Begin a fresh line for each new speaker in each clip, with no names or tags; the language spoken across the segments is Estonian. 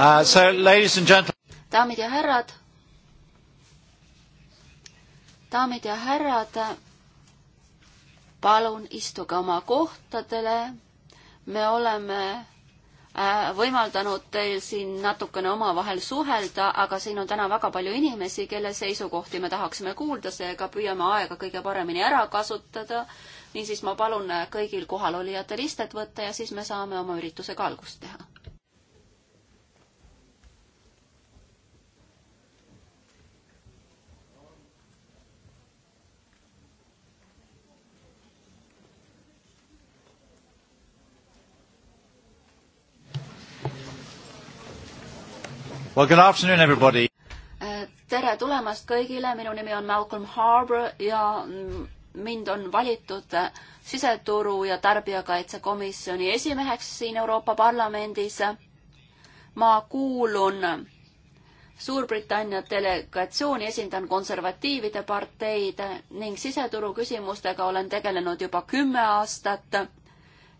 Uh, so, ladies and gentlemen.
daamid ja härrad. daamid ja härrad, palun istuge oma kohtadele. me oleme äh, võimaldanud teil siin natukene omavahel suhelda, aga siin on täna väga palju inimesi, kelle seisukohti me tahaksime kuulda, seega püüame aega kõige paremini ära kasutada. niisiis ma palun kõigil kohalolijatel istet võtta ja siis me saame oma üritusega algust teha.
Well, good afternoon, everybody.
Äh, tere tulemast kõigile, minu nimi on Malcolm Harbour ja mind on valitud äh, siseturu ja tarbijakaitsekomisjoni esimeheks siin Euroopa Parlamendis. ma kuulun Suurbritannia delegatsiooni, esindan konservatiivide parteid ning siseturu küsimustega olen tegelenud juba kümme aastat.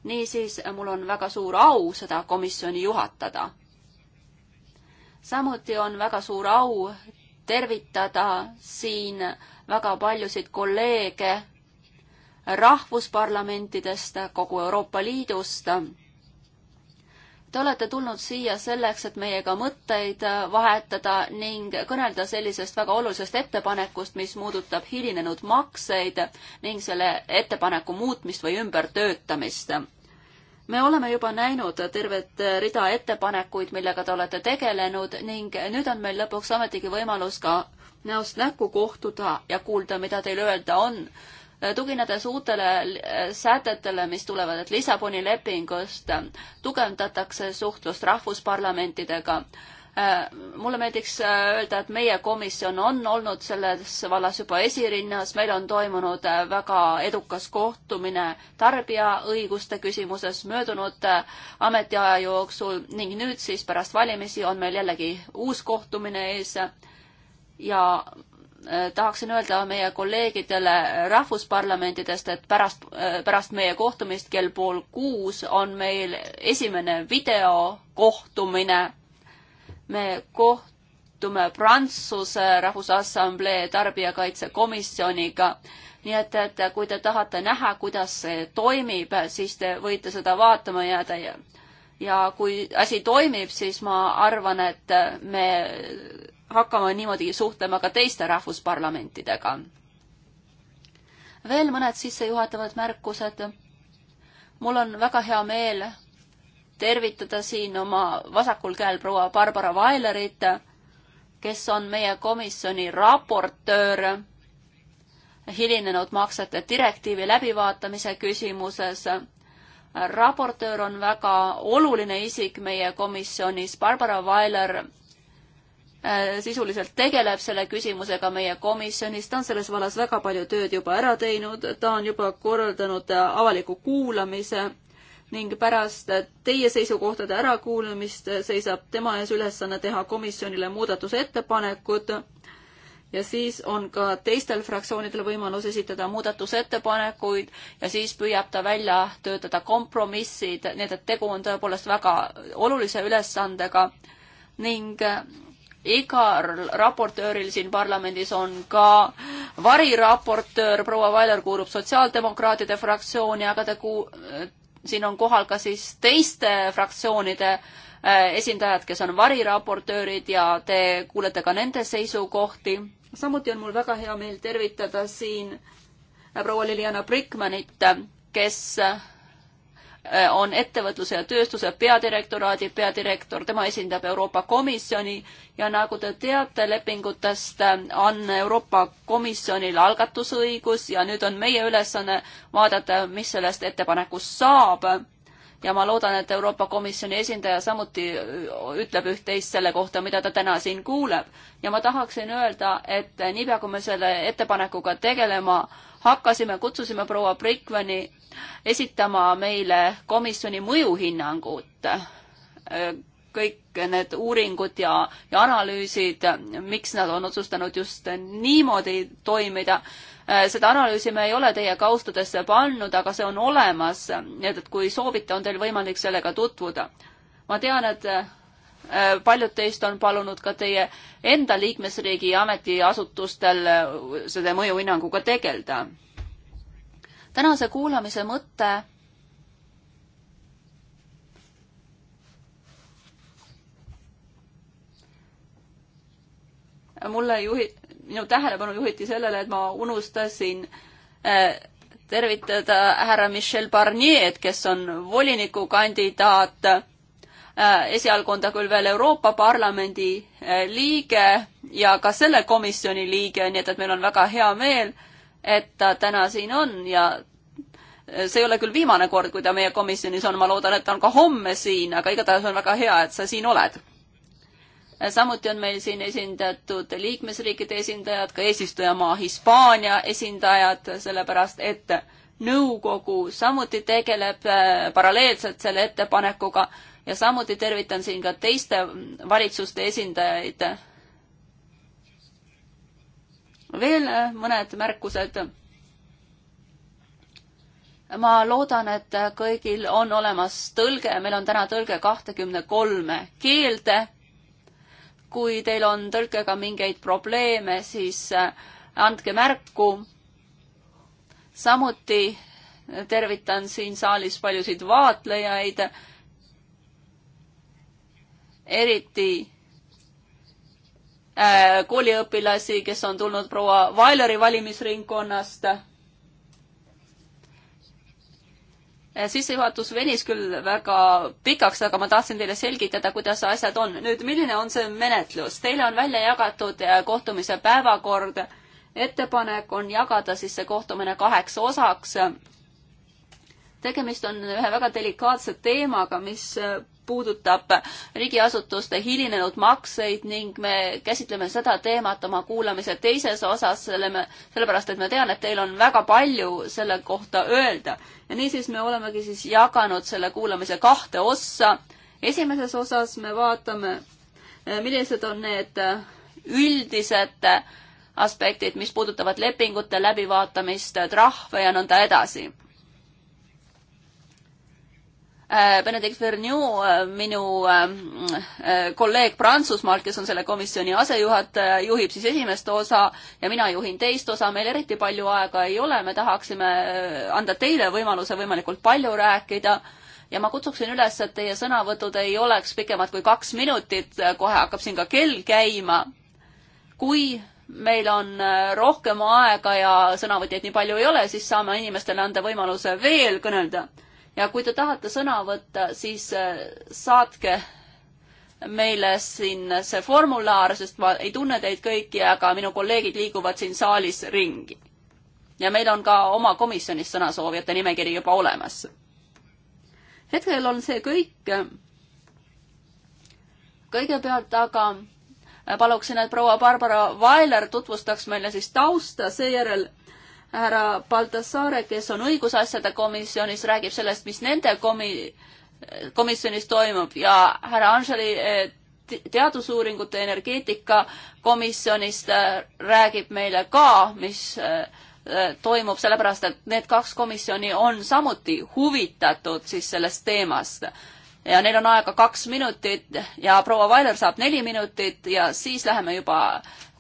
niisiis, mul on väga suur au seda komisjoni juhatada samuti on väga suur au tervitada siin väga paljusid kolleege rahvusparlamentidest, kogu Euroopa Liidust. Te olete tulnud siia selleks, et meiega mõtteid vahetada ning kõnelda sellisest väga olulisest ettepanekust, mis muudutab hilinenud makseid ning selle ettepaneku muutmist või ümbertöötamist me oleme juba näinud tervet rida ettepanekuid, millega te olete tegelenud ning nüüd on meil lõpuks ometigi võimalus ka näost näkku kohtuda ja kuulda, mida teil öelda on. tuginedes uutele sätetele, mis tulevad Lissaboni lepingust, tugevdatakse suhtlust rahvusparlamentidega Äh, mulle meeldiks äh, öelda, et meie komisjon on olnud selles vallas juba esirinnas, meil on toimunud äh, väga edukas kohtumine tarbijaõiguste küsimuses möödunud ametiaja jooksul ning nüüd siis pärast valimisi on meil jällegi uus kohtumine ees ja tahaksin öelda meie kolleegidele rahvusparlamentidest, et pärast, pärast meie kohtumist kell pool kuus on meil esimene videokohtumine me kohtume Prantsuse Rahvusassamblee tarbijakaitsekomisjoniga. nii et, et kui te tahate näha, kuidas see toimib, siis te võite seda vaatama jääda ja, ja kui asi toimib, siis ma arvan, et me hakkame niimoodi suhtlema ka teiste rahvusparlamentidega. veel mõned sissejuhatavad märkused. mul on väga hea meel tervitada siin oma vasakul käel proua Barbara Vaelerit, kes on meie komisjoni raportöör hilinenud maksete direktiivi läbivaatamise küsimuses. raportöör on väga oluline isik meie komisjonis, Barbara Vaeler äh, sisuliselt tegeleb selle küsimusega meie komisjonis, ta on selles vallas väga palju tööd juba ära teinud, ta on juba korraldanud avaliku kuulamise ning pärast teie seisukohtade ärakuulamist seisab tema ees ülesanne teha komisjonile muudatusettepanekud ja siis on ka teistel fraktsioonidel võimalus esitada muudatusettepanekuid ja siis püüab ta välja töötada kompromissid, nii et, et tegu on tõepoolest väga olulise ülesandega ning igal raportööril siin parlamendis on ka variraportöör, proua Vailer kuulub Sotsiaaldemokraatide fraktsiooni, aga ta kuu-, siin on kohal ka siis teiste fraktsioonide äh, esindajad, kes on variraportöörid ja te kuulete ka nende seisukohti. samuti on mul väga hea meel tervitada siin äh, proua Liliana Brickmanit, kes äh, Äh, on ettevõtluse ja tööstuse peadirektoraadi peadirektor, tema esindab Euroopa Komisjoni ja nagu te teate, lepingutest äh, on Euroopa Komisjonil algatusõigus ja nüüd on meie ülesanne vaadata, mis sellest ettepanekust saab. ja ma loodan, et Euroopa Komisjoni esindaja samuti äh, ütleb üht-teist selle kohta, mida ta täna siin kuuleb. ja ma tahaksin öelda, et niipea, kui me selle ettepanekuga tegelema hakkasime, kutsusime proua Brickmani esitama meile komisjoni mõjuhinnangut, kõik need uuringud ja, ja analüüsid, miks nad on otsustanud just niimoodi toimida. seda analüüsi me ei ole teie kaustudesse pannud, aga see on olemas, nii et, et kui soovite, on teil võimalik sellega tutvuda. ma tean, et äh, paljud teist on palunud ka teie enda liikmesriigi ametiasutustel äh, selle mõjuhinnanguga tegeleda tänase kuulamise mõte mulle juhi-, minu tähelepanu juhiti sellele, et ma unustasin eh, tervitada härra Michel Barnier'd, kes on volinikukandidaat, eh, esialgu on ta küll veel Euroopa Parlamendi eh, liige ja ka selle komisjoni liige, nii et, et meil on väga hea meel, et ta täna siin on ja see ei ole küll viimane kord, kui ta meie komisjonis on, ma loodan, et ta on ka homme siin, aga igatahes on väga hea, et sa siin oled. samuti on meil siin esindatud liikmesriikide esindajad, ka eesistujamaa Hispaania esindajad, sellepärast et nõukogu samuti tegeleb äh, paralleelselt selle ettepanekuga ja samuti tervitan siin ka teiste valitsuste esindajaid veel äh, mõned märkused. ma loodan, et kõigil on olemas tõlge, meil on täna tõlge kahtekümne kolme keelde. kui teil on tõlkega mingeid probleeme, siis äh, andke märku. samuti tervitan siin saalis paljusid vaatlejaid, eriti Äh, kooliõpilasi, kes on tulnud proua Vaileri valimisringkonnast. Äh, sissejuhatus venis küll väga pikaks, aga ma tahtsin teile selgitada, kuidas asjad on. nüüd, milline on see menetlus? Teile on välja jagatud äh, kohtumise päevakord. ettepanek on jagada siis see kohtumine kaheks osaks tegemist on ühe väga delikaatse teemaga, mis puudutab riigiasutuste hilinenud makseid ning me käsitleme seda teemat oma kuulamise teises osas, selle me, sellepärast et ma tean, et teil on väga palju selle kohta öelda. ja niisiis me olemegi siis jaganud selle kuulamise kahte ossa. esimeses osas me vaatame, millised on need üldised aspektid, mis puudutavad lepingute läbivaatamist, trahve ja nõnda edasi Äh, Benedikt Vernieu, äh, minu ähm, äh, kolleeg Prantsusmaalt, kes on selle komisjoni asejuhataja, juhib siis esimest osa ja mina juhin teist osa, meil eriti palju aega ei ole, me tahaksime anda teile võimaluse võimalikult palju rääkida ja ma kutsuksin üles, et teie sõnavõtud ei oleks pikemad kui kaks minutit, kohe hakkab siin ka kell käima. kui meil on rohkem aega ja sõnavõtjaid nii palju ei ole, siis saame inimestele anda võimaluse veel kõnelda ja kui te tahate sõna võtta, siis äh, saatke meile siin see formulaar, sest ma ei tunne teid kõiki, aga minu kolleegid liiguvad siin saalis ringi. ja meil on ka oma komisjonis sõnasoovijate nimekiri juba olemas. hetkel on see kõik. kõigepealt aga paluksin, et proua Barbara Vaeler tutvustaks meile siis tausta, seejärel härra Baltasaare, kes on õigusasjade komisjonis, räägib sellest, mis nende komi-, komisjonis toimub ja härra Anželi eh, teadusuuringute energeetika komisjonist eh, räägib meile ka, mis eh, toimub, sellepärast et need kaks komisjoni on samuti huvitatud siis sellest teemast. ja neil on aega kaks minutit ja proua Vailer saab neli minutit ja siis läheme juba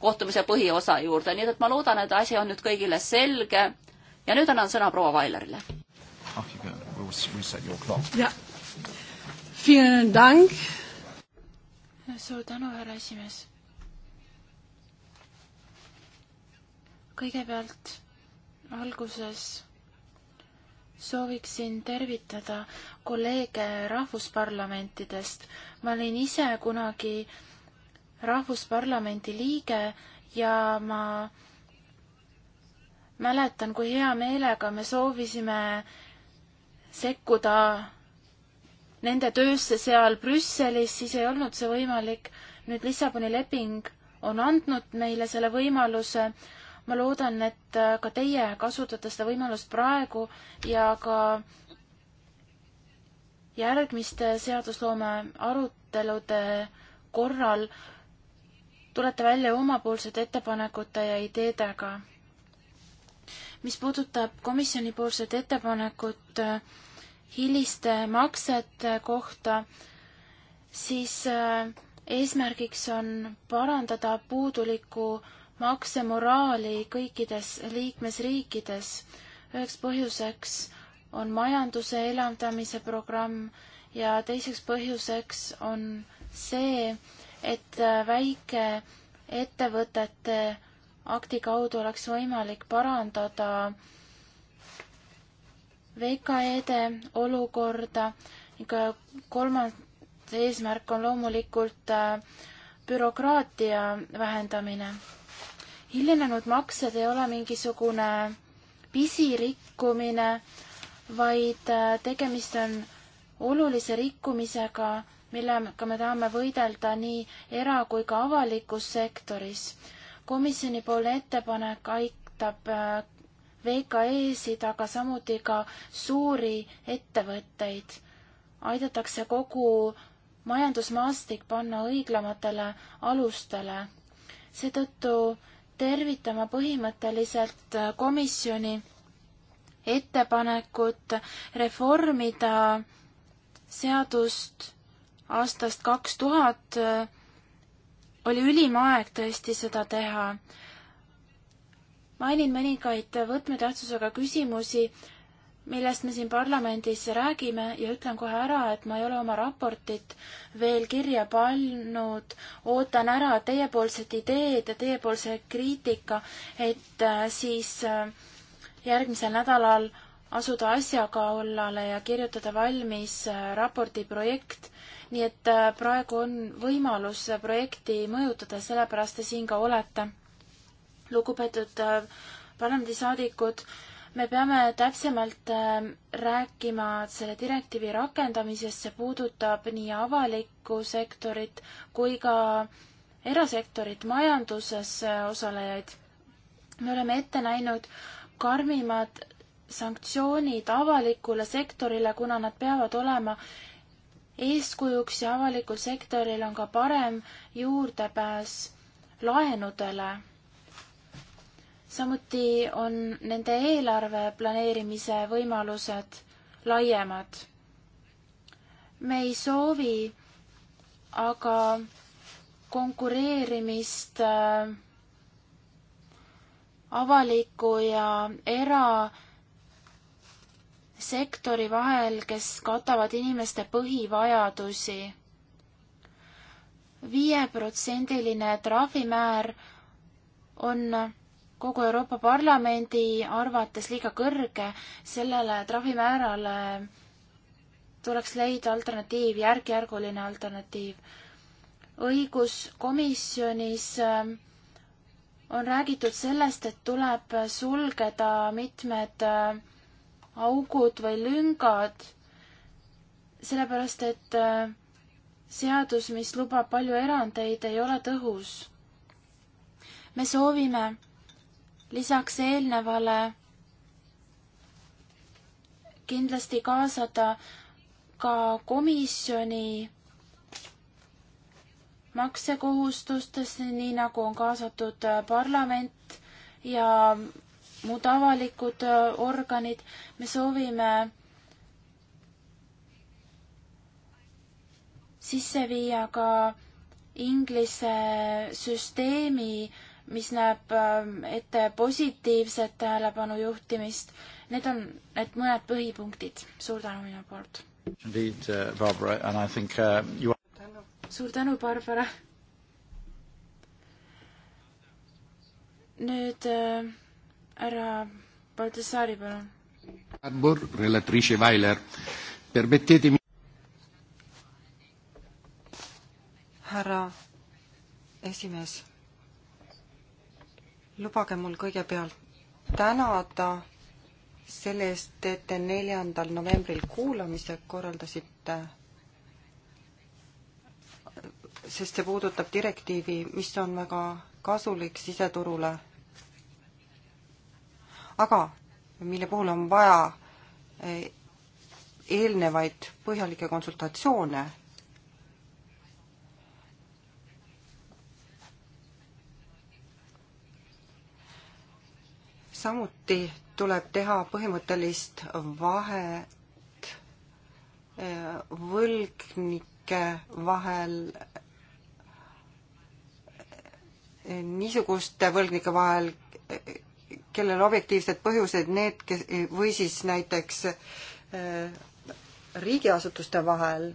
kohtumise põhiosa juurde, nii et ma loodan, et asi on nüüd kõigile selge. ja nüüd annan sõna proua Vailerile.
suur tänu, härra esimees. kõigepealt alguses sooviksin tervitada kolleege rahvusparlamentidest. ma olin ise kunagi äh, rahvusparlamendi liige ja ma mäletan, kui hea meelega me soovisime sekkuda nende töösse seal Brüsselis, siis ei olnud see võimalik. nüüd Lissaboni leping on andnud meile selle võimaluse. ma loodan, et ka teie kasutate seda võimalust praegu ja ka järgmiste seadusloome arutelude korral tulete välja omapoolsete ettepanekute ja ideedega. mis puudutab komisjonipoolset ettepanekut äh, hiliste maksete kohta, siis äh, eesmärgiks on parandada puudulikku maksemoraali kõikides liikmesriikides. üheks põhjuseks on majanduse elavdamise programm ja teiseks põhjuseks on see, et äh, väikeettevõtete akti kaudu oleks võimalik parandada VKE-de olukorda ning äh, kolmas eesmärk on loomulikult äh, bürokraatia vähendamine. hilinenud maksed ei ole mingisugune pisirikkumine, vaid tegemist on olulise rikkumisega millega me tahame võidelda nii era- kui ka avalikus sektoris. komisjoni poolne ettepanek aitab äh, VKE-sid, aga samuti ka suuri ettevõtteid. aidatakse kogu majandusmaastik panna õiglamatele alustele. seetõttu tervitama põhimõtteliselt äh, komisjoni ettepanekut reformida seadust aastast kaks tuhat äh, oli ülim aeg tõesti seda teha. mainin mõningaid võtmetähtsusega küsimusi, millest me siin parlamendis räägime ja ütlen kohe ära, et ma ei ole oma raportit veel kirja pannud. ootan ära teiepoolsed ideed ja teiepoolse kriitika, et äh, siis äh, järgmisel nädalal asuda asjaga ollale ja kirjutada valmis raporti projekt nii et äh, praegu on võimalus äh, projekti mõjutada, sellepärast te siin ka olete. lugupeetud äh, parlamendisaadikud, me peame täpsemalt ähm, rääkima selle direktiivi rakendamisest, see puudutab nii avalikku sektorit kui ka erasektorit, majanduses osalejaid. me oleme ette näinud karmimad sanktsioonid avalikule sektorile, kuna nad peavad olema eeskujuks ja avalikul sektoril on ka parem juurdepääs laenudele. samuti on nende eelarve planeerimise võimalused laiemad. me ei soovi aga konkureerimist äh, avaliku ja era- sektori vahel, kes katavad inimeste põhivajadusi. viieprotsendiline trahvimäär on kogu Euroopa Parlamendi arvates liiga kõrge, sellele trahvimäärale tuleks leida alternatiiv, järk-järguline alternatiiv. õiguskomisjonis äh, on räägitud sellest, et tuleb sulgeda mitmed äh, augud või lüngad, sellepärast et äh, seadus, mis lubab palju erandeid, ei ole tõhus. me soovime lisaks eelnevale kindlasti kaasada ka komisjoni maksekohustustesse, nii nagu on kaasatud äh, parlament ja muud avalikud äh, organid, me soovime sisse viia ka inglise süsteemi, mis näeb äh, ette positiivset tähelepanu juhtimist. Need on need mõned põhipunktid. suur tänu minu poolt.
Uh, uh,
you...
suur tänu, Barbara. nüüd äh, härra Baltasaari, palun.
Arbor,
relatrice Vailer, permettetemi.
härra esimees, lubage mul kõigepealt tänada selle eest, et te neljandal novembril kuulamise korraldasite, sest see puudutab direktiivi, mis on väga kasulik siseturule aga mille puhul on vaja eh, eelnevaid põhjalikke konsultatsioone. samuti tuleb teha põhimõttelist vahet eh, võlgnike vahel eh, niisuguste võlgnike vahel, kellel objektiivsed põhjused, need, kes või siis näiteks äh, riigiasutuste vahel.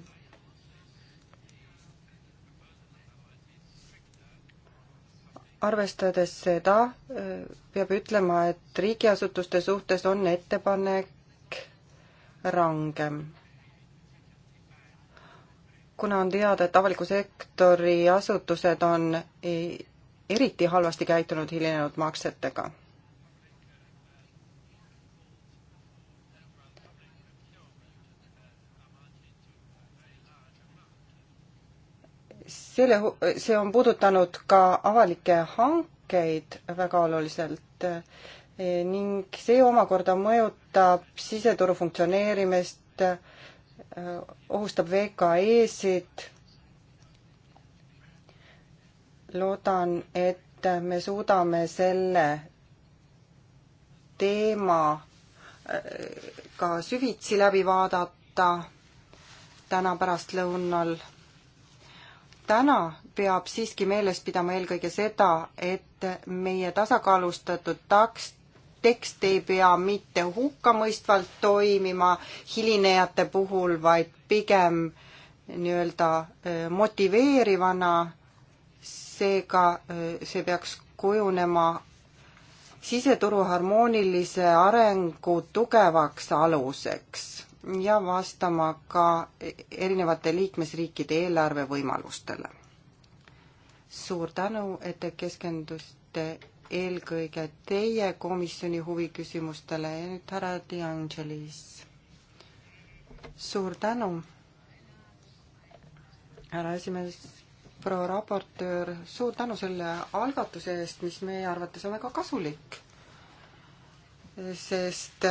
arvestades seda, äh, peab ütlema, et riigiasutuste suhtes on ettepanek rangem kuna on teada, et avaliku sektori asutused on e, eriti halvasti käitunud hilinenud maksetega. selle, see on puudutanud ka avalikke hankeid väga oluliselt e, ning see omakorda mõjutab siseturu funktsioneerimist, e, ohustab VKE-sid. loodan, et me suudame selle teema e, ka süvitsi läbi vaadata täna pärastlõunal täna peab siiski meeles pidama eelkõige seda, et meie tasakaalustatud taks, tekst ei pea mitte hukkamõistvalt toimima hilinejate puhul, vaid pigem nii-öelda motiveerivana, seega see peaks kujunema siseturu harmoonilise arengu tugevaks aluseks ja vastama ka erinevate liikmesriikide eelarvevõimalustele. suur tänu, et te keskendusite eelkõige teie komisjoni huviküsimustele ja nüüd härra De Angelis. suur tänu, härra esimees, proua raportöör, suur tänu selle algatuse eest, mis meie arvates on väga kasulik, sest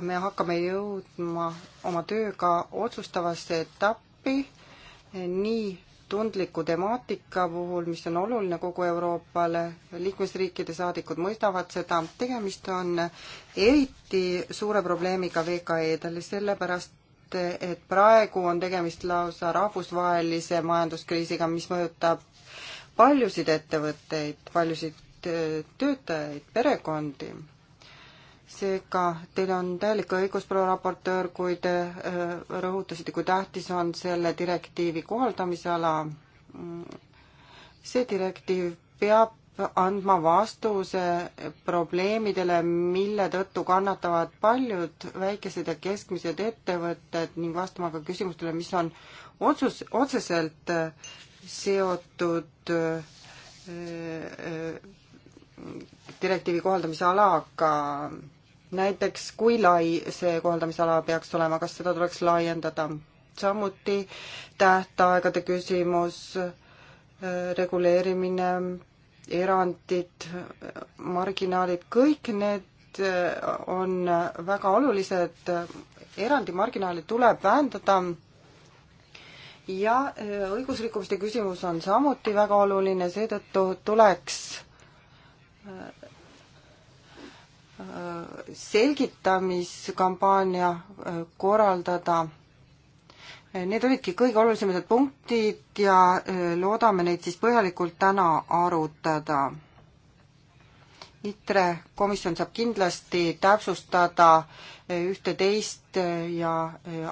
me hakkame jõudma oma tööga otsustavasse etappi nii tundliku temaatika puhul, mis on oluline kogu Euroopale, liikmesriikide saadikud mõistavad seda, tegemist on eriti suure probleemiga VKE-dele, sellepärast et praegu on tegemist lausa rahvusvahelise majanduskriisiga, mis mõjutab paljusid ettevõtteid, paljusid töötajaid, perekondi seega teil on täielik õigus, proua raportöör, kui te äh, rõhutasite, kui tähtis on selle direktiivi kohaldamisala. see direktiiv peab andma vastuse probleemidele, mille tõttu kannatavad paljud väikesed ja keskmised ettevõtted ning vastama ka küsimustele, mis on otsus, otseselt äh, seotud äh, direktiivi kohaldamise alaga näiteks kui lai see kohaldamisala peaks olema, kas seda tuleks laiendada? samuti tähtaegade küsimus, äh, reguleerimine, erandid, marginaalid, kõik need äh, on väga olulised, erandimarginaali tuleb vähendada ja äh, õigusrikkumiste küsimus on samuti väga oluline, seetõttu tuleks selgitamiskampaania äh, korraldada. Need olidki kõige olulisemad punktid ja äh, loodame neid siis põhjalikult täna arutada. ITRE komisjon saab kindlasti täpsustada äh, ühte-teist ja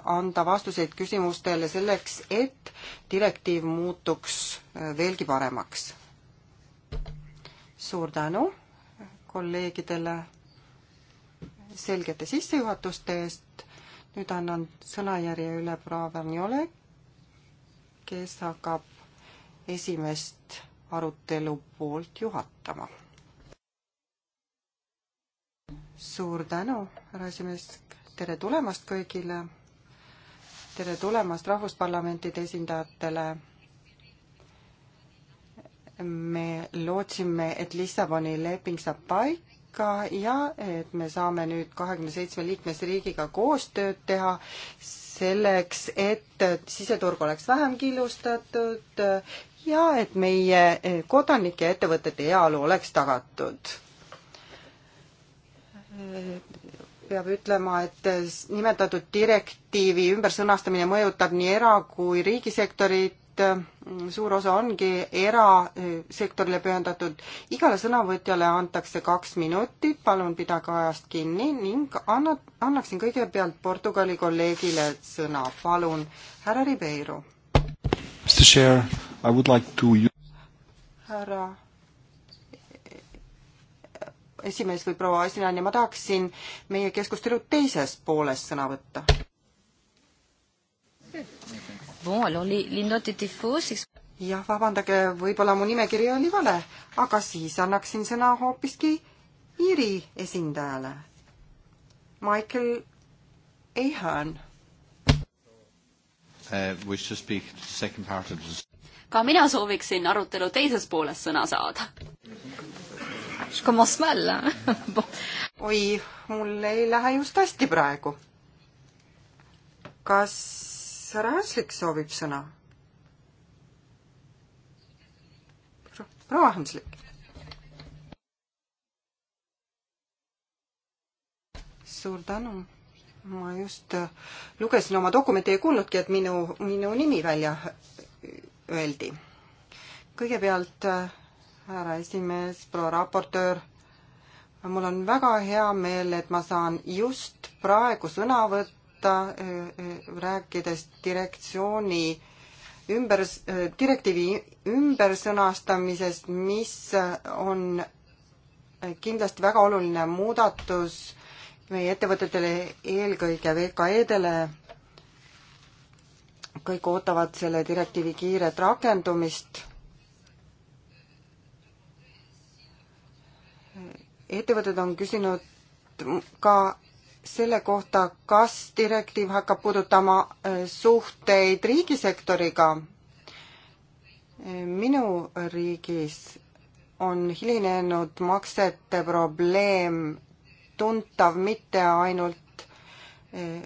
anda vastuseid küsimustele selleks, et direktiiv muutuks veelgi paremaks. suur tänu kolleegidele selgete sissejuhatuste eest. nüüd annan sõnajärje üle proua Verniole, kes hakkab esimest arutelu poolt juhatama. suur tänu, härra esimees, tere tulemast kõigile. tere tulemast rahvusparlamentide esindajatele me lootsime, et Lissaboni leping saab paika paika ja et me saame nüüd kahekümne seitsme liikmesriigiga koostööd teha selleks, et siseturg oleks vähem killustatud ja et meie kodanike ja ettevõtete heaolu oleks tagatud peab ütlema, et nimetatud direktiivi ümbersõnastamine mõjutab nii era- kui riigisektorit et mm, suur osa ongi erasektorile pühendatud. igale sõnavõtjale antakse kaks minutit, palun pidage ajast kinni ning anna, annaksin kõigepealt Portugali kolleegile sõna, palun, härra Ribeiro. härra esimees või proua esinaine, ma tahaksin meie keskustelu teises pooles sõna võtta. Bon, alors les, les notes étaient fausses. jah, vabandage, võib-olla mu nimekiri oli vale, aga siis annaksin sõna hoopiski Iiri esindajale. Michael Ehan.
Uh,
ka
mina sooviksin arutelu teises pooles sõna saada.
oi, mul ei lähe just hästi praegu. kas kas härra Häslik soovib sõna? proua Häslik. suur tänu. ma just äh, lugesin oma dokumenti ja ei kuulnudki, et minu, minu nimi välja öeldi. kõigepealt äh, härra esimees, proua raportöör, mul on väga hea meel, et ma saan just praegu sõna võtta kohta, eh, eh, rääkides direktsiooni ümber, eh, direktiivi ümbersõnastamisest, mis on kindlasti väga oluline muudatus meie ettevõtetele, eelkõige VKE-dele. kõik ootavad selle direktiivi kiiret rakendumist ettevõtted on küsinud ka selle kohta, kas direktiiv hakkab puudutama äh, suhteid riigisektoriga. minu riigis on hilinenud maksete probleem tuntav mitte ainult äh,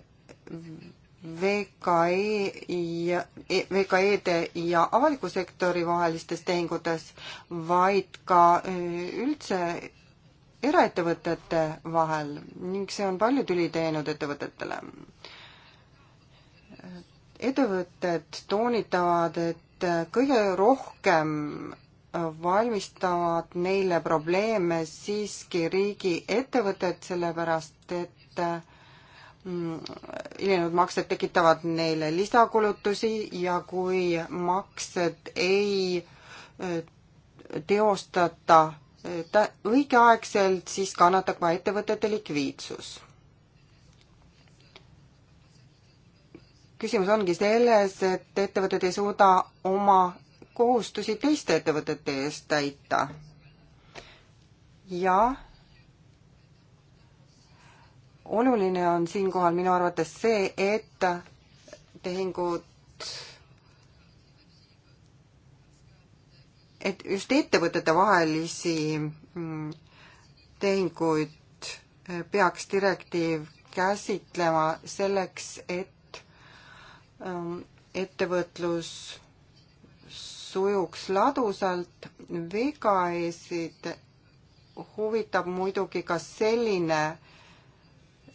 VKE ja VKE-de e ja avaliku sektori vahelistes tehingutes, vaid ka äh, üldse eraettevõtete vahel ning see on palju tüli teinud ettevõtetele. ettevõtted toonitavad, et kõige rohkem valmistavad neile probleeme siiski riigiettevõtted, sellepärast et hilinenud mm, maksed tekitavad neile lisakulutusi ja kui maksed ei äh, teostata tä-, õigeaegselt, siis kannatab ka ettevõtete likviidsus. küsimus ongi selles, et ettevõtted ei suuda oma kohustusi teiste ettevõtete eest täita. ja oluline on siinkohal minu arvates see, et tehingud et just ettevõtete vahelisi mm, tehinguid eh, peaks direktiiv käsitlema selleks, et mm, ettevõtlus sujuks ladusalt. VKS-id huvitab muidugi, kas selline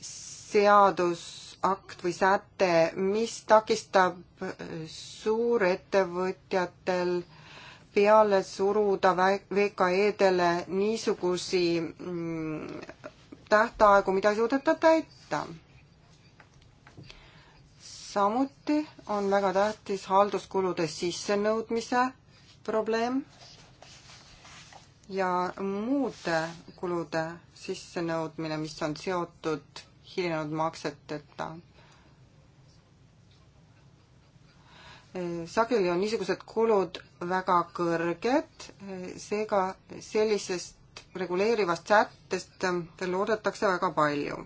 seadusakt või säte, mis takistab suurettevõtjatel äh, peale suruda VKE-dele niisugusi mm, tähtaegu, mida ei suudeta täita. samuti on väga tähtis halduskulude sissenõudmise probleem ja muude kulude sissenõudmine, mis on seotud hilinenud makseteta. sageli on niisugused kulud väga kõrged, seega sellisest reguleerivast sättest ähm, loodetakse väga palju.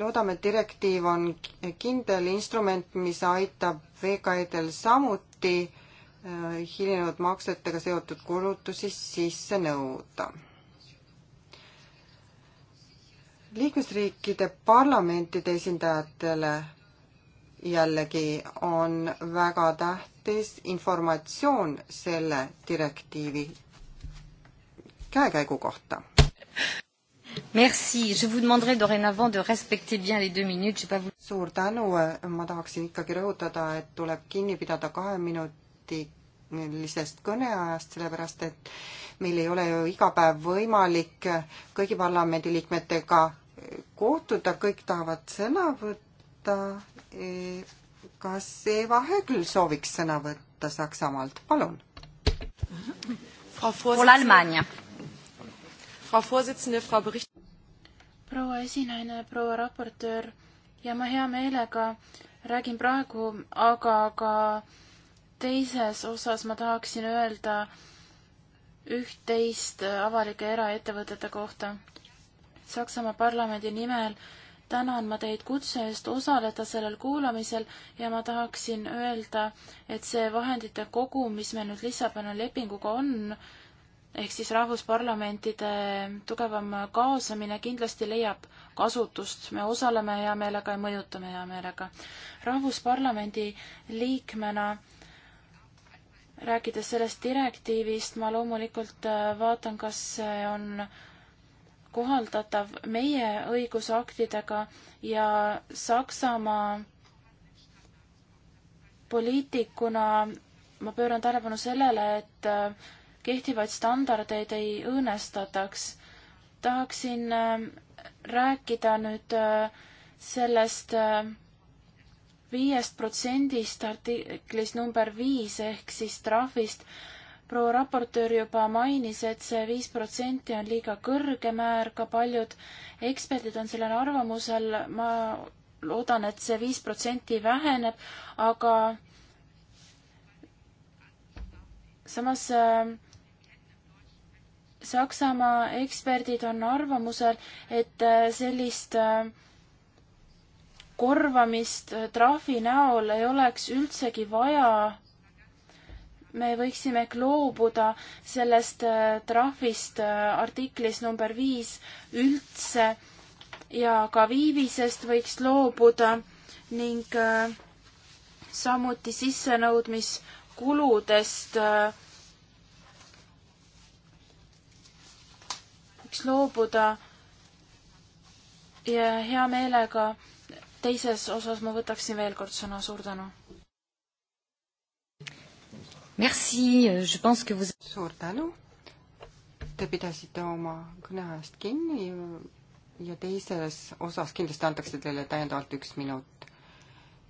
loodame, et direktiiv on kindel instrument, mis aitab VKE-del samuti äh, hilinenud maksetega seotud kulutusi sisse nõuda liikmesriikide parlamentide esindajatele jällegi on väga täht-, desinformatsioon selle direktiivi käekäigu kohta. Merci, je vous demanderai dorénavant de respecter bien les deux minutes, je pas vous... suur tänu, ma tahaksin ikkagi rõhutada, et tuleb kinni pidada kahe minuti sellisest kõneajast, sellepärast et meil ei ole ju iga päev võimalik kõigi parlamendiliikmetega kohtuda, kõik tahavad sõna võtta kas Eva Högl sooviks sõna võtta Saksamaalt, palun?
proua esinaine, proua raportöör ja ma hea meelega räägin praegu, aga ka teises osas ma tahaksin öelda üht-teist avalike eraettevõtete kohta. Saksamaa parlamendi nimel äh, tänan ma teid kutse eest osaleda sellel kuulamisel ja ma tahaksin öelda, et see vahendite kogu, mis meil nüüd Lissaboni lepinguga on, ehk siis rahvusparlamentide tugevam kaasamine kindlasti leiab kasutust, me osaleme hea meelega ja mõjutame hea meelega. rahvusparlamendi liikmena rääkides sellest direktiivist, ma loomulikult äh, vaatan, kas see on kohaldatav meie õigusaktidega ja Saksamaa poliitikuna ma pööran tähelepanu sellele, et äh, kehtivaid standardeid ei õõnestataks. tahaksin äh, rääkida nüüd äh, sellest viiest protsendist artiklis number viis ehk siis trahvist, proua raportöör juba mainis, et see viis protsenti on liiga kõrge määr, ka paljud eksperdid on sellel arvamusel, ma loodan, et see viis protsenti väheneb, aga samas äh, Saksamaa eksperdid on arvamusel, et äh, sellist äh, korvamist trahvi näol ei oleks üldsegi vaja me võiksime loobuda sellest äh, trahvist äh, artiklis number viis üldse ja ka viivisest võiks loobuda ning äh, samuti sissenõudmiskuludest võiks loobuda ja hea meelega teises osas ma võtaksin veel kord sõna, suur tänu
Merci, euh, je pense que vous...
suur tänu,
te pidasite oma kõneajast kinni äh, ja teises osas kindlasti antakse teile täiendavalt üks minut.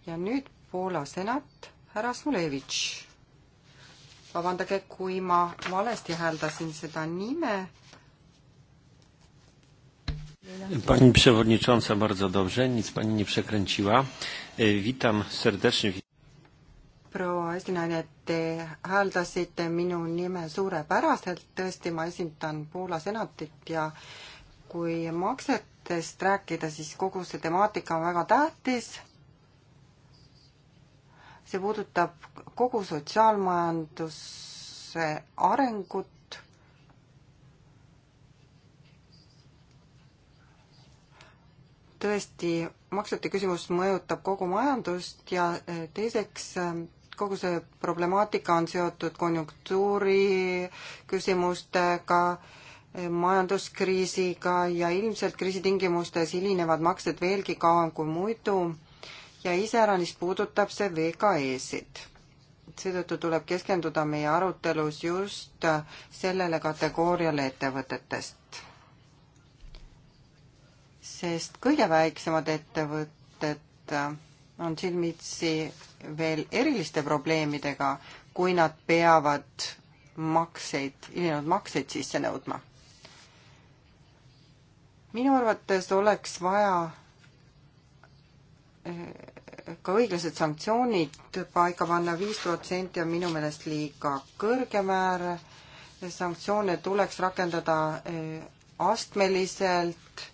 ja nüüd Poola senat, härra Smolevitš. vabandage, kui ma valesti hääldasin seda nime.
Pani
przewodnicząca, bardzo dobrze, nic pani nie przekręciła. E, witam serdecznie
proua esinaine, te hääldasite minu nime suurepäraselt, tõesti, ma esindan Poola senatit ja kui maksetest rääkida, siis kogu see temaatika on väga tähtis. see puudutab kogu sotsiaalmajanduse arengut. tõesti, maksete küsimus mõjutab kogu majandust ja teiseks kogu see problemaatika on seotud konjunktuuri küsimustega, majanduskriisiga ja ilmselt kriisitingimustes hilinevad maksed veelgi kauem kui muidu ja iseäranis puudutab see VKE-sid. seetõttu tuleb keskenduda meie arutelus just sellele kategooriale ettevõtetest. sest kõige väiksemad ettevõtted on silmitsi veel eriliste probleemidega, kui nad peavad makseid, hilinenud makseid sisse nõudma. minu arvates oleks vaja eh, ka õiglased sanktsioonid paika panna, viis protsenti on minu meelest liiga kõrge määr, sanktsioone tuleks rakendada eh, astmeliselt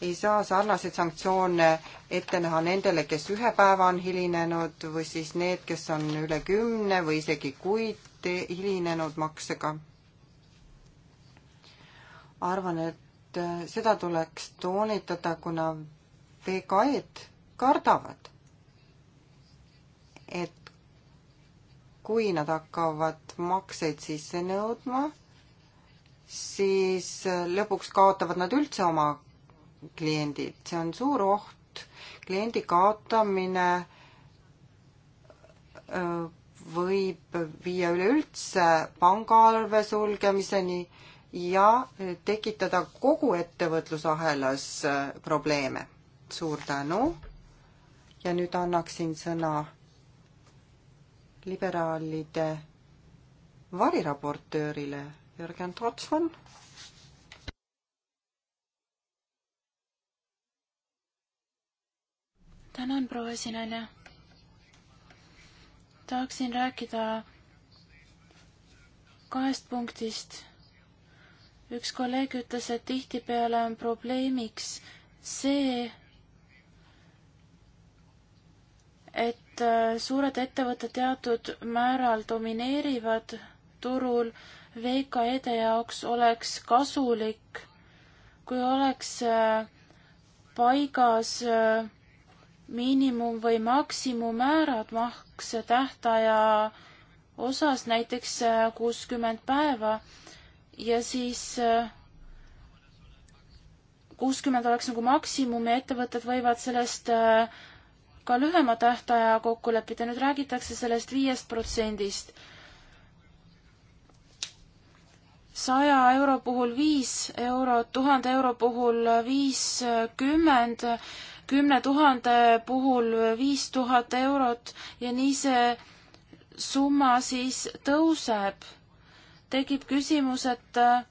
ei saa sarnaseid sanktsioone ette näha nendele, kes ühe päeva on hilinenud või siis need, kes on üle kümne või isegi kuid hilinenud maksega. arvan, et äh, seda tuleks toonitada, kuna VKE-d kardavad, et kui nad hakkavad makseid sisse nõudma, siis äh, lõpuks kaotavad nad üldse oma kliendid, see on suur oht, kliendi kaotamine võib viia üleüldse pangaarve sulgemiseni ja tekitada kogu ettevõtlusahelas probleeme. suur tänu ja nüüd annaksin sõna liberaalide variraportöörile Jürgen Trotsman
tänan, proua esinaine. tahaksin rääkida kahest punktist. üks kolleeg ütles, et tihtipeale on probleemiks see, et äh, suured ettevõtted teatud määral domineerivad turul. VKE-de jaoks oleks kasulik, kui oleks äh, paigas äh, miinimum- või maksimummäärad maksetähtaja osas, näiteks äh, kuuskümmend päeva ja siis äh, kuuskümmend oleks nagu maksimum ja ettevõtted võivad sellest äh, ka lühema tähtaja kokku leppida, nüüd räägitakse sellest viiest protsendist. saja euro puhul viis eurot, tuhande euro puhul viiskümmend kümne tuhande puhul viis tuhat eurot ja nii see summa siis tõuseb. tekib küsimus, et äh,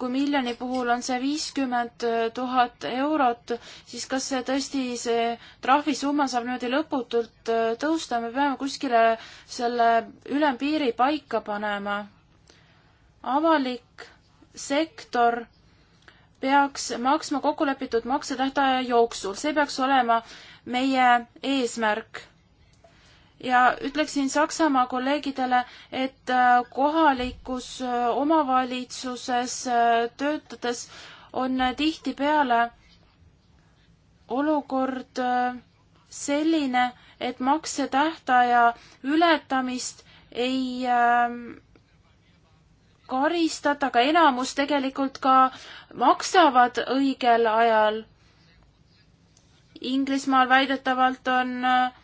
kui miljoni puhul on see viiskümmend tuhat eurot, siis kas see tõesti, see trahvisumma saab niimoodi lõputult äh, tõusta, me peame kuskile selle ülempiiri paika panema. avalik sektor peaks maksma kokkulepitud maksetähtaja jooksul, see peaks olema meie eesmärk. ja ütleksin Saksamaa kolleegidele, et äh, kohalikus äh, omavalitsuses äh, töötades on tihtipeale olukord selline, et maksetähtaja ületamist ei äh, karistata, aga enamus tegelikult ka maksavad õigel ajal. Inglismaal väidetavalt on äh,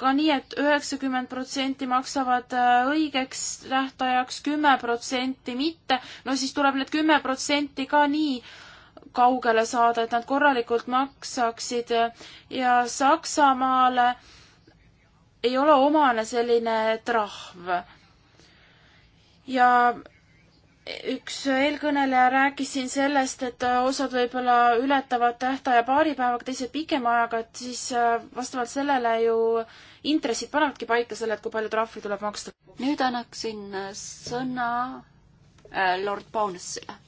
ka nii et, et üheksakümmend protsenti maksavad äh, õigeks tähtajaks, kümme protsenti mitte, no siis tuleb need kümme protsenti ka nii kaugele saada, et nad korralikult maksaksid ja Saksamaale ei ole omane selline trahv ja üks eelkõneleja rääkis siin sellest, et osad võib-olla ületavad tähtaja paari päevaga, teised pikema ajaga, et siis äh, vastavalt sellele ju intressid panevadki paika selle, et kui palju trahvi tuleb maksta. nüüd annaksin äh, sõna
äh, lord Bownessile.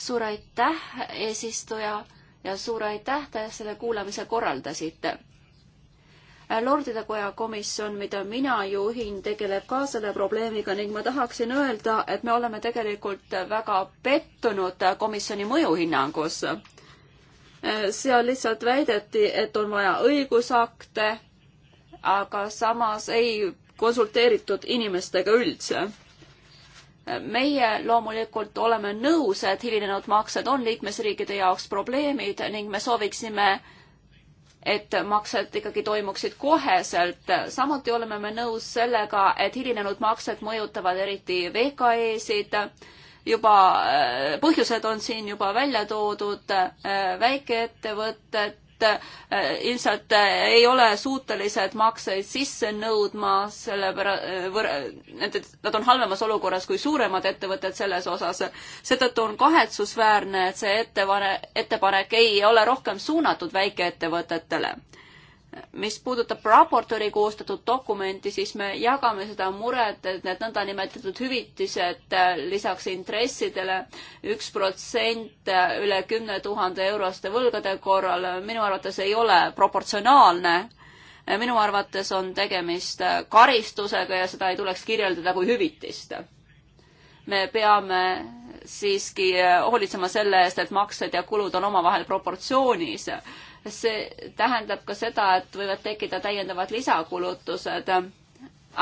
suur aitäh, eesistuja, ja suur aitäh, te selle kuulamise korraldasite Lordide Koja komisjon, mida mina juhin, tegeleb ka selle probleemiga ning ma tahaksin öelda, et me oleme tegelikult väga pettunud komisjoni mõjuhinnangus. seal lihtsalt väideti, et on vaja õigusakte, aga samas ei konsulteeritud inimestega üldse meie loomulikult oleme nõus, et hilinenud maksed on liikmesriikide jaoks probleemid ning me sooviksime äh, et maksed ikkagi toimuksid koheselt. samuti oleme me nõus sellega, et hilinenud maksed mõjutavad eriti VKE-sid. juba, äh, põhjused on siin juba välja toodud, äh, väikeettevõtted et äh, ilmselt äh, ei ole suutelised makseid sisse nõudma, sellepärast, äh, et nad on halvemas olukorras kui suuremad ettevõtted selles osas. seetõttu on kahetsusväärne, et see ettepane-, ettepanek ei ole rohkem suunatud väikeettevõtetele mis puudutab raportööri koostatud dokumenti, siis me jagame seda muret, et need nõndanimetatud hüvitised äh, lisaks intressidele üks protsent äh, üle kümne tuhande euroste võlgade korral äh, minu arvates ei ole proportsionaalne. minu arvates on tegemist karistusega ja seda ei tuleks kirjeldada kui hüvitist. me peame siiski hoolitsema selle eest, et maksed ja kulud on omavahel proportsioonis see tähendab ka seda, et võivad tekkida täiendavad lisakulutused,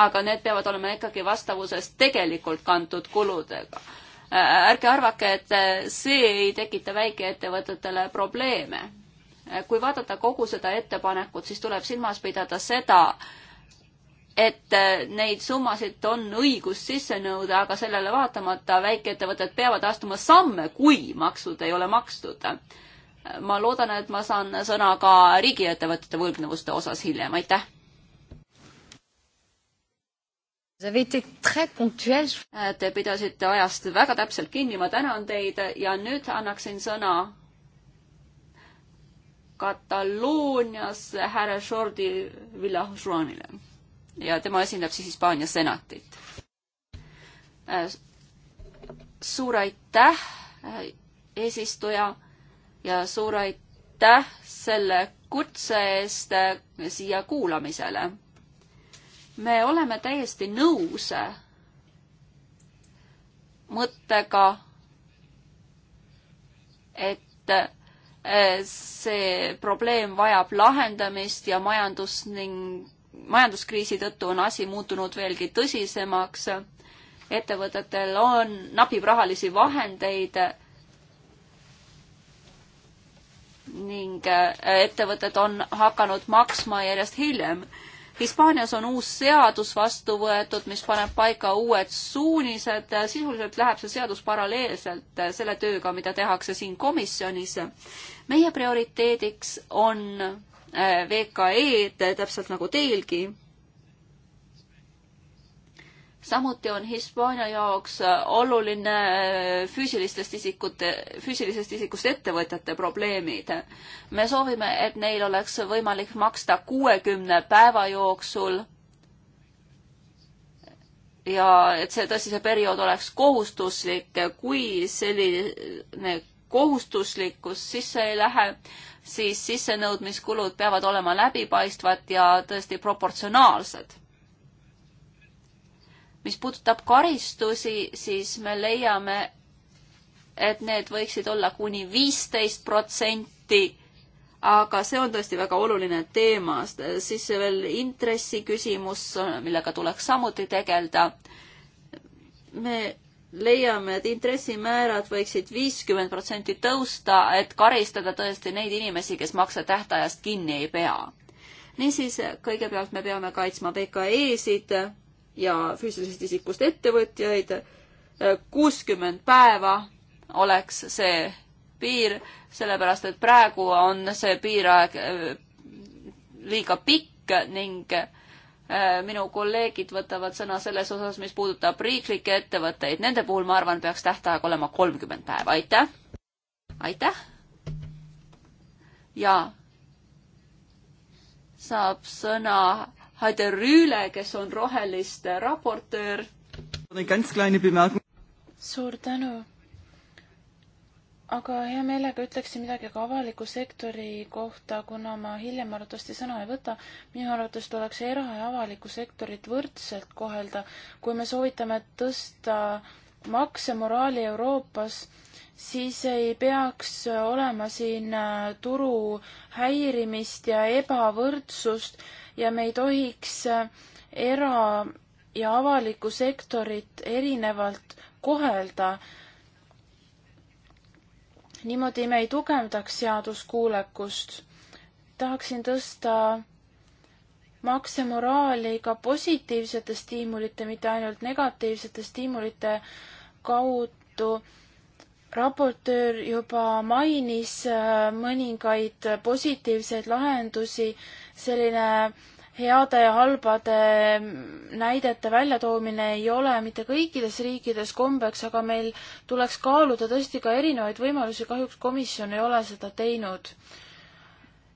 aga need peavad olema ikkagi vastavuses tegelikult kantud kuludega. ärge arvake, et see ei tekita väikeettevõtetele probleeme. kui vaadata kogu seda ettepanekut, siis tuleb silmas pidada seda, et neid summasid on õigus sisse nõuda, aga sellele vaatamata väikeettevõtted peavad astuma samme, kui maksud ei ole makstud ma loodan, et ma saan sõna ka riigiettevõtete võlgnevuste osas hiljem, aitäh. Te pidasite ajast väga täpselt kinni, ma tänan teid ja nüüd annaksin sõna Kataloonias härra Jordi Villajuanile ja tema esindab siis Hispaania senatit. Äh, suur aitäh, eesistuja ja suur aitäh selle kutse eest äh, siia kuulamisele. me oleme täiesti nõus mõttega, et äh, see probleem vajab lahendamist ja majandus ning majanduskriisi tõttu on asi muutunud veelgi tõsisemaks. ettevõtetel on, napib rahalisi vahendeid ning äh, ettevõtted on hakanud maksma järjest hiljem. Hispaanias on uus seadus vastu võetud, mis paneb paika uued suunised, sisuliselt läheb see seadus paralleelselt äh, selle tööga, mida tehakse siin komisjonis. meie prioriteediks on äh, VKE-d, täpselt nagu teilgi samuti on Hispaania jaoks äh, oluline äh, füüsilistest isikute, füüsilisest isikust ettevõtjate probleemid. me soovime, et neil oleks võimalik maksta kuuekümne päeva jooksul ja et see tõesti, see periood oleks kohustuslik, kui selline kohustuslikkus sisse ei lähe, siis sissenõudmiskulud peavad olema läbipaistvad ja tõesti proportsionaalsed mis puudutab karistusi, siis me leiame, et need võiksid olla kuni viisteist protsenti, aga see on tõesti väga oluline teema, siis veel intressi küsimus, millega tuleks samuti tegeleda. me leiame, et intressimäärad võiksid viiskümmend protsenti tõusta, et karistada tõesti neid inimesi, kes makse tähtajast kinni ei pea. niisiis, kõigepealt me peame kaitsma VKE-sid ja füüsilisest isikust ettevõtjaid. kuuskümmend päeva oleks see piir, sellepärast et praegu on see piiraeg äh, liiga pikk ning äh, minu kolleegid võtavad sõna selles osas, mis puudutab riiklikke ettevõtteid. Nende puhul, ma arvan, peaks tähtaeg olema kolmkümmend päeva. aitäh! aitäh! ja saab sõna Haider Rüüle, kes on
Roheliste raportöör. suur tänu. aga hea meelega ütleksin midagi ka avaliku sektori kohta, kuna ma hiljem arvatavasti sõna ei võta. minu arvates tuleks era- ja avalikku sektorit võrdselt kohelda. kui me soovitame tõsta maksemoraali Euroopas, siis ei peaks olema siin äh, turu häirimist ja ebavõrdsust ja me ei tohiks äh, era- ja avalikku sektorit erinevalt kohelda. niimoodi me ei tugevdaks seaduskuulekust. tahaksin tõsta maksemoraali ka positiivsete stiimulite, mitte ainult negatiivsete stiimulite kaudu. raportöör juba mainis äh, mõningaid positiivseid lahendusi selline heade ja halbade näidete väljatoomine ei ole mitte kõikides riikides kombeks, aga meil tuleks kaaluda tõesti ka erinevaid võimalusi, kahjuks komisjon ei ole seda teinud.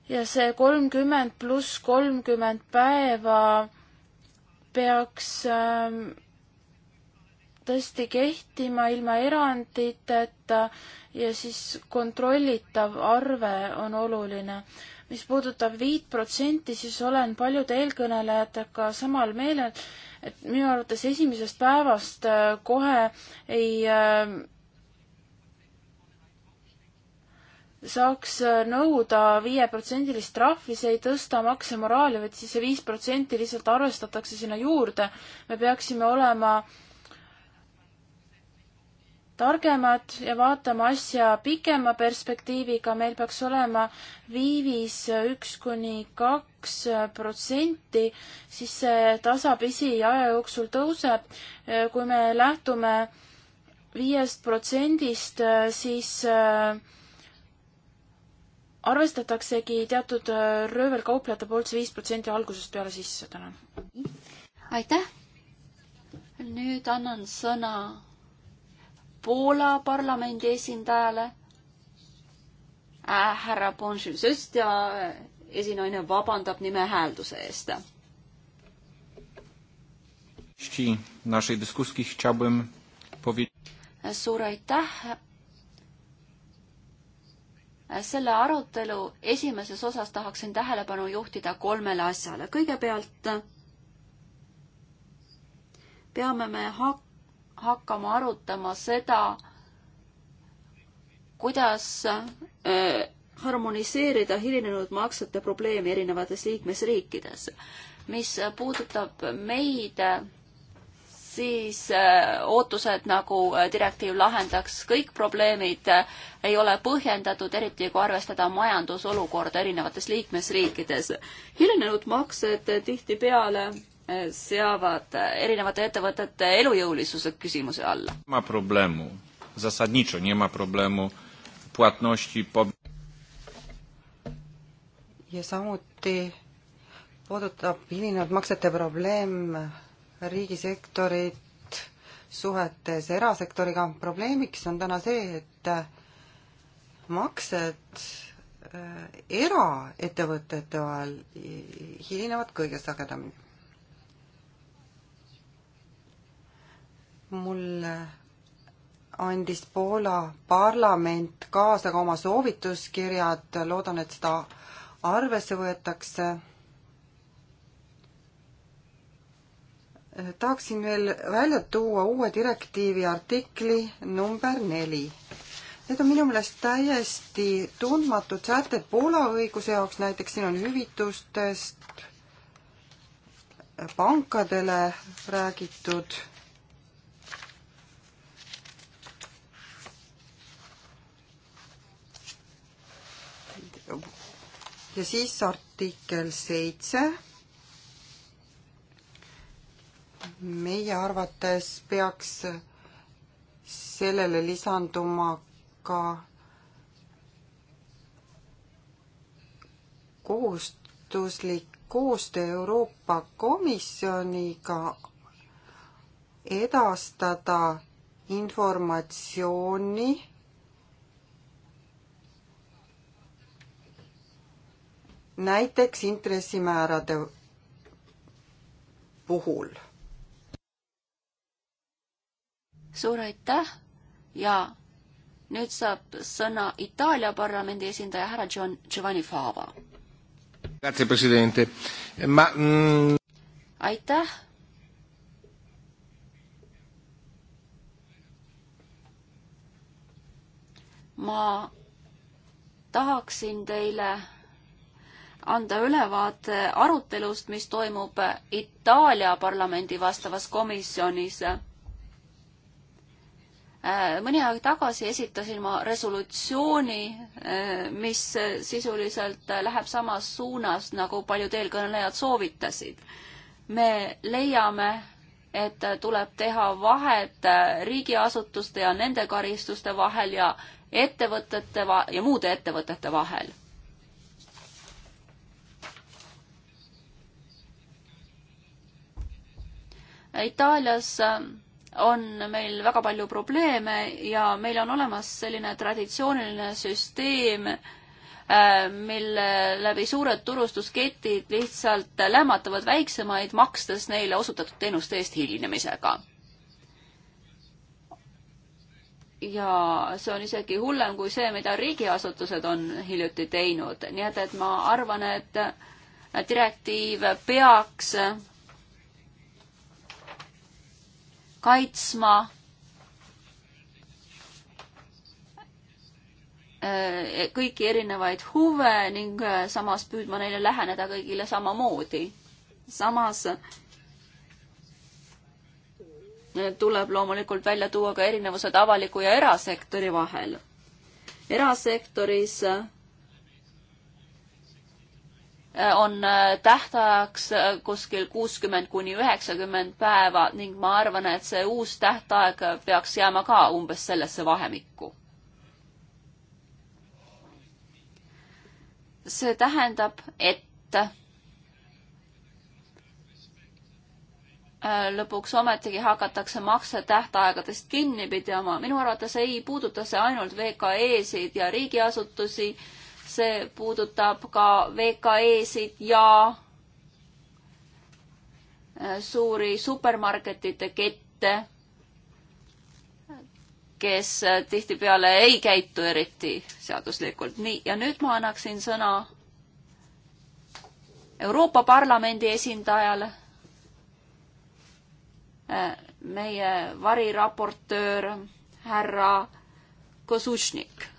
ja see kolmkümmend pluss kolmkümmend päeva peaks ähm, tõesti kehtima ilma eranditeta ja siis kontrollitav arve on oluline mis puudutab viit protsenti, siis olen paljude eelkõnelejatega samal meelel, et minu arvates esimesest päevast äh, kohe ei äh, saaks äh, nõuda viieprotsendilist trahvi, see ei tõsta makse moraali, vaid siis see viis protsenti lihtsalt arvestatakse sinna juurde. me peaksime olema äh, targemad ja vaatama asja pikema perspektiiviga, meil peaks olema viivis üks kuni kaks protsenti, siis see tasapisi aja jooksul tõuseb. kui me lähtume viiest protsendist, siis äh, arvestataksegi teatud äh, röövelkauplejate poolt see viis protsenti algusest peale sisse, tänan. aitäh! nüüd annan
sõna Poola parlamendi esindajale äh,, härra Bonšilsõst ja äh, esinaine vabandab nime häälduse eest. suur aitäh. selle arutelu esimeses osas tahaksin tähelepanu juhtida kolmele asjale. kõigepealt peame me hak-, hakkama arutama seda, kuidas äh, harmoniseerida hilinenud maksete probleemi erinevates liikmesriikides. mis puudutab meid, siis äh, ootused, nagu äh, direktiiv lahendaks kõik probleemid, ei ole põhjendatud, eriti kui arvestada majandusolukorda erinevates liikmesriikides. hilinenud maksed tihtipeale seavad erinevate ettevõtete elujõulisuse küsimuse alla.
ma probleemu, zasadničo, nii ma probleemu, platnosti po-.
ja samuti puudutab hilinenud maksete probleem riigisektorit suhetes erasektoriga. probleemiks on täna see, et maksed äh, eraettevõtete vahel hilinevad kõige sagedamini mulle andis Poola parlament kaasa ka oma soovituskirjad, loodan, et seda arvesse võetakse. tahaksin veel välja tuua uue direktiivi artikli number neli. Need on minu meelest täiesti tundmatud sätted Poola õiguse jaoks, näiteks siin on hüvitustest pankadele räägitud ja siis artikkel seitse. meie arvates peaks sellele lisanduma ka kohustuslik koostöö Euroopa Komisjoniga edastada informatsiooni näiteks intressimäärade puhul. suur aitäh ja
nüüd saab sõna Itaalia parlamendi esindaja härra John Giovanni Fava.
Mm...
aitäh. ma tahaksin teile anda ülevaate arutelust, mis toimub Itaalia parlamendi vastavas komisjonis. Äh, mõni aeg tagasi esitasin ma resolutsiooni, äh, mis sisuliselt läheb samas suunas, nagu paljud eelkõnelejad soovitasid. me leiame, et tuleb teha vahet riigiasutuste ja nende karistuste vahel ja ettevõtete va- ja muude ettevõtete vahel Itaalias ähm, on meil väga palju probleeme ja meil on olemas selline traditsiooniline süsteem, äh, mille läbi suured turustusketid lihtsalt lämmatavad väiksemaid, makstes neile osutatud teenuste eest hilinemisega. ja see on isegi hullem kui see, mida riigiasutused on hiljuti teinud, nii et, et ma arvan, et äh, direktiiv peaks kaitsma äh, kõiki erinevaid huve ning äh, samas püüdma neile läheneda kõigile samamoodi. samas äh, tuleb loomulikult välja tuua ka erinevused avaliku ja erasektori vahel. erasektoris on äh, tähtajaks äh, kuskil kuuskümmend kuni üheksakümmend päeva ning ma arvan, et see uus tähtaeg peaks jääma ka umbes sellesse vahemikku. see tähendab, et äh, lõpuks ometigi hakatakse maksetähtaegadest kinni pidama. minu arvates ei puuduta see ainult VKE-sid ja riigiasutusi see puudutab ka VKE-sid ja äh, suuri supermarketite kette, kes äh, tihtipeale ei käitu eriti seaduslikult. nii, ja nüüd ma annaksin sõna Euroopa Parlamendi esindajale, äh, meie variraportöör härra Kosušnik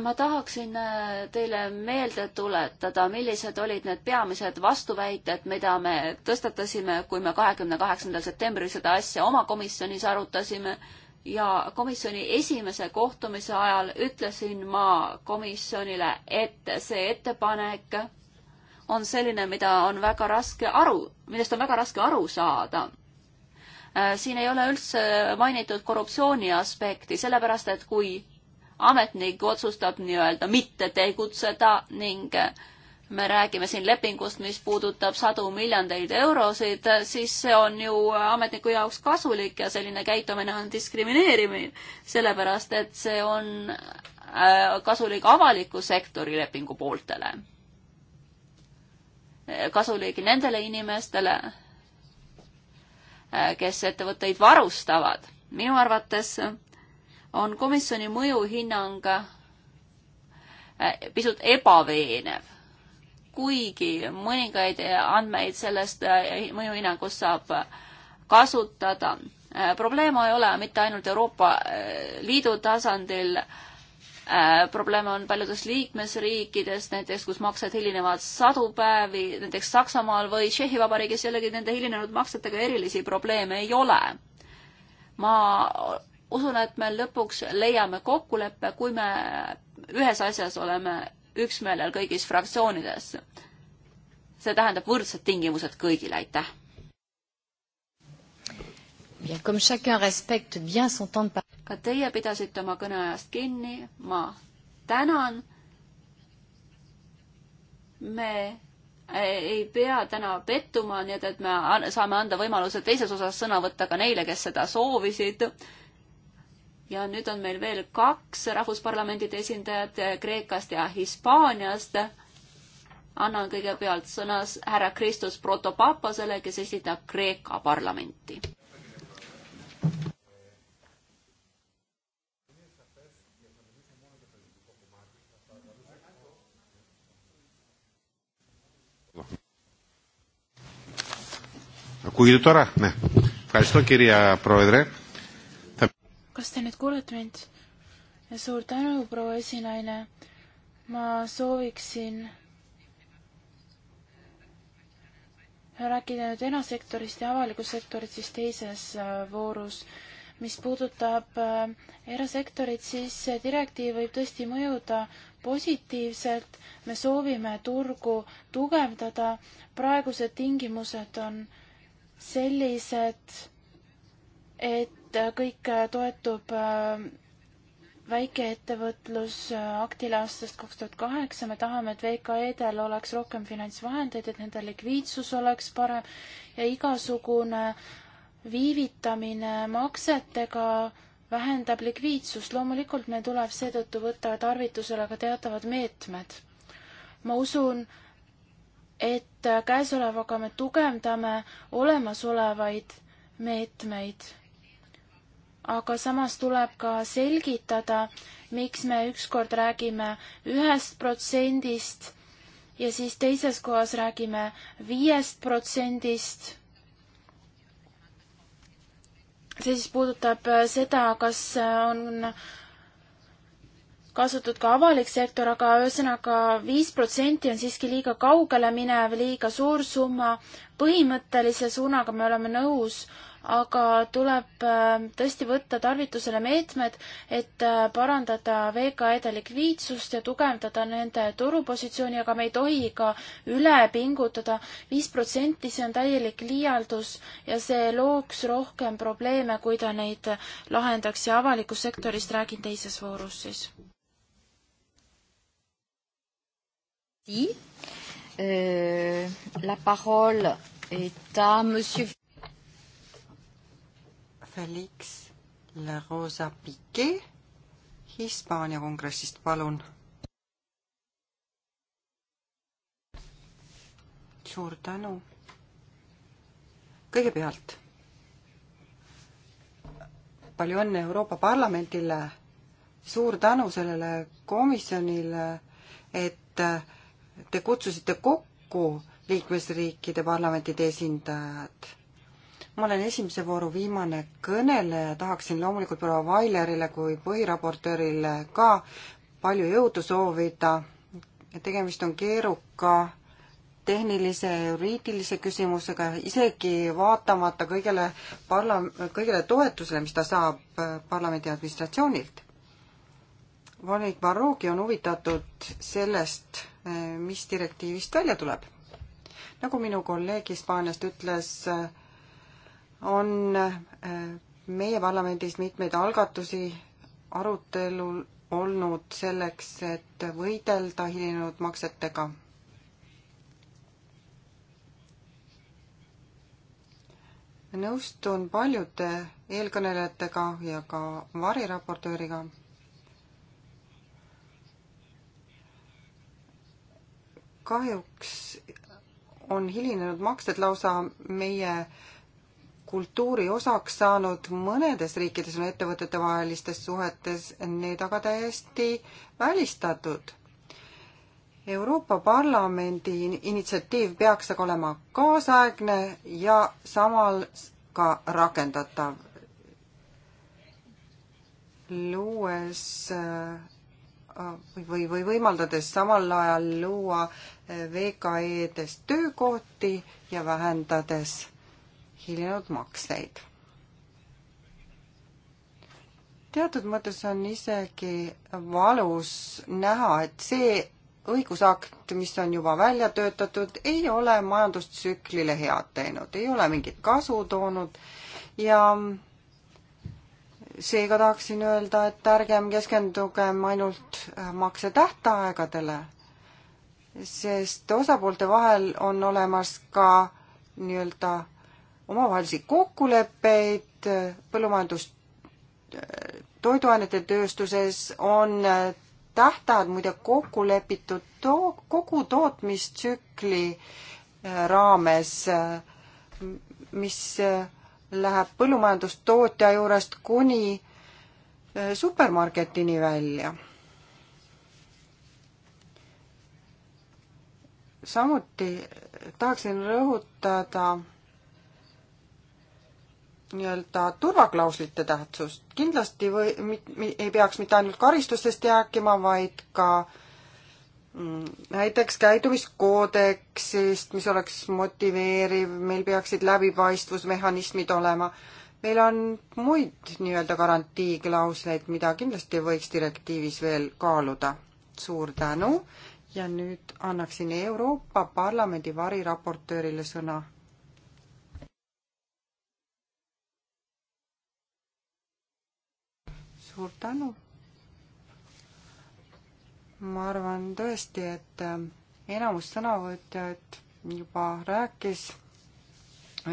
ma tahaksin äh, teile meelde tuletada, millised olid need peamised vastuväited, mida me tõstatasime, kui me kahekümne kaheksandal septembril seda asja oma komisjonis arutasime ja komisjoni esimese kohtumise ajal ütlesin ma komisjonile, et see ettepanek on selline, mida on väga raske aru, millest on väga raske aru saada äh, siin ei ole üldse mainitud korruptsiooni aspekti, sellepärast et kui ametnik otsustab nii-öelda mitte tegutseda ning me räägime siin lepingust, mis puudutab sadu miljoneid eurosid, siis see on ju ametniku jaoks kasulik ja selline käitumine on diskrimineerimine, sellepärast et see on äh, kasulik avaliku sektori lepingu pooltele. kasulik nendele inimestele, äh, kes ettevõtteid varustavad. minu arvates on komisjoni mõjuhinnang äh, pisut ebaveenev, kuigi mõningaid andmeid sellest äh, mõjuhinnangust saab äh, kasutada. probleem ei ole mitte ainult Euroopa Liidu tasandil, probleem on paljudes liikmesriikides, näiteks kus maksed hilinevad sadu päevi, näiteks Saksamaal või Tšehhi Vabariigis jällegi nende hilinenud maksetega erilisi probleeme ei ole. ma usun, et me lõpuks leiame kokkuleppe, kui me ühes asjas oleme üksmeelel kõigis fraktsioonides. see tähendab võrdsed tingimused kõigile, aitäh. ka teie pidasite oma kõneajast kinni, ma tänan. me ei pea täna pettuma, nii et, et me saame anda võimaluse teises osas sõna võtta ka neile, kes seda soovisid ja nüüd on meil veel kaks rahvusparlamendide esindajat Kreekast ja Hispaaniast. annan kõigepealt sõna härra Kristus Protopapasele, kes esindab Kreeka parlamenti.
Ακούγεται τώρα, ναι. Ευχαριστώ κυρία Πρόεδρε
kas te nüüd kuulete mind? suur tänu, proua esinaine. ma sooviksin rääkida nüüd erasektorist ja avalikust sektorist siis teises äh, voorus. mis puudutab äh, erasektorit, siis see direktiiv võib tõesti mõjuda positiivselt. me soovime turgu tugevdada. praegused tingimused on sellised, et et kõik toetub äh, väikeettevõtlus aktile aastast kaks tuhat kaheksa, me tahame, et VKE-del oleks rohkem finantsvahendeid, et nende likviidsus oleks parem ja igasugune viivitamine maksetega vähendab likviidsust. loomulikult meil tuleb seetõttu võtta tarvitusele ka teatavad meetmed. ma usun, et käesolevaga me tugevdame olemasolevaid meetmeid aga samas tuleb ka selgitada, miks me ükskord räägime ühest protsendist ja siis teises kohas räägime viiest protsendist. see siis puudutab äh, seda, kas äh, on kasutud ka avalik sektor, aga ühesõnaga viis protsenti on siiski liiga kaugele minev, liiga suur summa. põhimõttelise suunaga me oleme nõus, aga tuleb äh, tõesti võtta tarvitusele meetmed, et äh, parandada VKE-de likviidsust ja tugevdada nende turupositsiooni, aga me ei tohi ka üle pingutada. viis protsenti, see on täielik liialdus ja see looks rohkem probleeme, kui ta neid lahendaks ja avalikust sektorist räägin teises voorus siis.
Euh,
la parole est à monsieur
Felix La Rosa Piqué Hispaania kongressist, palun. suur tänu. kõigepealt palju õnne Euroopa Parlamendile, suur tänu sellele komisjonile, et te kutsusite kokku liikmesriikide parlamentide esindajad ma olen esimese vooru viimane kõneleja, tahaksin loomulikult proua Vailerile kui põhiraportöörile ka palju jõudu soovida. tegemist on keeruka tehnilise ja juriidilise küsimusega, isegi vaatamata kõigele parla-, kõigele toetusele, mis ta saab äh, parlamendi administratsioonilt. Vanik Varrogi on huvitatud sellest, äh, mis direktiivist välja tuleb. nagu minu kolleeg Hispaaniast ütles äh,, on äh, meie parlamendis mitmeid algatusi arutelul olnud selleks, et võidelda hilinenud maksetega. nõustun paljude eelkõnelejatega ja ka variraportööriga kahjuks on hilinenud maksed lausa meie kultuuri osaks saanud, mõnedes riikides on ettevõtetevahelistes suhetes need aga täiesti välistatud. Euroopa Parlamendi initsiatiiv peaks aga olema kaasaegne ja samal ka rakendatav, luues või, või võimaldades samal ajal luua VKE-des töökohti ja vähendades hilinenud makseid. teatud mõttes on isegi valus näha, et see õigusakt, mis on juba välja töötatud, ei ole majandustsüklile head teinud, ei ole mingit kasu toonud ja seega tahaksin öelda, et ärgem keskendugem ainult maksetähtaegadele, sest osapoolte vahel on olemas ka nii-öelda omavahelisi kokkuleppeid põllumajandus, toiduainete tööstuses on tähtajad muide kokku lepitud to-, kogu tootmistsükli äh, raames, äh, mis äh, läheb põllumajandustootja juurest kuni supermarketini välja. samuti tahaksin rõhutada nii-öelda turvaklauslite tähtsust. kindlasti või mit, mit, ei peaks mitte ainult karistustest jääkima, vaid ka mm, näiteks käidumiskoodeksist, mis oleks motiveeriv, meil peaksid läbipaistvusmehhanismid olema. meil on muid nii-öelda garantiiklausleid, mida kindlasti võiks direktiivis veel kaaluda. suur tänu ja nüüd annaksin Euroopa Parlamendi variraportöörile sõna suur tänu. ma arvan tõesti, et äh, enamus sõnavõtjaid juba rääkis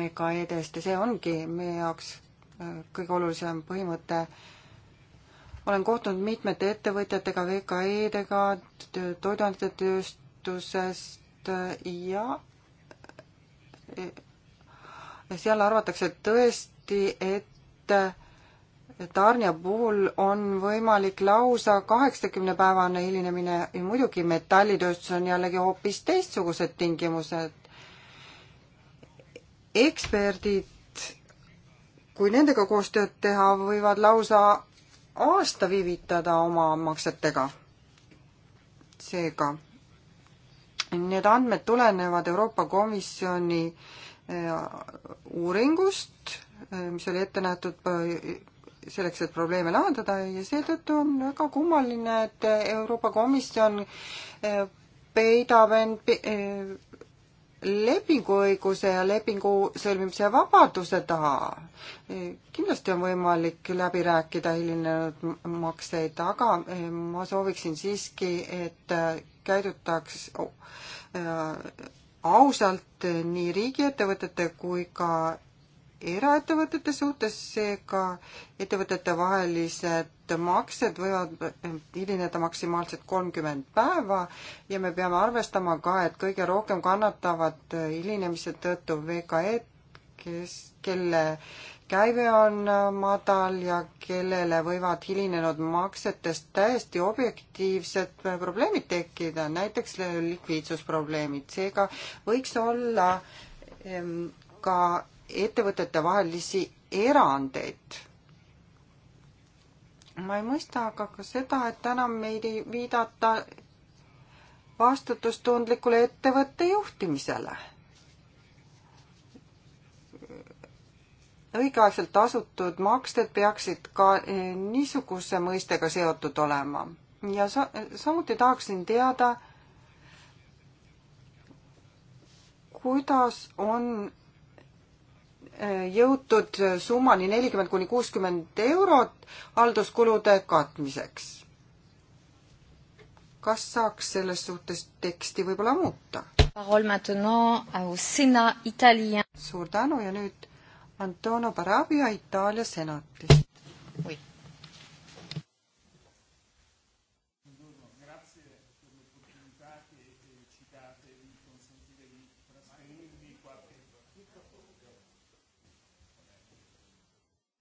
ega EDS-t ja see ongi meie jaoks äh, kõige olulisem põhimõte. olen kohtunud mitmete ettevõtjatega, VKE-dega, toiduainete tööstusest äh, ja seal arvatakse tõesti, et tarnija puhul on võimalik lausa kaheksakümnepäevane hilinemine ja muidugi metallitööstus on jällegi hoopis teistsugused tingimused. eksperdid, kui nendega koostööd teha, võivad lausa aasta viivitada oma maksetega. seega need andmed tulenevad Euroopa Komisjoni eh, uuringust, eh, mis oli ette nähtud eh, selleks, et probleeme lahendada ja seetõttu on väga kummaline, et Euroopa Komisjon eh, peidab end eh, lepinguõiguse ja lepingu sõlmimise vabaduse taha. Eh, kindlasti on võimalik läbi rääkida hilinenud makseid, aga ma sooviksin siiski, et käidutaks ausalt nii riigiettevõtete kui ka eraettevõtete suhtes, seega ettevõtetevahelised maksed võivad hilineda maksimaalselt kolmkümmend päeva ja me peame arvestama ka, et kõige rohkem kannatavad hilinemise tõttu VKE-d, kes, kelle käive on madal ja kellele võivad hilinenud maksetest täiesti objektiivsed probleemid tekkida, näiteks likviidsusprobleemid, seega võiks olla ka ettevõtete vahelisi erandeid. ma ei mõista aga ka seda, et enam meid ei viidata vastutustundlikule ettevõtte juhtimisele. õigeaegselt tasutud maksed peaksid ka eh, niisuguse mõistega seotud olema ja sa-, samuti tahaksin teada, kuidas on jõutud summani nelikümmend kuni kuuskümmend eurot halduskulude katmiseks. kas saaks selles suhtes teksti võib-olla muuta? suur tänu ja nüüd Antonio Barabia Itaalia senatist oui..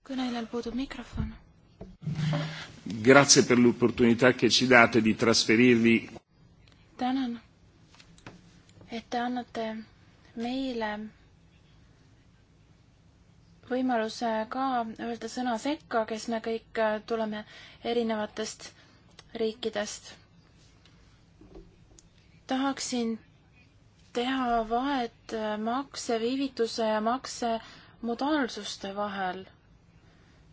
kõnelejal puudub mikrofon.
Grazie per l'opportunità che ci date di trasferirvi.
tänan, et te annate meile võimaluse ka öelda sõna sekka, kes me kõik tuleme erinevatest riikidest. tahaksin teha vahet makseviivituse ja maksemodaalsuste vahel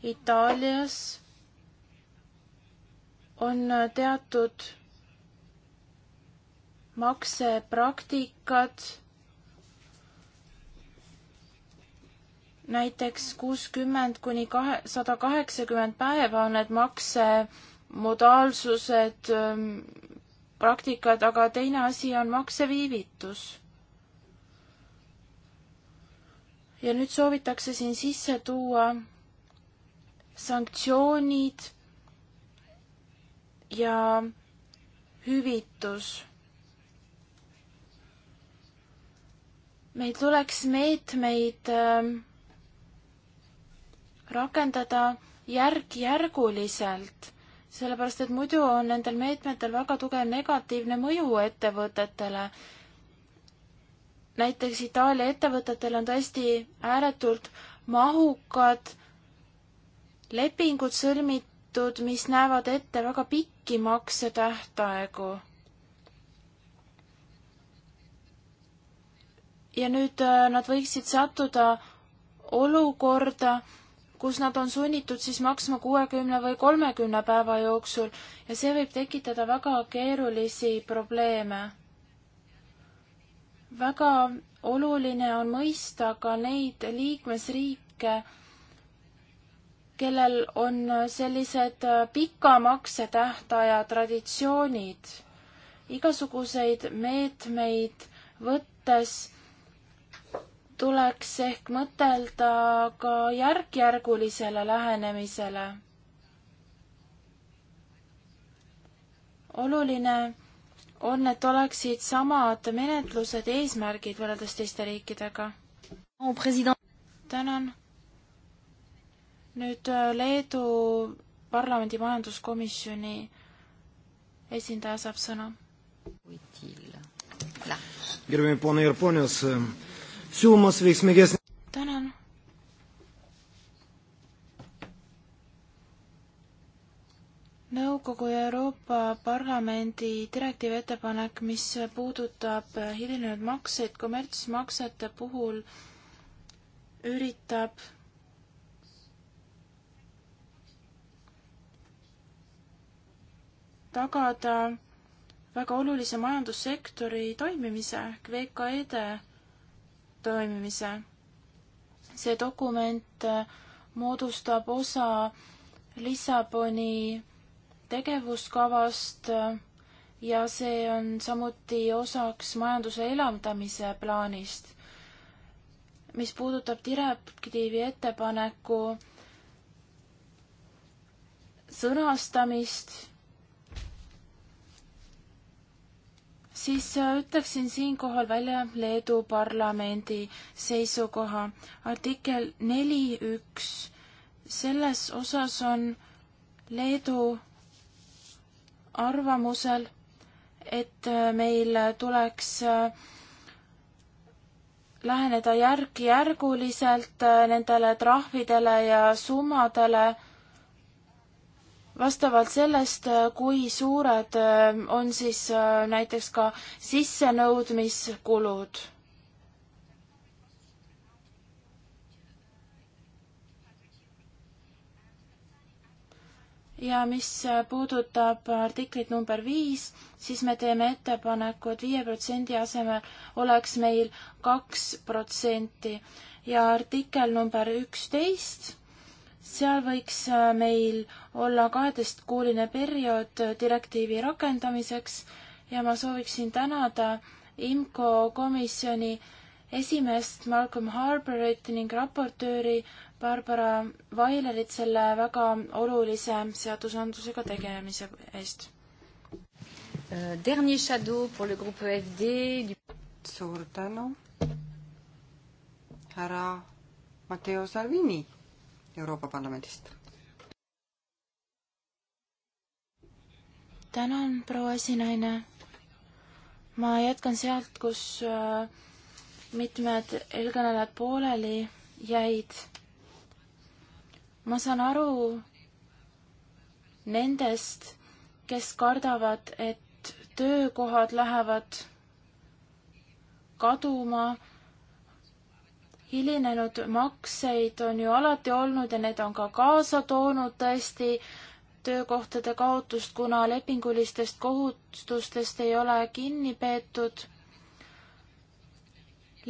Itaalias on teatud maksepraktikad, näiteks kuuskümmend kuni kahe, sada kaheksakümmend päeva on need maksemodaalsused, ähm, praktikad, aga teine asi on makseviivitus. ja nüüd soovitakse siin sisse tuua sanktsioonid ja hüvitus. meil tuleks meetmeid ähm, rakendada järk-järguliselt, sellepärast et muidu on nendel meetmetel väga tugev negatiivne mõju ettevõtetele. näiteks Itaalia ettevõtetel on tõesti ääretult mahukad lepingud sõlmitud, mis näevad ette väga pikki maksetähtaegu. ja nüüd äh, nad võiksid sattuda olukorda, kus nad on sunnitud siis maksma kuuekümne või kolmekümne päeva jooksul ja see võib tekitada väga keerulisi probleeme. väga oluline on mõista ka neid liikmesriike, kellel on sellised äh, pika maksetähtaja traditsioonid. igasuguseid meetmeid võttes tuleks ehk mõtelda ka järk-järgulisele lähenemisele. oluline on, et oleksid samad menetlused, eesmärgid võrreldes teiste riikidega. tänan nüüd äh, Leedu parlamendi majanduskomisjoni esindaja saab sõna. tänan. nõukogu ja Euroopa Parlamendi direktiivi ettepanek, mis puudutab hilinenud makseid kommertsmaksete puhul, üritab tagada väga olulise majandussektori toimimise, VKE-de toimimise. see dokument äh, moodustab osa Lissaboni tegevuskavast äh, ja see on samuti osaks majanduse elavdamise plaanist, mis puudutab direktiivi ettepaneku sõnastamist siis äh, ütleksin siinkohal välja Leedu parlamendi seisukoha. artikkel neli üks, selles osas on Leedu arvamusel, et äh, meil tuleks äh, läheneda järk-järguliselt nendele trahvidele ja summadele vastavalt sellest, kui suured äh, on siis äh, näiteks ka sissenõudmiskulud. ja mis äh, puudutab artiklit number viis, siis me teeme ettepaneku, et viie protsendi asemel oleks meil kaks protsenti ja artikkel number üksteist seal võiks äh, meil olla kaheteistkuuline periood äh, direktiivi rakendamiseks ja ma sooviksin tänada IMCO komisjoni esimeest Malcolm Harbourit ning raportööri Barbara Vailerit selle väga olulise seadusandlusega tegelemise eest.
Äh, dernier shadow pour le groupe e FD. suur tänu, härra Matteo Salvini Euroopa Parlamendist.
tänan, proua esinaine. ma jätkan sealt, kus äh, mitmed eelkõnelejad pooleli jäid. ma saan aru nendest, kes kardavad, et töökohad lähevad kaduma hilinenud makseid on ju alati olnud ja need on ka kaasa toonud tõesti töökohtade kaotust, kuna lepingulistest kohustustest ei ole kinni peetud.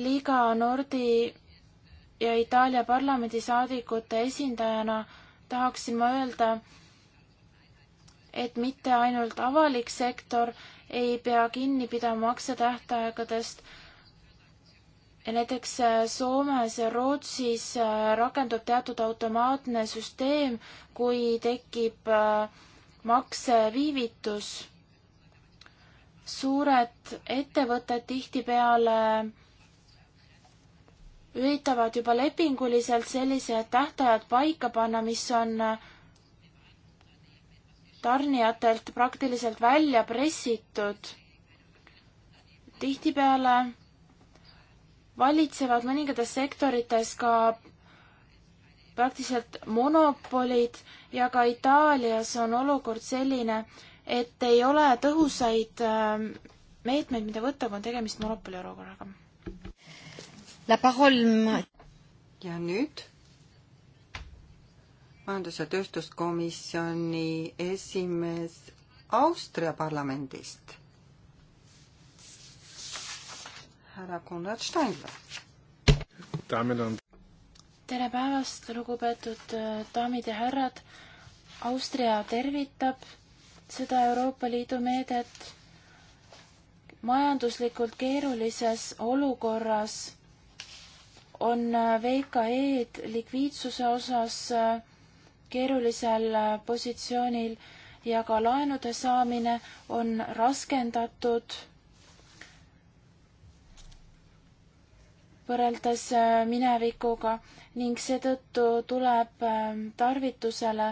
Liga Nordi ja Itaalia parlamendisaadikute esindajana tahaksin ma öelda, et mitte ainult avalik sektor ei pea kinni pidama maksetähtaegadest, näiteks äh, Soomes ja Rootsis äh, rakendub teatud automaatne süsteem, kui tekib äh, makseviivitus. suured ettevõtted tihtipeale üritavad juba lepinguliselt sellised tähtajad paika panna, mis on tarnijatelt praktiliselt välja pressitud. tihtipeale valitsevad mõningates sektorites ka praktiliselt monopolid ja ka Itaalias on olukord selline, et ei ole tõhusaid ähm, meetmeid, mida võtta, kui on tegemist monopoli olukorraga.
ja nüüd majandus- ja tööstuskomisjoni esimees Austria parlamendist härra Konrad Steinler.
tere päevast, lugupeetud äh, daamid ja härrad. Austria tervitab seda Euroopa Liidu meedet majanduslikult keerulises olukorras on äh, VKE-d likviidsuse osas äh, keerulisel positsioonil ja ka laenude saamine on raskendatud võrreldes äh, minevikuga ning seetõttu tuleb ähm, tarvitusele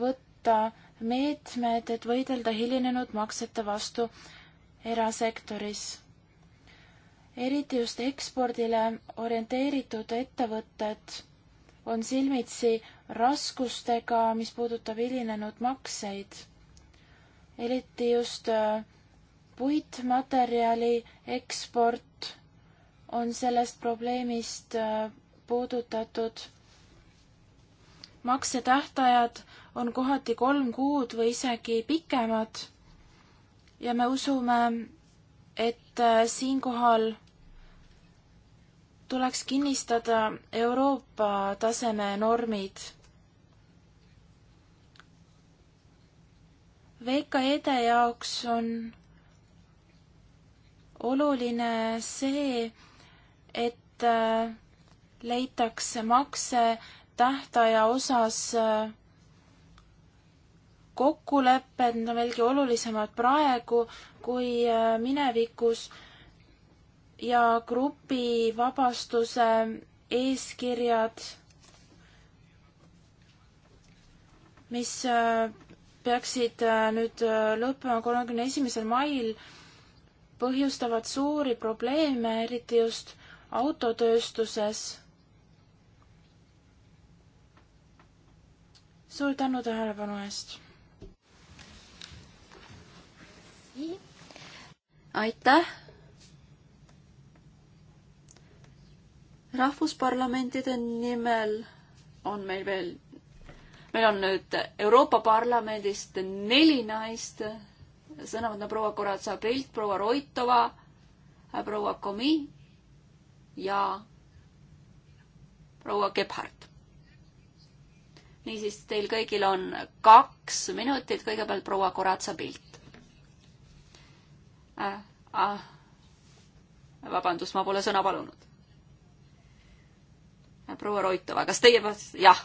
võtta meetmed, et võidelda hilinenud maksete vastu erasektoris. eriti just ekspordile orienteeritud ettevõtted on silmitsi raskustega, mis puudutab hilinenud makseid. eriti just äh, puitmaterjali eksport on sellest probleemist äh, puudutatud. maksetähtajad on kohati kolm kuud või isegi pikemad ja me usume, et äh, siinkohal tuleks kinnistada Euroopa taseme normid. VKE-de e jaoks on oluline see, et äh, leitakse makse tähtaja osas äh, kokkulepped, need on veelgi olulisemad praegu kui äh, minevikus ja grupivabastuse eeskirjad, mis peaksid nüüd lõppema kolmekümne esimesel mail, põhjustavad suuri probleeme, eriti just autotööstuses. suur tänu tähelepanu eest. aitäh.
rahvusparlamentide nimel on meil veel, meil on nüüd Euroopa Parlamendist neli naist, sõna võtnud proua Koratsa Pilt, proua Roitova, proua Komi ja proua Gebhardt. niisiis, teil kõigil on kaks minutit, kõigepealt proua Koratsa pilt äh,. Äh, vabandust, ma pole sõna palunud. Äh, proua Roitova, kas teie, jah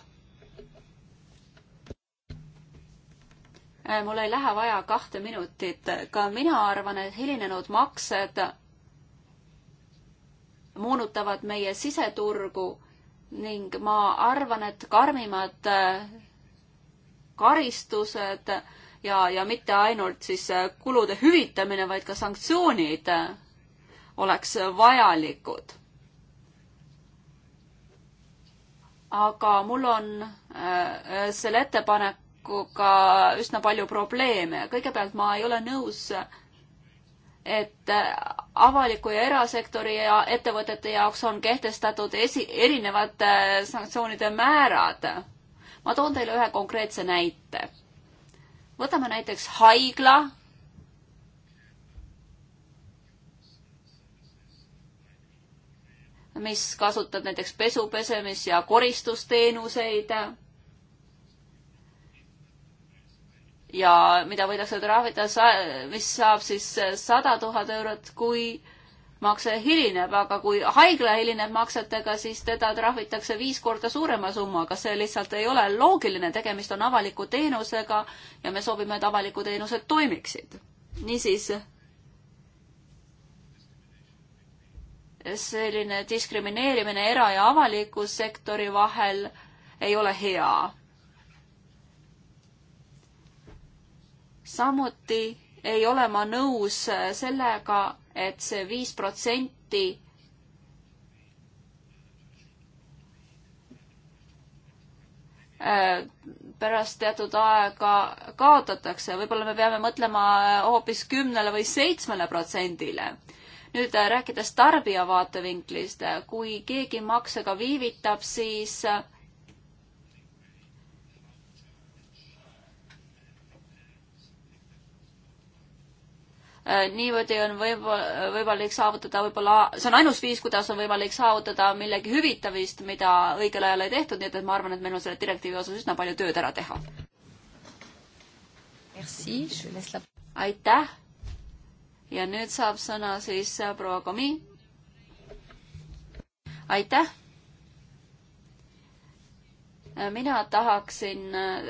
äh, mul ei lähe vaja kahte minutit. ka mina arvan, et hilinenud maksed moonutavad meie siseturgu ning ma arvan, et karmimad äh, karistused ja, ja mitte ainult siis äh, kulude hüvitamine, vaid ka sanktsioonid äh, oleks vajalikud. aga mul on selle ettepanekuga üsna palju probleeme. kõigepealt ma ei ole nõus et äh, avaliku ja erasektori ja ettevõtete jaoks on kehtestatud esi, erinevad äh, sanktsioonide määrad. ma toon teile ühe konkreetse näite. võtame näiteks haigla. mis kasutab näiteks pesu, pesemis ja koristusteenuseid ja mida võidakse trahvida, mis saab siis sada tuhat eurot, kui makse hilineb, aga kui haigla hilineb maksetega, siis teda trahvitakse viis korda suurema summaga, see lihtsalt ei ole loogiline, tegemist on avaliku teenusega ja me soovime, et avalikud teenused toimiksid. niisiis, selline diskrimineerimine era- ja avaliku sektori vahel ei ole hea samuti ei ole ma nõus äh, sellega, et see viis protsenti äh, pärast teatud aega kaotatakse, võib-olla me peame mõtlema äh, hoopis kümnele või seitsmele protsendile. nüüd rääkides tarbija vaatevinklist, kui keegi maksega viivitab, siis äh, Äh, niimoodi on võib-olla, võimalik saavutada võib-olla, see on ainus viis, kuidas on võimalik saavutada millegi hüvitamist, mida õigel ajal ei tehtud, nii et, et ma arvan, et meil on selle direktiivi osas üsna palju tööd ära teha. aitäh. ja nüüd saab sõna siis äh, proua Komi. aitäh mina tahaksin äh,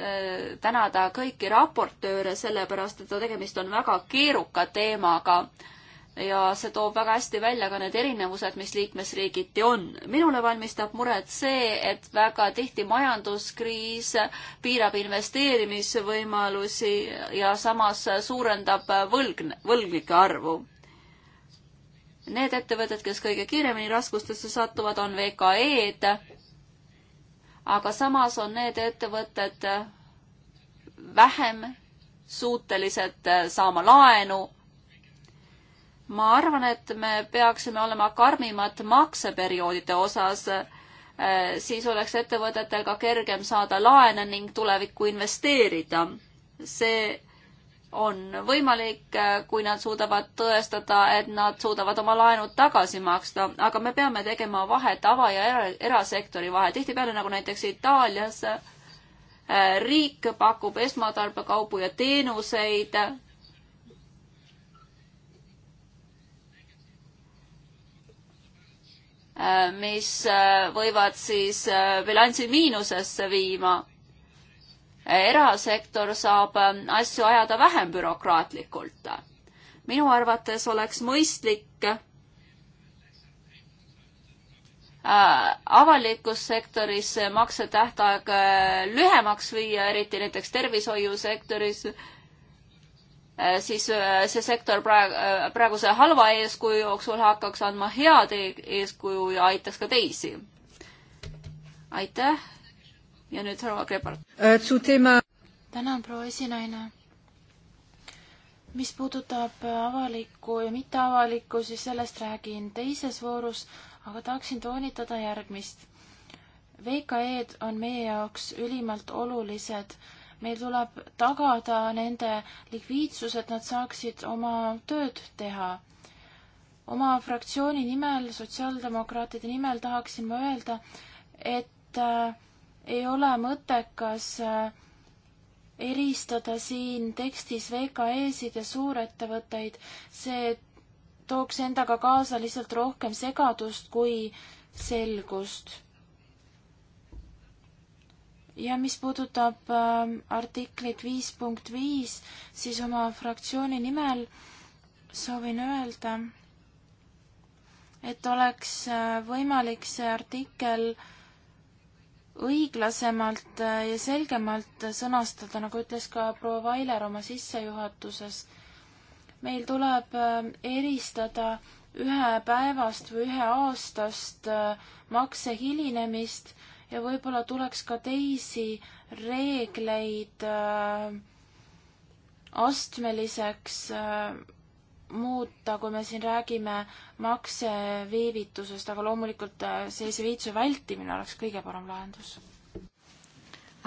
tänada kõiki raportööre, sellepärast et tegemist on väga keeruka teemaga ja see toob väga hästi välja ka need erinevused, mis liikmesriigiti on. minule valmistab muret see, et väga tihti majanduskriis piirab investeerimisvõimalusi ja samas suurendab võlg, võlgnike arvu. Need ettevõtted, kes kõige kiiremini raskustesse satuvad, on VKE-d aga samas on need ettevõtted vähem suutelised äh, saama laenu. ma arvan, et me peaksime olema karmimad makseperioodide osas, äh, siis oleks ettevõtetel ka kergem saada laene ning tulevikku investeerida. see on võimalik, kui nad suudavad tõestada, et nad suudavad oma laenud tagasi maksta, aga me peame tegema vahet ava- ja era, erasektori vahel. tihtipeale nagu näiteks Itaalias eh, riik pakub esmatarbekaubu ja teenuseid. Eh, mis eh, võivad siis bilansi miinusesse viima erasektor saab äh, asju ajada vähem bürokraatlikult. minu arvates oleks mõistlik äh, avalikus sektoris maksetähtaeg äh, lühemaks viia, eriti näiteks tervishoiusektoris, siis see sektor praegu, praeguse halva eeskuju jooksul hakkaks andma head eeskuju ja aitaks ka teisi. aitäh, ja nüüd härra Krebart
äh,. tänan, proua esinaine. mis puudutab äh, avalikku ja mitteavalikku, siis sellest räägin teises voorus, aga tahaksin toonitada järgmist. VKE-d on meie jaoks ülimalt olulised. meil tuleb tagada nende likviidsus, et nad saaksid oma tööd teha oma fraktsiooni nimel, sotsiaaldemokraatide nimel tahaksin ma öelda, et äh, ei ole mõttekas äh, eristada siin tekstis VKE-sid ja suurettevõtteid, see tooks endaga kaasa lihtsalt rohkem segadust kui selgust. ja mis puudutab äh, artiklit viis punkt viis, siis oma fraktsiooni nimel soovin öelda, et oleks äh, võimalik see artikkel äh, õiglasemalt ja selgemalt sõnastada, nagu ütles ka proua Vailer oma sissejuhatuses. meil tuleb äh, eristada ühepäevast või üheaastast äh, makse hilinemist ja võib-olla tuleks ka teisi reegleid äh, astmeliseks muuta, kui me siin räägime makseviivitusest, aga loomulikult äh, sellise viivituse vältimine oleks kõige parem lahendus.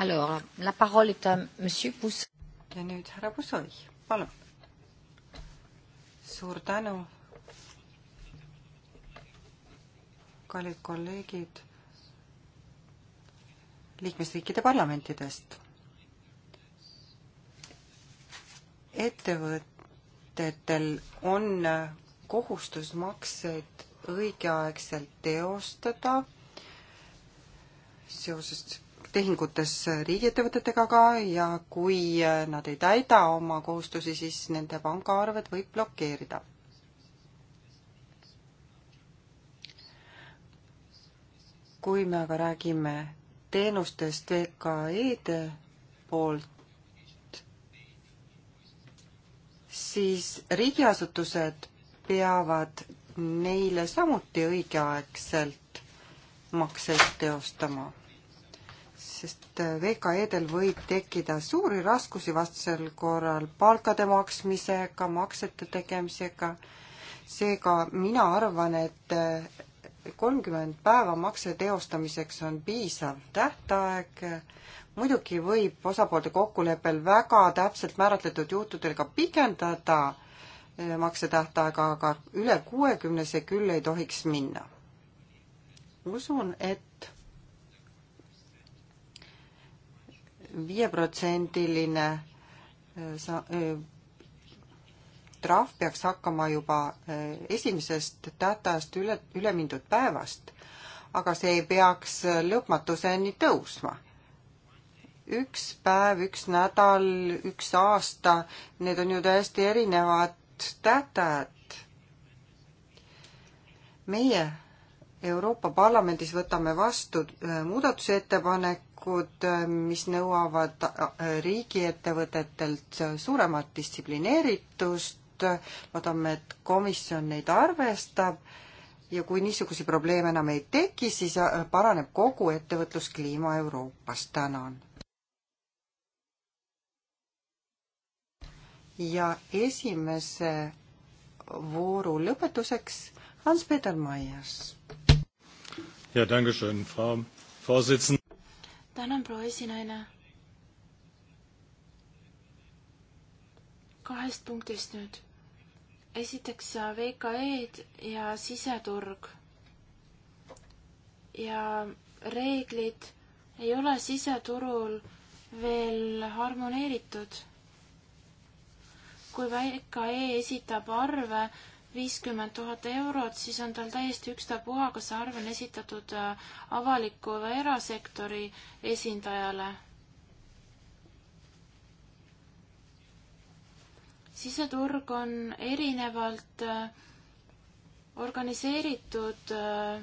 Alors, la parole
est à monsieur Pouss-. ja nüüd
härra Pussoi, palun.
suur tänu. kallid kolleegid liikmesriikide parlamentidest. ettevõt-, ettevõtetel on kohustus makseid õigeaegselt teostada seoses tehingutes riigiettevõtetega ka ja kui nad ei täida oma kohustusi, siis nende pangaarved võib blokeerida. kui me aga räägime teenustest VKE-de poolt, siis riigiasutused peavad neile samuti õigeaegselt makseid teostama, sest äh, VKE-del võib tekkida suuri raskusi vastasel korral palkade maksmisega, maksete tegemisega, seega mina arvan, et äh, kolmkümmend päeva makse teostamiseks on piisav tähtaeg. muidugi võib osapoolte kokkuleppel väga täpselt määratletud juhtudel ka pikendada eh, maksetähtaega, aga üle kuuekümne see küll ei tohiks minna. usun et, et viieprotsendiline eh, sa-, eh, trahv peaks hakkama juba eh, esimesest tähtajast üle, üle mindud päevast. aga see ei peaks lõpmatuseni tõusma. üks päev, üks nädal, üks aasta, need on ju täiesti erinevad tähtajad. meie Euroopa Parlamendis võtame vastu eh, muudatusettepanekud, eh, mis nõuavad riigiettevõtetelt suuremat distsiplineeritust loodame, et komisjon neid arvestab ja kui niisuguseid probleeme enam ei teki, siis äh, paraneb kogu ettevõtluskliima Euroopas. tänan. ja esimese vooru lõpetuseks Hans-Peter Maias.
ja tänke schön, Frau Vorsitzende.
tänan, proua esinaine. kahest punktist nüüd esiteks äh, VKE-d ja siseturg. ja reeglid ei ole siseturul veel harmoneeritud. kui VKE esitab arve viiskümmend tuhat eurot, siis on tal täiesti ükstapuha, kas see arve on esitatud äh, avaliku või erasektori esindajale siseturg on erinevalt äh, organiseeritud äh,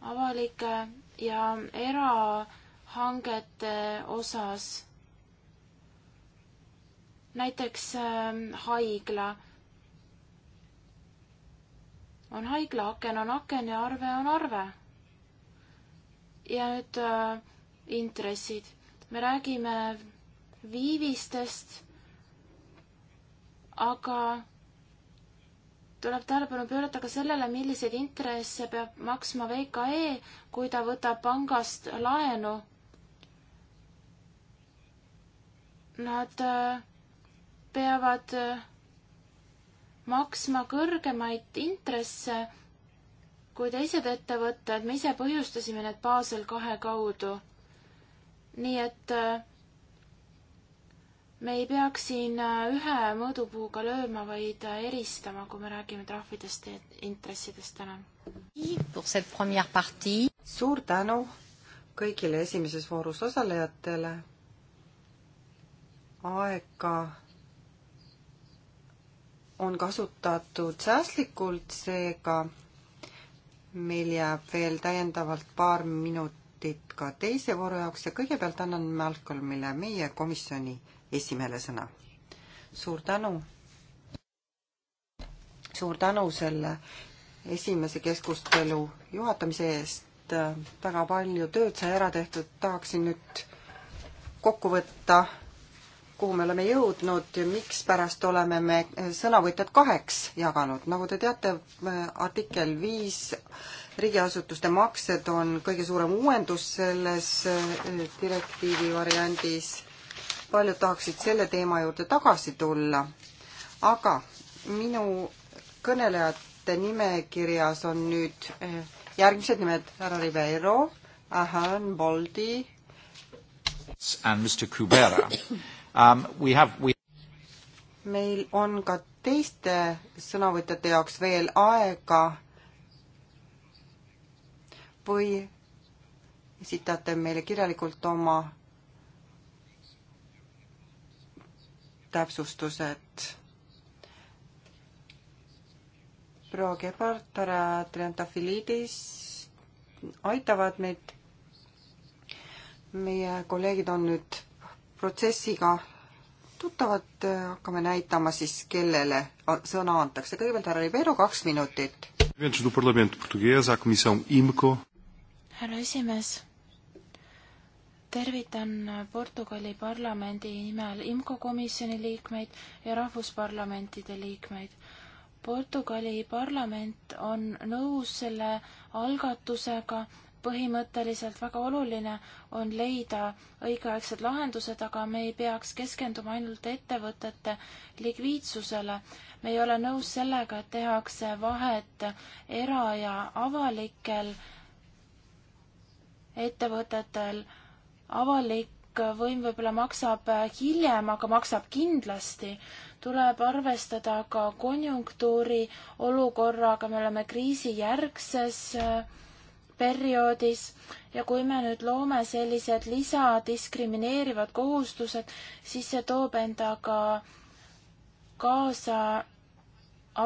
avalike ja erahangete osas. näiteks ähm, haigla. on haigla, aken on aken ja arve on arve. ja nüüd äh, intressid. me räägime viivistest, aga tuleb tähelepanu pöörata ka sellele, milliseid intresse peab maksma VKE, kui ta võtab pangast laenu. Nad äh, peavad äh, maksma kõrgemaid intresse kui teised ettevõtted, me ise põhjustasime need Basel kahe kaudu. nii et äh, me ei peaks siin äh, ühe mõõdupuuga lööma, vaid äh, eristama, kui me räägime trahvidest ja intressidest täna.
suur tänu kõigile esimeses voorus osalejatele. aega on kasutatud säästlikult, seega meil jääb veel täiendavalt paar minutit minutit ka teise vooru jaoks ja kõigepealt annan Malcolmile, meie komisjoni esimehele sõna. suur tänu. suur tänu selle esimese keskustelu juhatamise eest. väga palju tööd sai ära tehtud, tahaksin nüüd kokku võtta, kuhu me oleme jõudnud ja mikspärast oleme me sõnavõtjad kaheks jaganud. nagu te teate, artikkel viis 5 riigiasutuste maksed on kõige suurem uuendus selles äh, direktiivi variandis. paljud tahaksid selle teema juurde tagasi tulla, aga minu kõnelejate nimekirjas on nüüd äh, järgmised nimed härra Ribeiro, Ahan Boldi.
And Mr Kubera um,. We have we
meil on ka teiste sõnavõtjate jaoks veel aega või esitate meile kirjalikult oma täpsustused. proua Gebhardt, härra Triantafilidis aitavad meid. meie kolleegid on nüüd protsessiga tuttavad, hakkame näitama siis, kellele sõna antakse. kõigepealt härra Ribeiro, kaks minutit
härra esimees, tervitan Portugali parlamendi nimel IMCO komisjoni liikmeid ja rahvusparlamentide liikmeid. Portugali parlament on nõus selle algatusega, põhimõtteliselt väga oluline on leida õigeaegsed lahendused, aga me ei peaks keskenduma ainult ettevõtete likviidsusele. me ei ole nõus sellega, et tehakse vahet era- ja avalikel äh, ettevõtetel. avalik võim võib-olla maksab hiljem, aga maksab kindlasti. tuleb arvestada ka konjunktuuri olukorraga, me oleme kriisijärgses äh, perioodis ja kui me nüüd loome sellised lisadiskrimineerivad kohustused, siis see toob endaga kaasa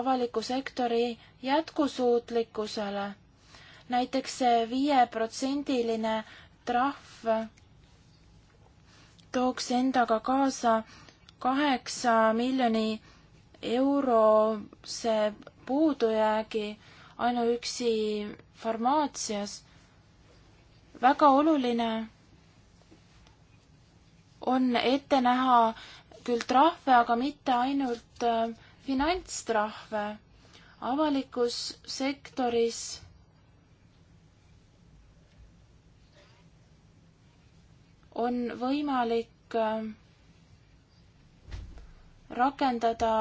avaliku sektori jätkusuutlikkusele näiteks see viieprotsendiline trahv tooks endaga kaasa kaheksa miljoni eurose puudujäägi ainuüksi farmaatsias. väga oluline on ette näha küll trahve, aga mitte ainult äh, finantstrahve. avalikus sektoris on võimalik äh, rakendada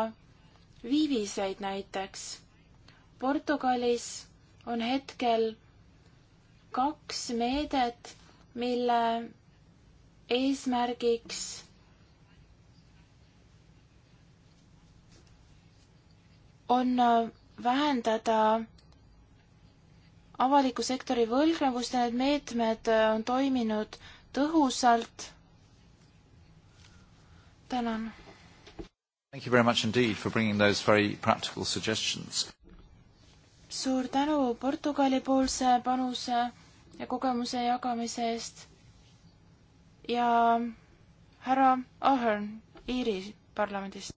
viiviseid näiteks. Portugalis on hetkel kaks meedet, mille eesmärgiks on äh, vähendada avaliku sektori võlgnevust ja need meetmed äh, on toiminud tõhusalt. tänan.
Thank you very much indeed for bringing those very practical suggestions.
suur tänu Portugali poolse panuse ja kogemuse jagamise eest. ja härra Ahern Iiri parlamendist.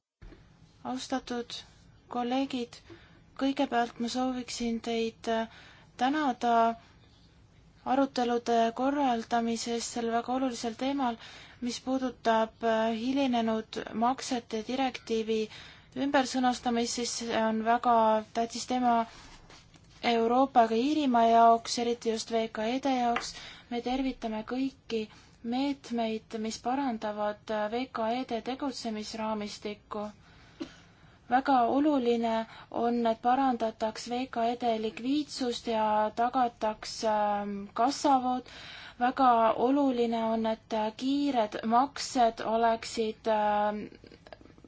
austatud kolleegid, kõigepealt ma sooviksin teid tänada arutelude korraldamises sel väga olulisel teemal, mis puudutab äh, hilinenud maksete direktiivi ümbersõnastamist, siis see on väga tähtis teema Euroopa ja Iirimaa jaoks, eriti just VKE-de jaoks. me tervitame kõiki meetmeid, mis parandavad äh, VKE-de tegutsemisraamistikku väga oluline on, et parandataks VKE-de likviidsust ja tagataks ähm, kassavood. väga oluline on, et kiired maksed oleksid ähm,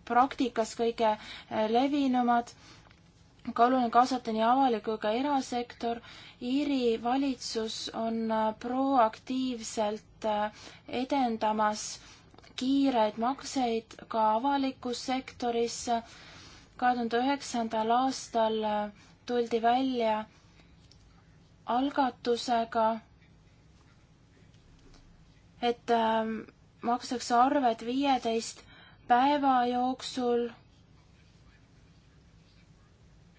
praktikas kõige äh, levinumad ka oluline kaasata nii avalik kui ka erasektor. Iiri valitsus on äh, proaktiivselt äh, edendamas kiireid makseid ka avalikkus sektorisse kahe tuhande üheksandal aastal äh, tuldi välja algatusega, et ähm, makstakse arved viieteist päeva jooksul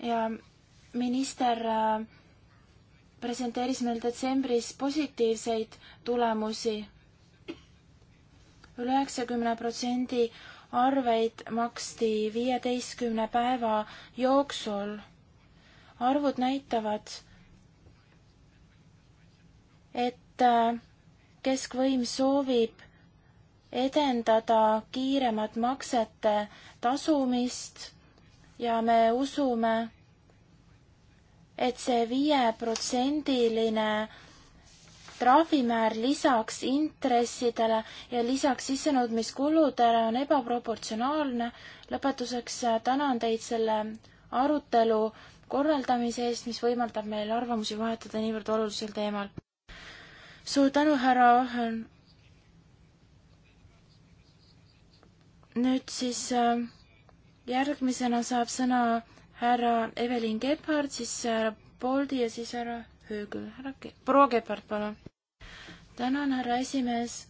ja minister äh, presenteeris meil detsembris positiivseid tulemusi üle. üle üheksakümne protsendi arveid maksti viieteistkümne päeva jooksul. arvud näitavad, et äh, keskvõim soovib edendada kiiremat maksete tasumist ja me usume, et see viieprotsendiline trahvimäär lisaks intressidele ja lisaks sissenõudmiskuludele on ebaproportsionaalne. lõpetuseks äh, tänan teid selle arutelu korraldamise eest, mis võimaldab meil arvamusi vahetada niivõrd olulisel teemal. suur tänu, härra Ohen. nüüd siis äh, järgmisena saab sõna härra Evelyn Gebhard, siis härra Boldi ja siis härra Höögel. härra Ke-, proua Kepard, palun. tänan, härra esimees.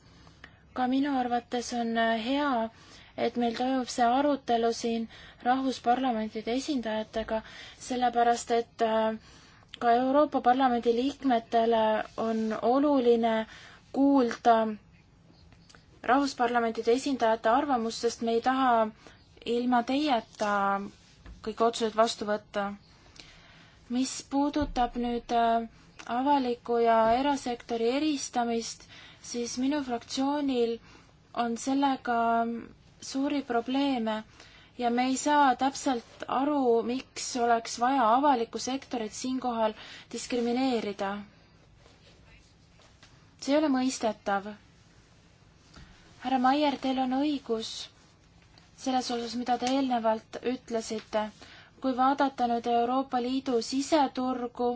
ka minu arvates on äh, hea, et meil toimub see arutelu siin rahvusparlamentide esindajatega, sellepärast et äh, ka Euroopa Parlamendi liikmetele on oluline kuulda rahvusparlamentide esindajate arvamust, sest me ei taha ilma teieta kõik otsused vastu võtta mis puudutab nüüd äh, avaliku ja erasektori eristamist, siis minu fraktsioonil on sellega suuri probleeme ja me ei saa täpselt aru, miks oleks vaja avalikku sektorit siinkohal diskrimineerida. see ei ole mõistetav. härra Maier, teil on õigus selles osas, mida te eelnevalt ütlesite kui vaadata nüüd Euroopa Liidu siseturgu,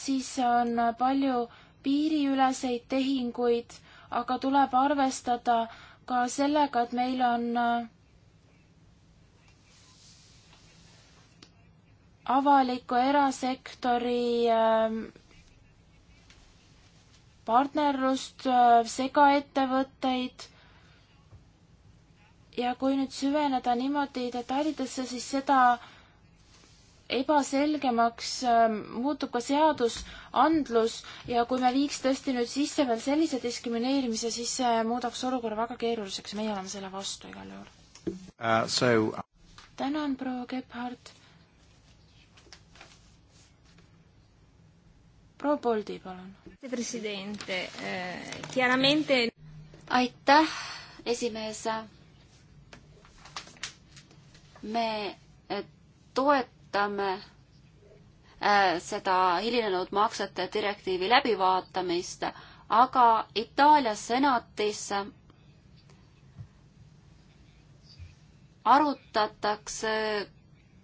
siis on palju piiriüleseid tehinguid, aga tuleb arvestada ka sellega, et meil on äh, avaliku erasektori ähm, partnerlust, äh, segaettevõtteid ja kui nüüd süveneda niimoodi detailidesse, siis seda ebaselgemaks ähm, muutub ka seadusandlus ja kui me viiks tõesti nüüd sisse veel sellise diskrimineerimise, siis see muudaks olukorra väga keeruliseks, meie oleme selle vastu igal juhul
uh,. So... Uh,
tänan, proua Gebhard. proua Boldi, palun.
Eh, aitäh, esimees me eh, toetame eh, seda hilinenud maksete direktiivi läbivaatamist, aga Itaalia senatis arutatakse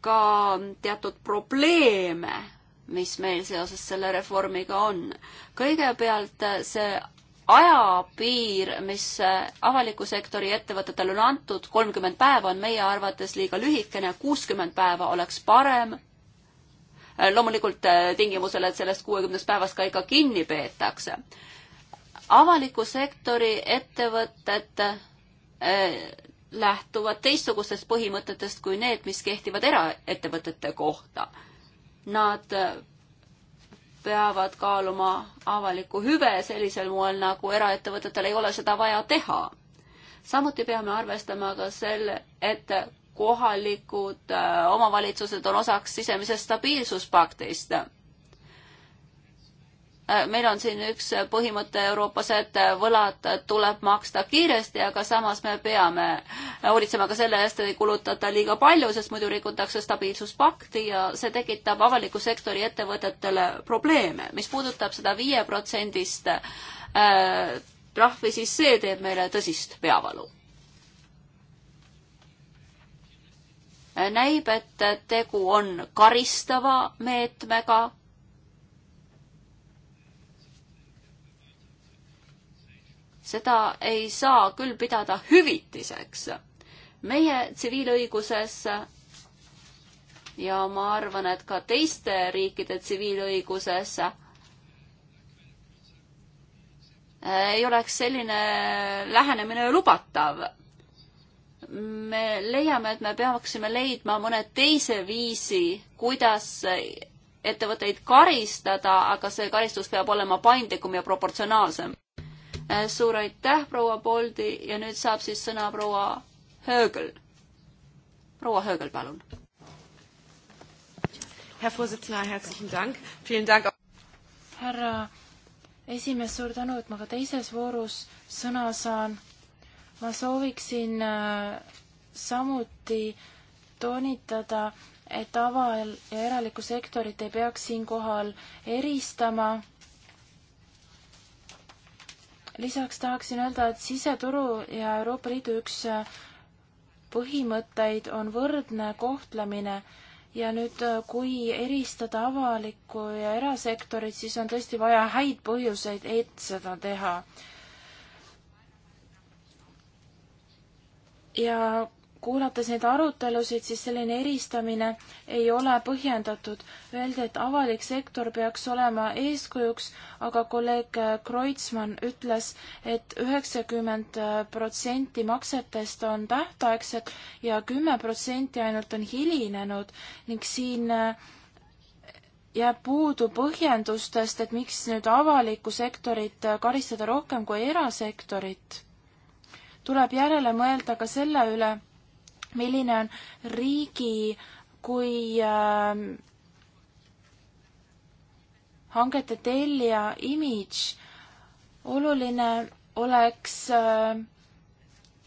ka teatud probleeme, mis meil seoses selle reformiga on. kõigepealt eh, see ajapiir, mis äh, avaliku sektori ettevõtetele on antud, kolmkümmend päeva on meie arvates liiga lühikene, kuuskümmend päeva oleks parem. Äh, loomulikult äh, tingimusel, et sellest kuuekümnest päevast ka ikka kinni peetakse. avaliku sektori ettevõtted lähtuvad teistsugustest põhimõtetest kui need, mis kehtivad eraettevõtete kohta. Nad peavad kaaluma avalikku hüve sellisel moel, nagu eraettevõtetel ei ole seda vaja teha. samuti peame arvestama ka selle, et kohalikud äh, omavalitsused on osaks sisemisest stabiilsuspaktist Äh, meil on siin üks põhimõte Euroopas, et võlad tuleb maksta kiiresti, aga samas me peame hoolitsema ka selle eest, et ei kulutata liiga palju, sest muidu rikutakse stabiilsuspakti ja see tekitab avaliku sektori ettevõtetele probleeme. mis puudutab seda viie protsendist äh, trahvi, siis see teeb meile tõsist peavalu. näib, et tegu on karistava meetmega seda ei saa küll pidada hüvitiseks. meie tsiviilõiguses ja ma arvan, et ka teiste riikide tsiviilõiguses ei oleks selline lähenemine lubatav. me leiame, et me peaksime leidma mõne teise viisi, kuidas ettevõtteid karistada, aga see karistus peab olema paindlikum ja proportsionaalsem. Eh, suur aitäh, proua Boldi ja nüüd saab siis sõna proua Höögel. proua Höögel, palun.
härra esimees, suur tänu, et ma ka teises voorus sõna saan. ma sooviksin äh, samuti toonitada, et aval- ja eralikku sektorit ei peaks siinkohal eristama lisaks tahaksin öelda, et siseturu ja Euroopa Liidu üks äh, põhimõtteid on võrdne kohtlemine ja nüüd, äh, kui eristada avalikku ja erasektorit, siis on tõesti vaja häid põhjuseid, et seda teha. ja kuulates neid arutelusid, siis selline eristamine ei ole põhjendatud. Öeldi, et avalik sektor peaks olema eeskujuks, aga kolleeg Kreutzmann ütles et, et üheksakümmend protsenti maksetest on tähtaegsed ja kümme protsenti ainult on hilinenud ning siin äh, jääb puudu põhjendustest, et miks nüüd avalikku sektorit karistada rohkem kui erasektorit tuleb järele mõelda ka selle üle, milline on riigi kui äh, hangete tellija imidž. oluline oleks äh,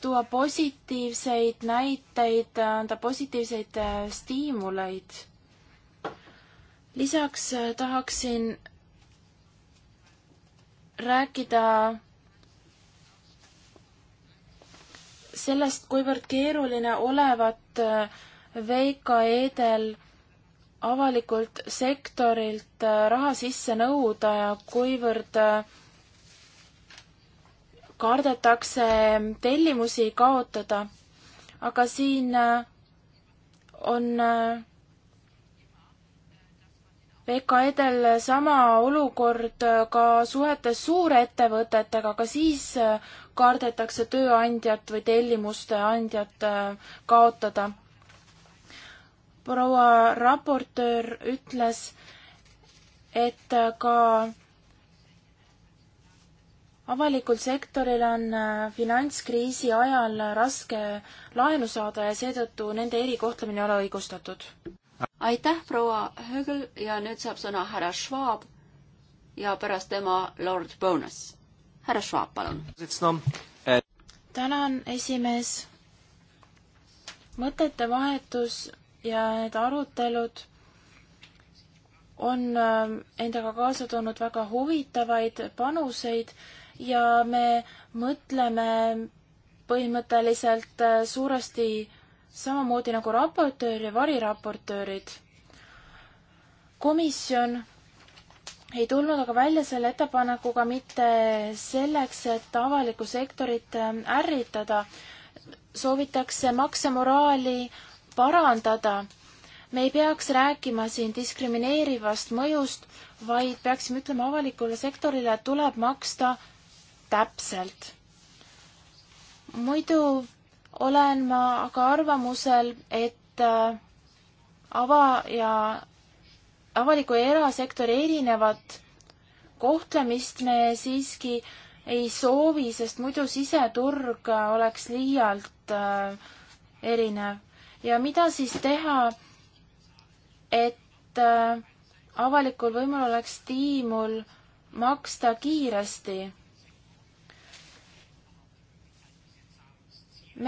tuua positiivseid näiteid, anda positiivseid äh, stiimuleid. lisaks äh, tahaksin rääkida sellest, kuivõrd keeruline olevat äh, VKE-del avalikult sektorilt äh, raha sisse nõuda ja kuivõrd äh, kardetakse tellimusi kaotada. aga siin on VKE-del sama olukord ka suhetes suurettevõtetega, ka siis kardetakse tööandjat või tellimuste andjat äh, kaotada. proua raportöör ütles, et äh, ka avalikul sektoril on äh, finantskriisi ajal raske laenu saada ja seetõttu nende erikohtlemine ei ole õigustatud. aitäh, proua
Högel ja nüüd saab sõna härra Schwab ja pärast tema lord Bonus
härra Schwab, palun. tänan, esimees. mõtete vahetus ja need arutelud on ähm, endaga kaasa toonud väga huvitavaid panuseid ja me mõtleme põhimõtteliselt äh, suuresti samamoodi nagu raportöör ja variraportöörid. komisjon ei tulnud aga välja selle ettepanekuga mitte selleks, et avalikku sektorit ähm, ärritada. soovitakse maksemoraali parandada. me ei peaks rääkima siin diskrimineerivast mõjust, vaid peaksime ütlema avalikule sektorile, et tuleb maksta täpselt. muidu olen ma aga arvamusel, et äh, ava- ja avaliku ja erasektori erinevat kohtlemist me siiski ei soovi, sest muidu siseturg oleks liialt äh, erinev. ja mida siis teha, et äh, avalikul võimul oleks stiimul maksta kiiresti?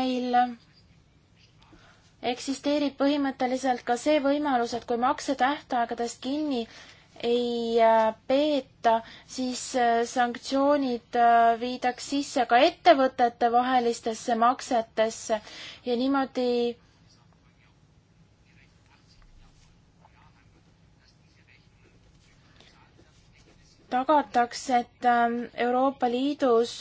meil eksisteerib põhimõtteliselt ka see võimalus, et kui maksetähtaegadest kinni ei äh, peeta, siis äh, sanktsioonid äh, viidaks sisse ka ettevõtete vahelistesse maksetesse ja niimoodi tagatakse, et Euroopa Liidus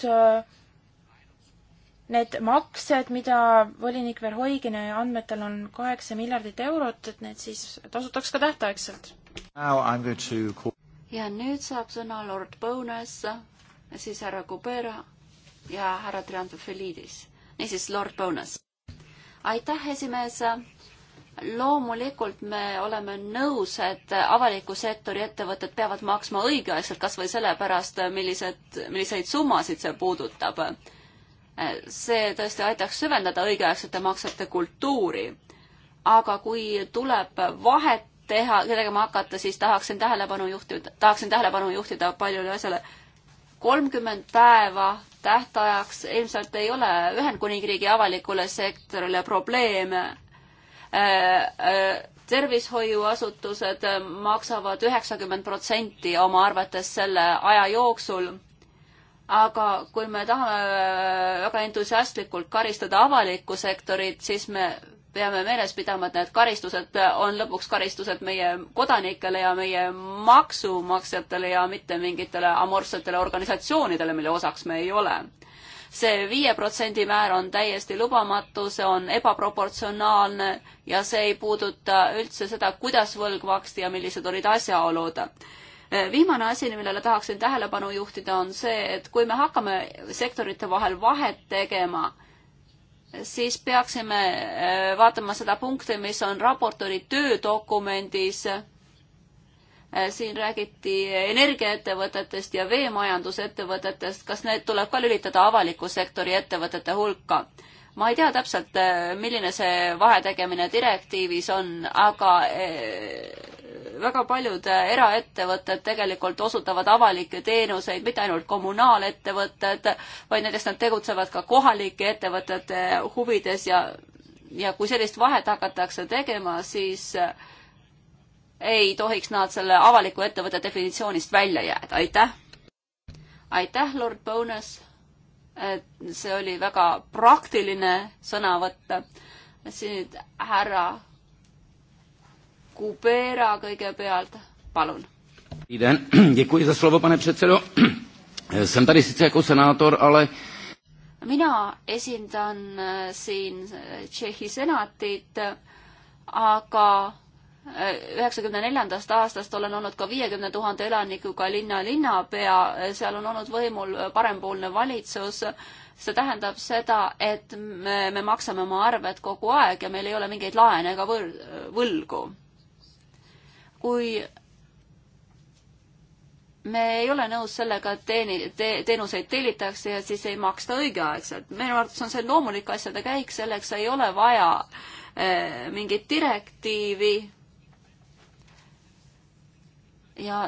need maksed, mida volinik Verhoigine andmetel on kaheksa miljardit eurot, et need siis tasutaks ka tähtaegselt.
To...
ja nüüd saab sõna lord Bones,
siis härra Kubera ja härra Triantafilidis. niisiis, lord Bones. aitäh, esimees loomulikult me oleme nõus, et avaliku sektori ettevõtted peavad maksma õigeaegselt, kas või sellepärast, millised, milliseid summasid see puudutab see tõesti aitaks süvendada õigeaegsete maksete kultuuri. aga kui tuleb vahet teha, kellega ma hakata, siis tahaksin tähelepanu juhtida, tahaksin tähelepanu juhtida paljule asjale. kolmkümmend päeva tähtajaks ilmselt ei ole Ühendkuningriigi avalikule sektorile probleem äh, äh, tervishoiuasutused maksavad üheksakümmend protsenti oma arvetes selle aja jooksul aga kui me tahame äh, väga entusiastlikult karistada avalikku sektorit, siis me peame meeles pidama, et need karistused äh, on lõpuks karistused meie kodanikele ja meie maksumaksjatele ja mitte mingitele amorfsetele organisatsioonidele, mille osaks me ei ole. see viie protsendi määr on täiesti lubamatu, see on ebaproportsionaalne ja see ei puuduta üldse seda, kuidas võlg maksti ja millised olid asjaolud viimane asi, millele tahaksin tähelepanu juhtida, on see, et kui me hakkame sektorite vahel vahet tegema, siis peaksime äh, vaatama seda punkti, mis on raportööri töödokumendis. Äh, siin räägiti energiaettevõtetest ja veemajandusettevõtetest, kas need tuleb ka lülitada avaliku sektori ettevõtete hulka? ma ei tea täpselt, äh, milline see vahetegemine direktiivis on, aga väga paljud äh, eraettevõtted tegelikult osutavad avalikke teenuseid, mitte ainult kommunaalettevõtted, vaid näiteks nad tegutsevad ka kohalike ettevõtete huvides ja, ja kui sellist vahet hakatakse tegema, siis äh, ei tohiks nad selle avaliku ettevõtte definitsioonist välja jääda, aitäh! aitäh, Lord Bonus! et see oli väga praktiline sõnavõtt. siin härra Kubera kõigepealt, palun.
Děkuji za slovo, pane předsedo. Jsem tady sice jako senátor, ale
mina esindan eh, siin eh, Tšehhi senatit, aga eh, üheksakümne neljandast aastast olen olnud ka viiekümne tuhande elanikuga linna linnapea, seal on olnud võimul parempoolne valitsus. see tähendab seda, et me, me maksame oma arved kogu aeg ja meil ei ole mingeid laene ega võr-, võlgu kui me ei ole nõus sellega, et teeni- te,, teenuseid tellitakse ja siis ei maksta õigeaegselt. minu arvates on see loomulik asjade käik, selleks ei ole vaja eh, mingit direktiivi. ja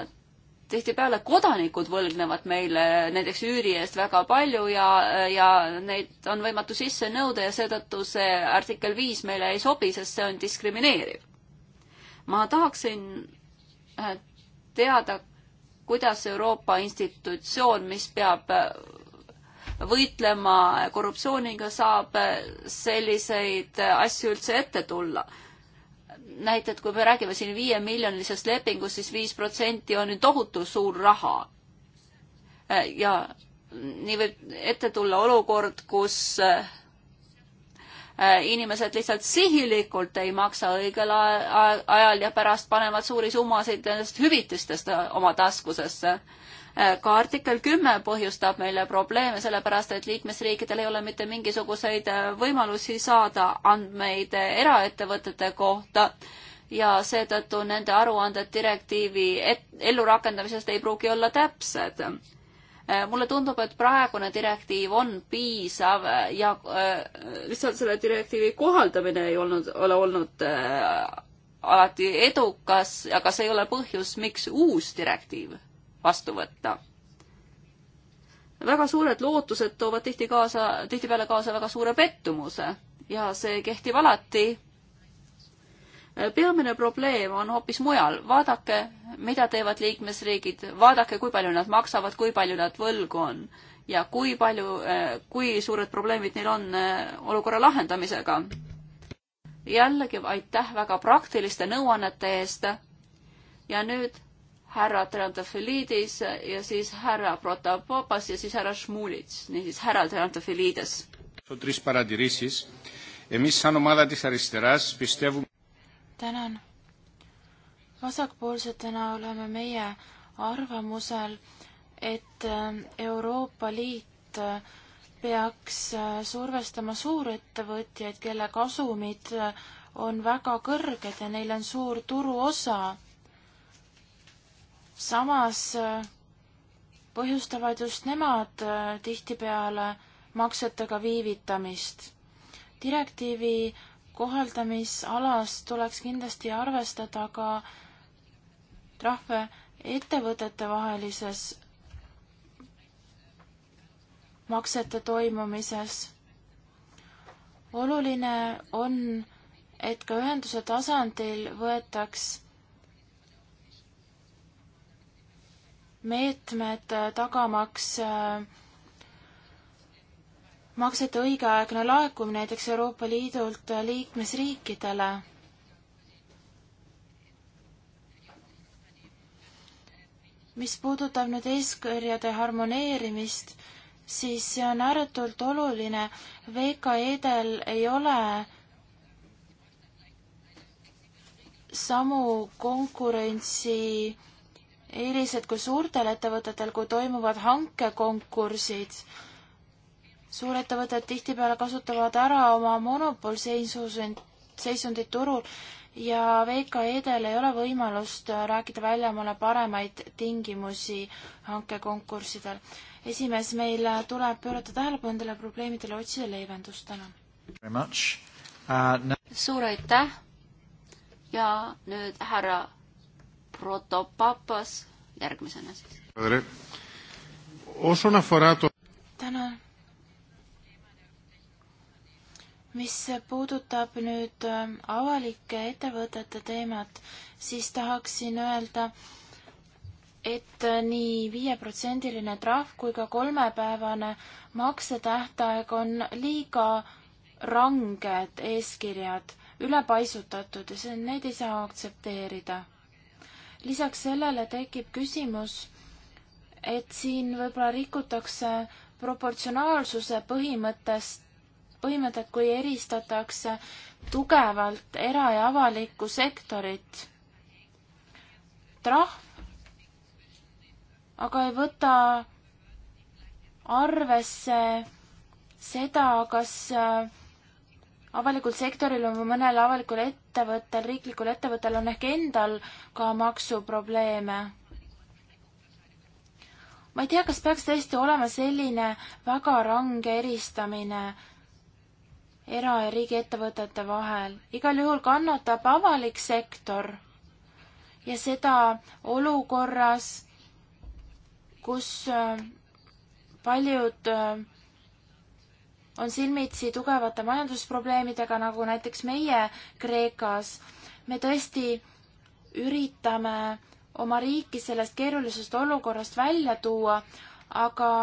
tihtipeale kodanikud võlgnevad meile näiteks üüri eest väga palju ja, ja neid on võimatu sisse nõuda ja seetõttu see artikkel viis meile ei sobi, sest see on diskrimineeriv ma tahaksin äh, teada, kuidas Euroopa institutsioon, mis peab äh, võitlema korruptsiooniga, saab äh, selliseid asju üldse ette tulla. näiteks kui me räägime siin viiemiljonilisest lepingust siis, siis viis protsenti on ju tohutu suur raha. ja nii võib ette tulla olukord, kus Äh, inimesed lihtsalt sihilikult ei maksa õigel ajal ja pärast panevad suuri summasid nendest hüvitistest äh, oma taskusesse. Äh, ka artikkel kümme põhjustab meile probleeme, sellepärast et liikmesriikidel ei ole mitte mingisuguseid võimalusi saada andmeid eraettevõtete kohta ja seetõttu nende aruanded direktiivi ellurakendamisest ei pruugi olla täpsed Äh, mulle tundub, et praegune direktiiv on piisav äh, ja äh, lihtsalt selle direktiivi kohaldamine ei olnud, ole olnud alati edukas, aga see ei ole põhjus, miks uus direktiiv vastu võtta. väga suured lootused toovad tihti kaasa, tihtipeale kaasa väga suure pettumuse ja see kehtib alati. peamine probleem on hoopis mujal, vaadake mida teevad liikmesriigid, vaadake, kui palju nad maksavad, kui palju nad võlgu on ja kui palju, kui suured probleemid neil on eh, olukorra lahendamisega. jällegi aitäh väga praktiliste nõuannete eest. ja nüüd härra Trantafilidis ja siis härra Protopopas ja siis härra Šmulits, niisiis härra Trantafilides.
tänan vasakpoolsetena oleme meie arvamusel, et äh, Euroopa Liit äh, peaks äh, survestama suurettevõtjaid, kelle kasumid on väga kõrged ja neil on suur turuosa. samas põhjustavad just nemad tihtipeale maksetega viivitamist. direktiivi kohaldamisalas tuleks kindlasti arvestada ka äh, trahve ettevõtete vahelises maksete toimumises. oluline on, et ka ühenduse tasandil võetaks meetmed tagamaks äh, maksete õigeaegne laekumine näiteks Euroopa Liidult liikmesriikidele mis puudutab nüüd eeskõrjade harmoneerimist, siis see on ääretult oluline. VKE-del ei ole samu konkurentsi eelised kui suurtel ettevõtetel, kui toimuvad hankekonkursid. suurettevõtted tihtipeale kasutavad ära oma monopolseisusend seisundit turul ja VKE-del ei ole võimalust rääkida välja omale paremaid tingimusi hankekonkurssidel. esimees, meil tuleb pöörata tähelepanu nendele probleemidele, otsida leevendust, tänan.
Uh, no.
suur aitäh ja nüüd härra
Protopapas järgmisena siis.
tänan mis puudutab nüüd ähm, avalike ettevõtete teemat, siis tahaksin öelda, et äh, nii viieprotsendiline trahv kui ka kolmepäevane maksetähtaeg on liiga ranged eeskirjad, ülepaisutatud ja see, neid ei saa aktsepteerida. lisaks sellele tekib küsimus, et siin võib-olla rikutakse proportsionaalsuse põhimõttest põhimõtet, kui eristatakse tugevalt era- ja avalikku sektorit. trahv aga ei võta arvesse seda, kas äh, avalikul sektoril on või mõnel avalikul ettevõttel, riiklikul ettevõttel on ehk endal ka maksuprobleeme. ma ei tea, kas peaks tõesti olema selline väga range eristamine era- ja riigiettevõtete vahel. igal juhul kannatab avalik sektor ja seda olukorras, kus äh, paljud äh, on silmitsi tugevate majandusprobleemidega, nagu näiteks meie Kreekas. me tõesti üritame oma riiki sellest keerulisest olukorrast välja tuua, aga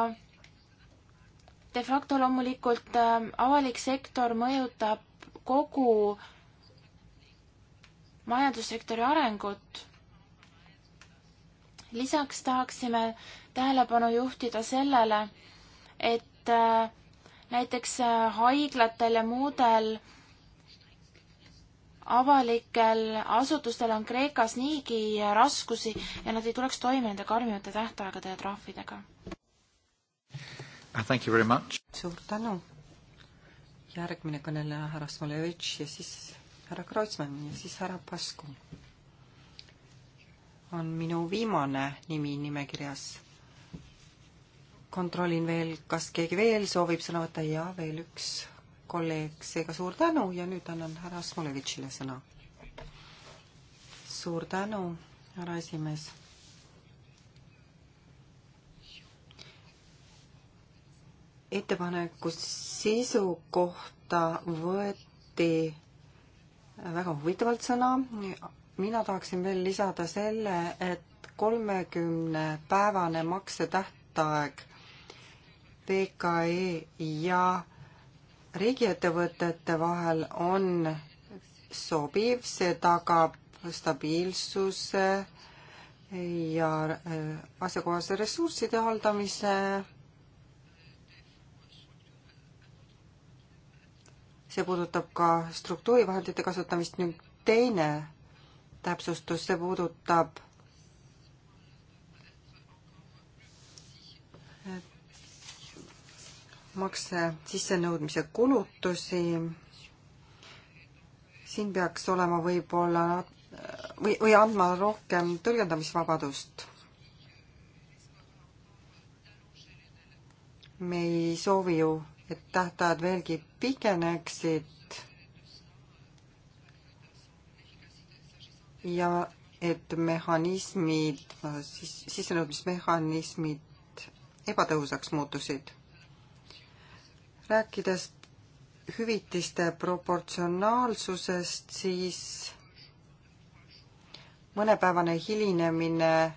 de facto loomulikult ähm, avalik sektor mõjutab kogu majandussektori arengut. lisaks tahaksime tähelepanu juhtida sellele, et äh, näiteks äh, haiglatel ja muudel avalikel asutustel on Kreekas niigi raskusi ja nad ei tuleks toime nende karmimate tähtaegade ja trahvidega.
Uh, thank you very much.
suur tänu. järgmine kõneleja härra Smolevitš ja siis härra Kreutzmann ja siis härra Pasku. on minu viimane nimi nimekirjas. kontrollin veel, kas keegi veel soovib sõna võtta ja veel üks kolleeg, seega suur tänu ja nüüd annan härra Smolevitšile sõna. suur tänu, härra esimees ettepaneku sisu kohta võeti väga huvitavalt sõna. mina tahaksin veel lisada selle, et kolmekümne päevane maksetähtaeg PKE ja riigiettevõtete vahel on sobiv, see tagab stabiilsuse ja äh, asjakohase ressursside haldamise see puudutab ka struktuurivahendite kasutamist ning teine täpsustus, see puudutab makse sissenõudmise kulutusi. siin peaks olema võib-olla või, või andma rohkem tõlgendamisvabadust. me ei soovi ju et tähtajad veelgi pikeneksid ja et mehhanismid, siis sissenõudmismehhanismid ebatõhusaks muutusid. rääkides hüvitiste proportsionaalsusest, siis mõnepäevane hilinemine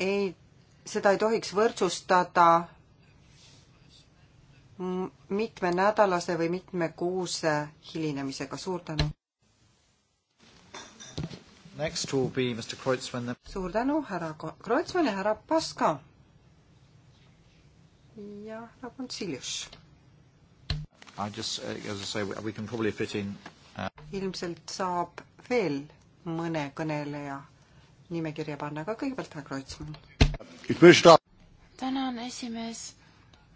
ei, seda ei tohiks võrdsustada mitmenädalase või mitmekuuse hilinemisega. suur tänu! suur tänu, härra Kreutzmann ja härra Paska! ja härra Pontsiljuš.
Uh, uh,
ilmselt saab veel mõne kõneleja nimekirja panna, aga kõigepealt härra Kreutzmann.
tänan, esimees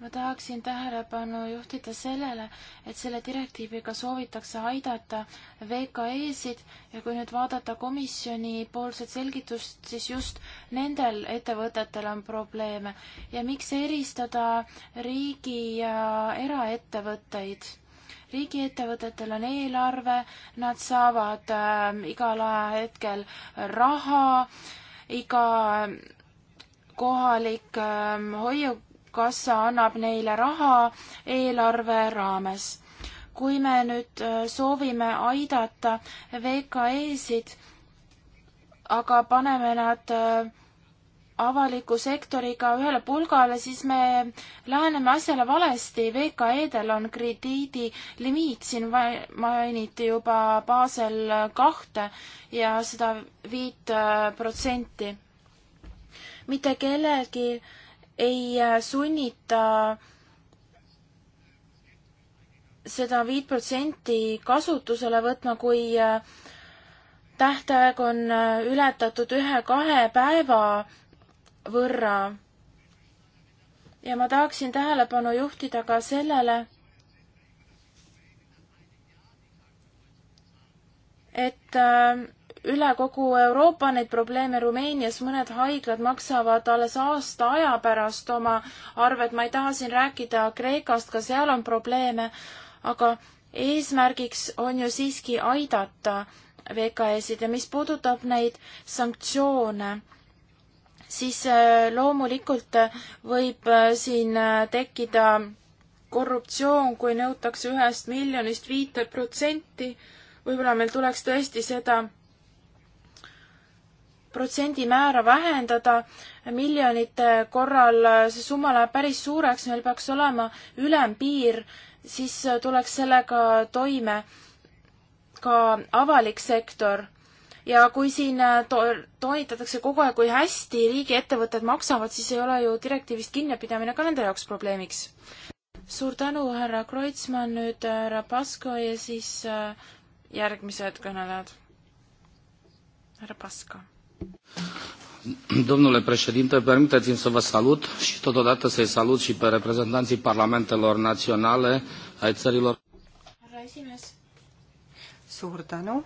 ma tahaksin tähelepanu juhtida sellele, et selle direktiiviga soovitakse aidata VKE-sid ja kui nüüd vaadata komisjoni poolset selgitust, siis just nendel ettevõtetel on probleeme ja miks eristada riigi ja eraettevõtteid? riigiettevõtetel on eelarve, nad saavad äh, igal ajahetkel raha, iga ähm, kohalik äh, hoiu-, Kassa annab neile raha eelarve raames. kui me nüüd äh, soovime aidata VKE-sid, aga paneme nad äh, avaliku sektoriga ühele pulgale, siis me läheneme asjale valesti. VKE-del on krediidilimiit, siin mainiti juba baasel kahte ja seda viit äh, protsenti. mitte kellelgi äh, ei äh, sunnita seda viit protsenti kasutusele võtma, kui äh, tähtaeg on äh, ületatud ühe-kahe päeva võrra. ja ma tahaksin tähelepanu juhtida ka sellele, et äh, üle kogu Euroopa neid probleeme Rumeenias, mõned haiglad maksavad alles aasta aja pärast oma arved, ma ei taha siin rääkida Kreekast, ka seal on probleeme, aga eesmärgiks on ju siiski aidata VKS-id ja mis puudutab neid sanktsioone, siis äh, loomulikult äh, võib äh, siin tekkida korruptsioon, kui nõutakse ühest miljonist viite protsenti, võib-olla meil tuleks tõesti seda protsendimäära vähendada, miljonite korral see summa läheb päris suureks, meil peaks olema ülempiir, siis tuleks sellega toime ka avalik sektor. ja kui siin to toonitatakse kogu aeg, kui hästi riigiettevõtted maksavad, siis ei ole ju direktiivist kinnipidamine ka nende jaoks probleemiks. suur tänu, härra Kreutzmann, nüüd äh, härra Pasko ja siis äh, järgmised kõnelejad.
härra Pasko
Domnule președinte, permiteți-mi să vă salut și totodată să-i salut și pe reprezentanții parlamentelor naționale ai țărilor.
härra esimees,
suur tänu.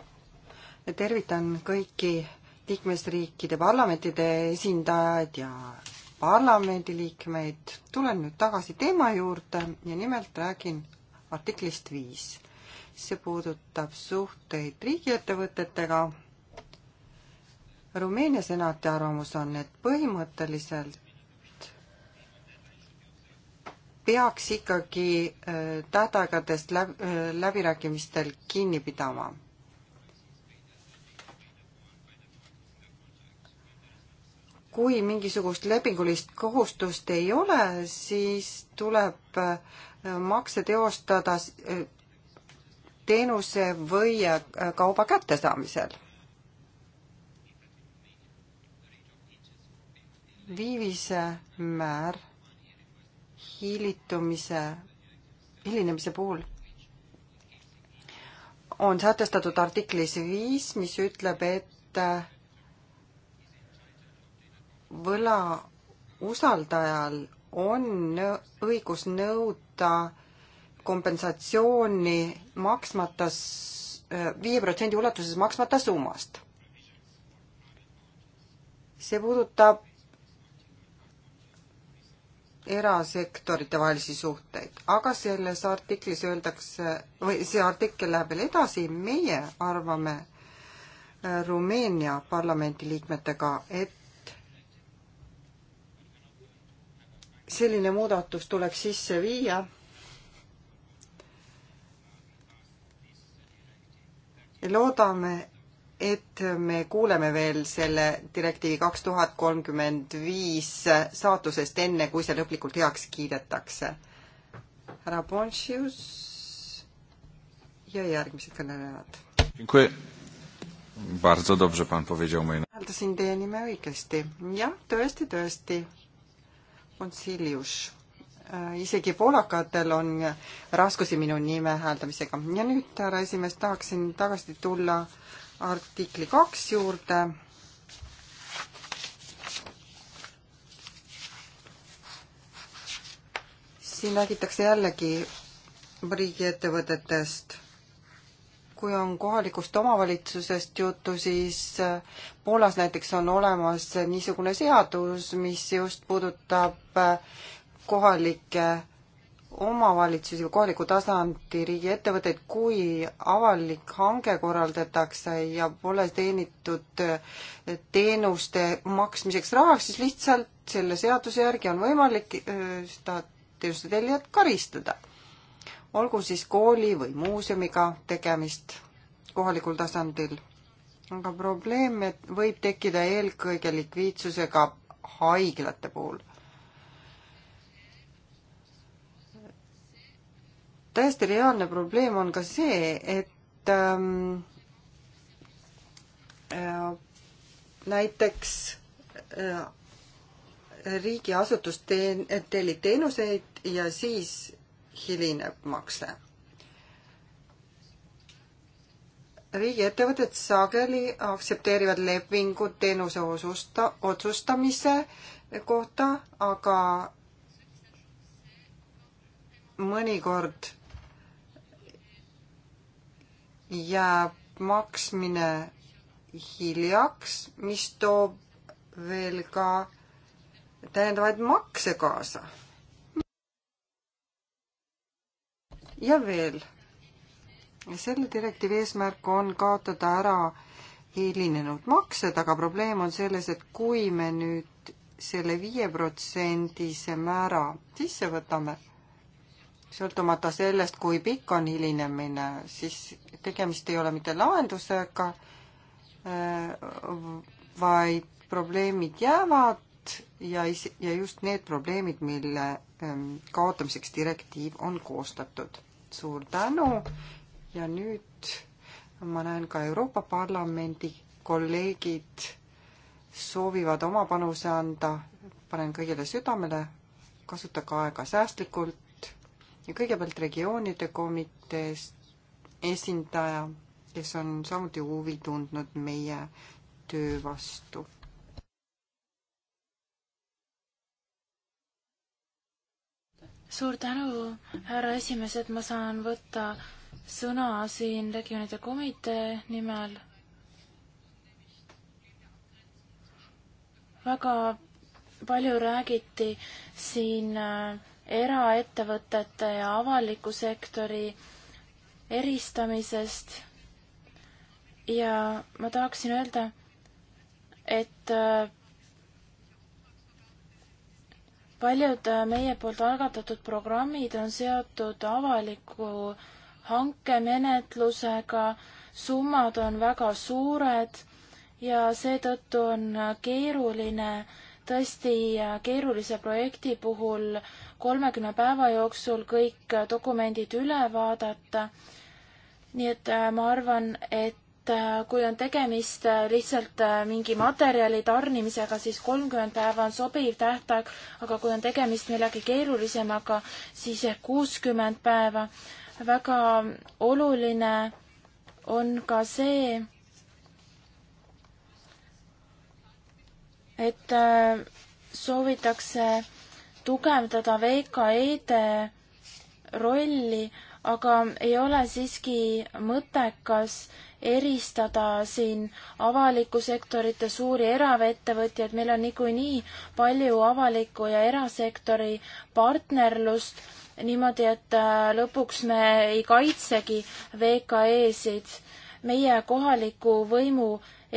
tervitan kõiki liikmesriikide parlamentide esindajaid ja parlamendiliikmeid. tulen nüüd tagasi teema juurde ja nimelt räägin artiklist viis. see puudutab suhteid riigiettevõtetega Rumeenia senati arvamus on, et põhimõtteliselt peaks ikkagi äh, tähtaegadest läb-, äh, läbirääkimistel kinni pidama. kui mingisugust lepingulist kohustust ei ole, siis tuleb äh, makse teostada teenuse või kauba kättesaamisel viivise määr hiilitumise, hilinemise puhul on sätestatud artiklis viis, mis ütleb, et võla usaldajal on õigus nõuda kompensatsiooni maksmata, viie protsendi ulatuses maksmata summast. see puudutab erasektorite vahelisi suhteid, aga selles artiklis öeldakse, või see artikkel läheb veel edasi, meie arvame äh, Rumeenia parlamendi liikmetega, et selline muudatus tuleks sisse viia loodame, et me kuuleme veel selle direktiivi kaks tuhat kolmkümmend viis saatusest, enne kui see lõplikult heaks kiidetakse. härra Bonšius ja järgmised kõnelejad.
Bardzo
dobrze pan powiedział moje nime.
hääldasin teie nime õigesti. jah, tõesti, tõesti. Bonsilius. Äh, isegi poolakatel on raskusi minu nime hääldamisega. ja nüüd, härra esimees, tahaksin tagasi tulla äh, artikli kaks juurde. siin räägitakse jällegi riigiettevõtetest. kui on kohalikust omavalitsusest juttu, siis äh, Poolas näiteks on olemas niisugune seadus, mis just puudutab äh, kohalike omavalitsusi, kohaliku tasandi riigiettevõtteid, kui avalik hange korraldatakse ja pole teenitud eh, teenuste maksmiseks raha, siis lihtsalt selle seaduse järgi on võimalik eh, seda teenuste tellijat karistada. olgu siis kooli või muuseumiga tegemist kohalikul tasandil. aga probleeme võib tekkida eelkõige likviidsusega haiglate puhul täiesti reaalne probleem on ka see, et ähm, äh, näiteks äh, riigiasutus teen-, tellib teenuseid ja siis hilineb makse. riigiettevõtted sageli aktsepteerivad lepingut teenuse osusta-, otsustamise kohta, aga mõnikord jääb maksmine hiljaks, mis toob veel ka täiendavaid makse kaasa. ja veel, selle direktiivi eesmärk on kaotada ära hilinenud maksed, aga probleem on selles, et kui me nüüd selle viieprotsendise määra sisse võtame, sõltumata sellest, kui pikk on hilinemine, siis tegemist ei ole mitte lahendusega, äh, vaid probleemid jäävad ja, ja just need probleemid, mille ähm, kaotamiseks direktiiv on koostatud. suur tänu ja nüüd ma näen ka Euroopa Parlamendi kolleegid soovivad oma panuse anda, panen kõigile südamele, kasutage aega säästlikult, ja kõigepealt regioonide komitees esindaja, kes on samuti huvi tundnud meie töö vastu.
suur tänu, härra esimees, et ma saan võtta sõna siin regioonide komitee nimel. väga palju räägiti siin äh, eraettevõtete ja avaliku sektori eristamisest ja ma tahaksin öelda, et äh, paljud äh, meie poolt algatatud programmid on seotud avaliku hankemenetlusega, summad on väga suured ja seetõttu on äh, keeruline äh, tõesti äh, keerulise projekti puhul kolmekümne päeva jooksul kõik äh, dokumendid üle vaadata. nii et äh, ma arvan, et kui on tegemist lihtsalt mingi materjali tarnimisega, siis kolmkümmend päeva on sobiv tähtaeg, aga kui on tegemist millegi keerulisemaga, siis ehk kuuskümmend päeva. väga oluline on ka see, et äh, soovitakse tugevdada VKE-de rolli, aga ei ole siiski mõttekas eristada siin avalikku sektorit ja suuri eraettevõtjaid, meil on niikuinii palju avaliku ja erasektori partnerlust, niimoodi, et äh, lõpuks me ei kaitsegi VKE-sid. meie kohaliku võimu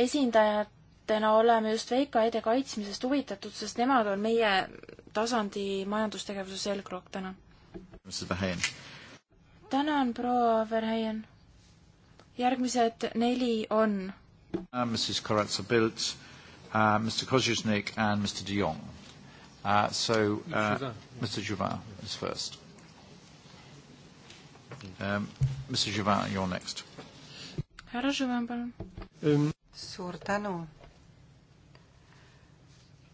esindajad ettevõtetena oleme just VKE-de kaitsmisest huvitatud, sest nemad on meie tasandi majandustegevuse selgroog täna. tänan, proua Verheyen. järgmised neli on
uh,. Mrs Karatsa Pilt uh,, Mr Kozjusnik and Mr De Jong uh,. So uh, Mr Juvin is first um,. Mr Juvin, you are next.
härra Juvin, palun um.. suur
tänu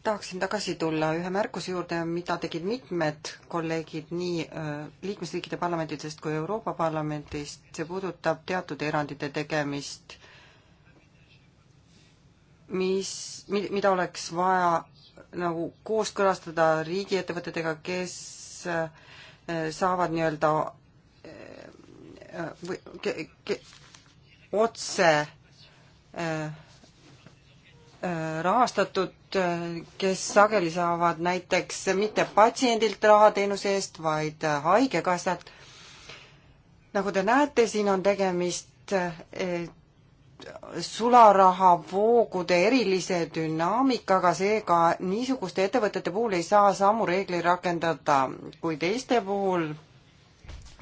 tahaksin tagasi tulla ühe märkuse juurde, mida tegid mitmed kolleegid nii äh, liikmesriikide parlamentidest kui Euroopa Parlamendist, see puudutab teatud erandite tegemist, mis, mida oleks vaja nagu kooskõlastada riigiettevõtetega, kes äh, saavad nii-öelda äh, või ke, ke, otse äh, Äh, rahastatud, äh, kes sageli saavad näiteks mitte patsiendilt raha teenuse eest, vaid äh, Haigekassalt. nagu te näete, siin on tegemist sularahavoogude erilise dünaamikaga, seega niisuguste ettevõtete puhul ei saa samu reegleid rakendada kui teiste puhul.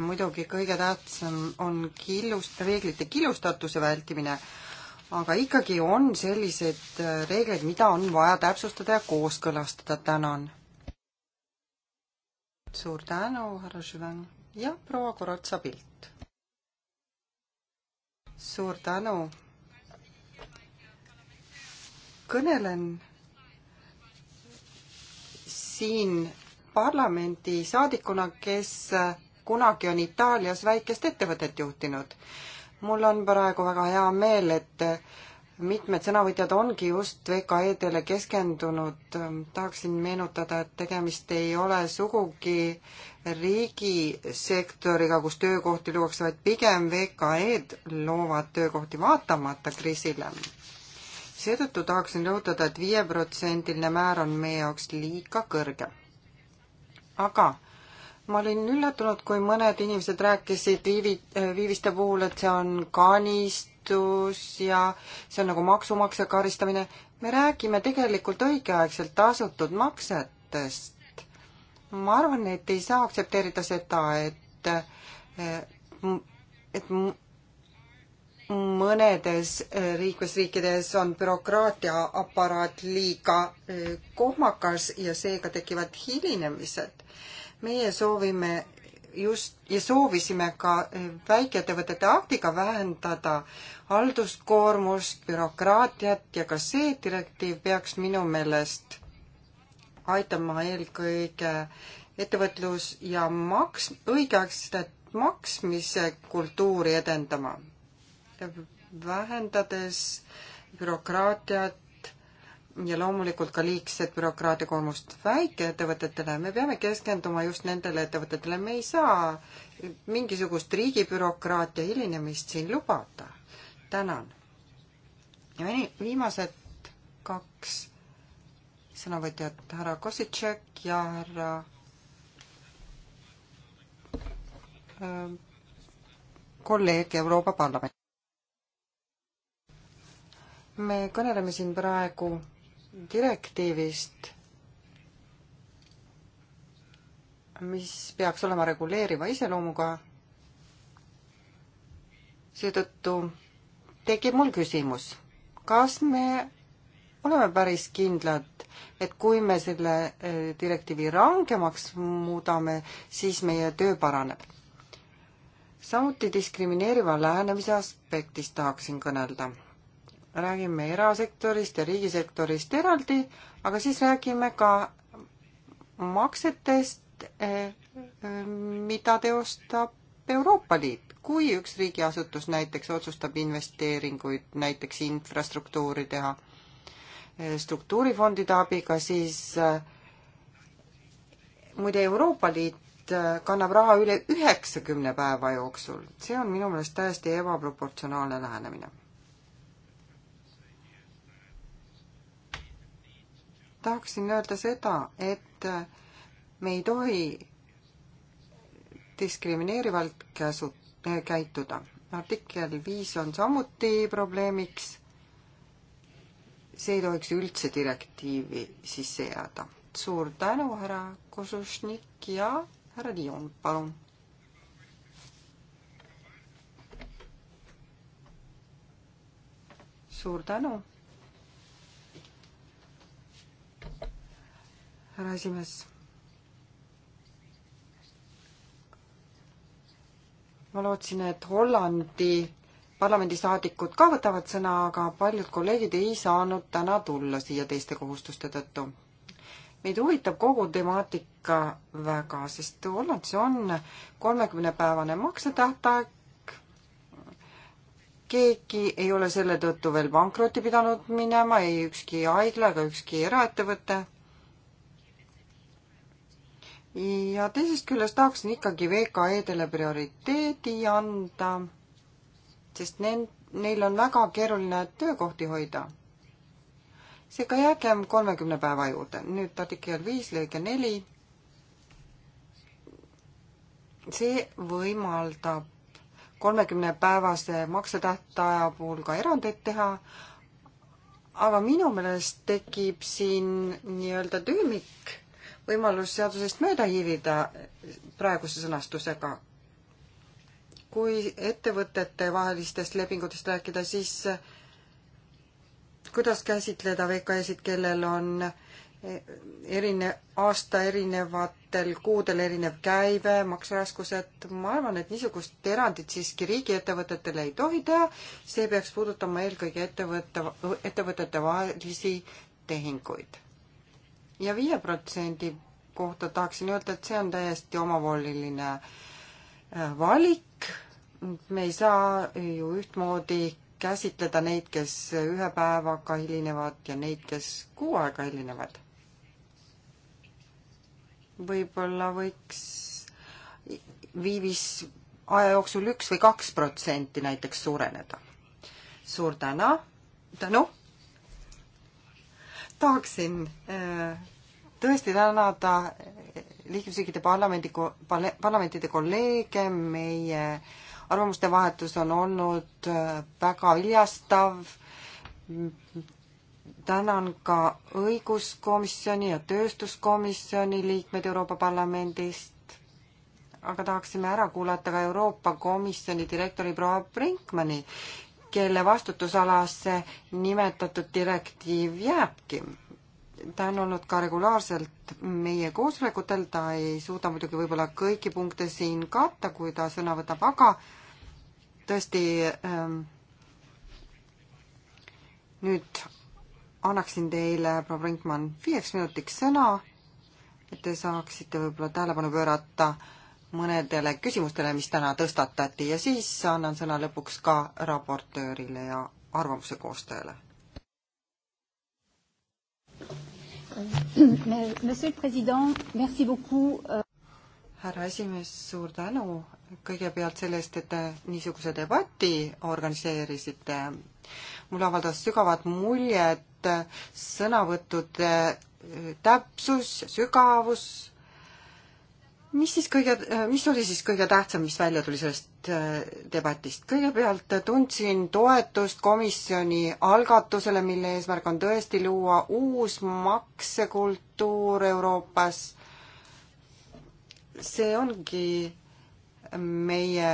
muidugi kõige tähtsam on killust, reeglite killustatuse vältimine aga ikkagi on sellised äh, reegleid, mida on vaja täpsustada ja kooskõlastada, tänan. suur tänu, härra Süven ja proua Korotsa Pilt. suur tänu. kõnelen siin parlamendisaadikuna, kes kunagi on Itaalias väikest ettevõtet juhtinud mul on praegu väga hea meel, et mitmed sõnavõtjad ongi just VKE-dele keskendunud. tahaksin meenutada, et tegemist ei ole sugugi riigisektoriga, kus töökohti luuakse, vaid pigem VKE-d loovad töökohti vaatamata kriisile. seetõttu tahaksin rõhutada, et viieprotsendiline määr on meie jaoks liiga kõrge. aga ma olin üllatunud, kui mõned inimesed rääkisid viivi, äh, viiviste puhul, et see on kanistus ja see on nagu maksumaksja karistamine. me räägime tegelikult õigeaegselt tasutud maksetest. ma arvan, et ei saa aktsepteerida seda, et, äh, et mõnedes äh, liikmesriikides on bürokraatia aparaat liiga kohmakas ja seega tekivad hilinemised meie soovime just ja soovisime ka eh, väikeettevõtete aktiga vähendada halduskoormust, bürokraatiat ja ka see direktiiv peaks minu meelest aitama eelkõige ettevõtlus ja maks, õigeaegset maksmise kultuuri edendama, vähendades bürokraatiat ja loomulikult ka liigset bürokraatia koormust väikeettevõtetele, me peame keskenduma just nendele ettevõtetele, me ei saa mingisugust riigibürokraatia hilinemist siin lubada. tänan. ja viimased kaks sõnavõtjat, härra Kositšek ja härra äh, kolleeg Euroopa Parlamendi. me kõneleme siin praegu direktiivist, mis peaks olema reguleeriva iseloomuga, seetõttu tekib mul küsimus, kas me oleme päris kindlad, et kui me selle eh, direktiivi rangemaks muudame, siis meie töö paraneb. samuti diskrimineeriva lähenemise aspektist tahaksin kõnelda räägime erasektorist ja riigisektorist eraldi, aga siis räägime ka maksetest, eh, mida teostab Euroopa Liit. kui üks riigiasutus näiteks otsustab investeeringuid näiteks infrastruktuuri teha eh, struktuurifondide abiga, siis eh, muide, Euroopa Liit kannab raha üle üheksakümne päeva jooksul. see on minu meelest täiesti ebaproportsionaalne lähenemine tahaksin öelda seda, et me ei tohi diskrimineerivalt käsu, käituda. artikkel viis on samuti probleemiks. see ei tohiks üldse direktiivi sisse jääda. suur tänu, härra Kosušnik ja härra Dion, palun suur tänu. härra esimees. ma lootsin, et Hollandi parlamendisaadikud ka võtavad sõna, aga paljud kolleegid ei saanud täna tulla siia teiste kohustuste tõttu. meid huvitab kogu temaatika väga, sest Hollandis on kolmekümnepäevane maksetähtaeg, keegi ei ole selle tõttu veel pankrotti pidanud minema, ei ükski haigla ega ükski eraettevõte ja teisest küljest tahaksin ikkagi VKE-dele prioriteedi anda, sest ne-, neil on väga keeruline töökohti hoida. seega jäägem kolmekümne päeva juurde. nüüd artikkel viis lõige neli. see võimaldab kolmekümnepäevase maksetähtaja puhul ka erandeid teha, aga minu meelest tekib siin nii-öelda tüümik võimalus seadusest mööda hiilida praeguse sõnastusega. kui ettevõtete vahelistest lepingutest rääkida, siis kuidas käsitleda VKS-id, kellel on eh, erine, aasta erinevatel kuudel erinev käive, makseraskused, ma arvan, et niisugust erandit siiski riigiettevõtetele ei tohi teha, see peaks puudutama eelkõige ettevõtte, ettevõtete vahelisi tehinguid ja viie protsendi kohta tahaksin öelda, et see on täiesti omavoliline äh, valik. me ei saa ju ühtmoodi käsitleda neid, kes ühe päevaga hilinevad ja neid, kes kuu aega hilinevad. võib-olla võiks viivis aja jooksul üks või kaks protsenti näiteks suureneda. suur täna, tänu no.! tahaksin äh, tõesti tänada äh, liikmesriikide parlamendi, parlamentide kolleege, meie arvamuste vahetus on olnud äh, väga viljastav. tänan ka õiguskomisjoni ja tööstuskomisjoni liikmed Euroopa Parlamendist. aga tahaksime ära kuulata ka Euroopa Komisjoni direktori proua Brinkmanni, kelle vastutusalasse nimetatud direktiiv jääbki. ta on olnud ka regulaarselt meie koosolekutel, ta ei suuda muidugi võib-olla kõiki punkte siin katta, kui ta sõna võtab, aga tõesti ähm, nüüd annaksin teile, proua Brinkmann, viieks minutiks sõna, et te saaksite võib-olla tähelepanu pöörata äh, mõnedele küsimustele, mis täna tõstatati ja siis annan sõna lõpuks ka raportöörile ja arvamuse koostajale. Monsieur le Président, merci beaucoup. Euh. härra esimees, suur tänu kõigepealt selle eest, et te niisuguse debati organiseerisite. mulle avaldas sügavat muljet sõnavõttude täpsus, sügavus mis siis kõige, mis oli siis kõige tähtsam, mis välja tuli sellest äh, debatist? kõigepealt tundsin toetust komisjoni algatusele, mille eesmärk on tõesti luua uus maksekultuur Euroopas. see ongi meie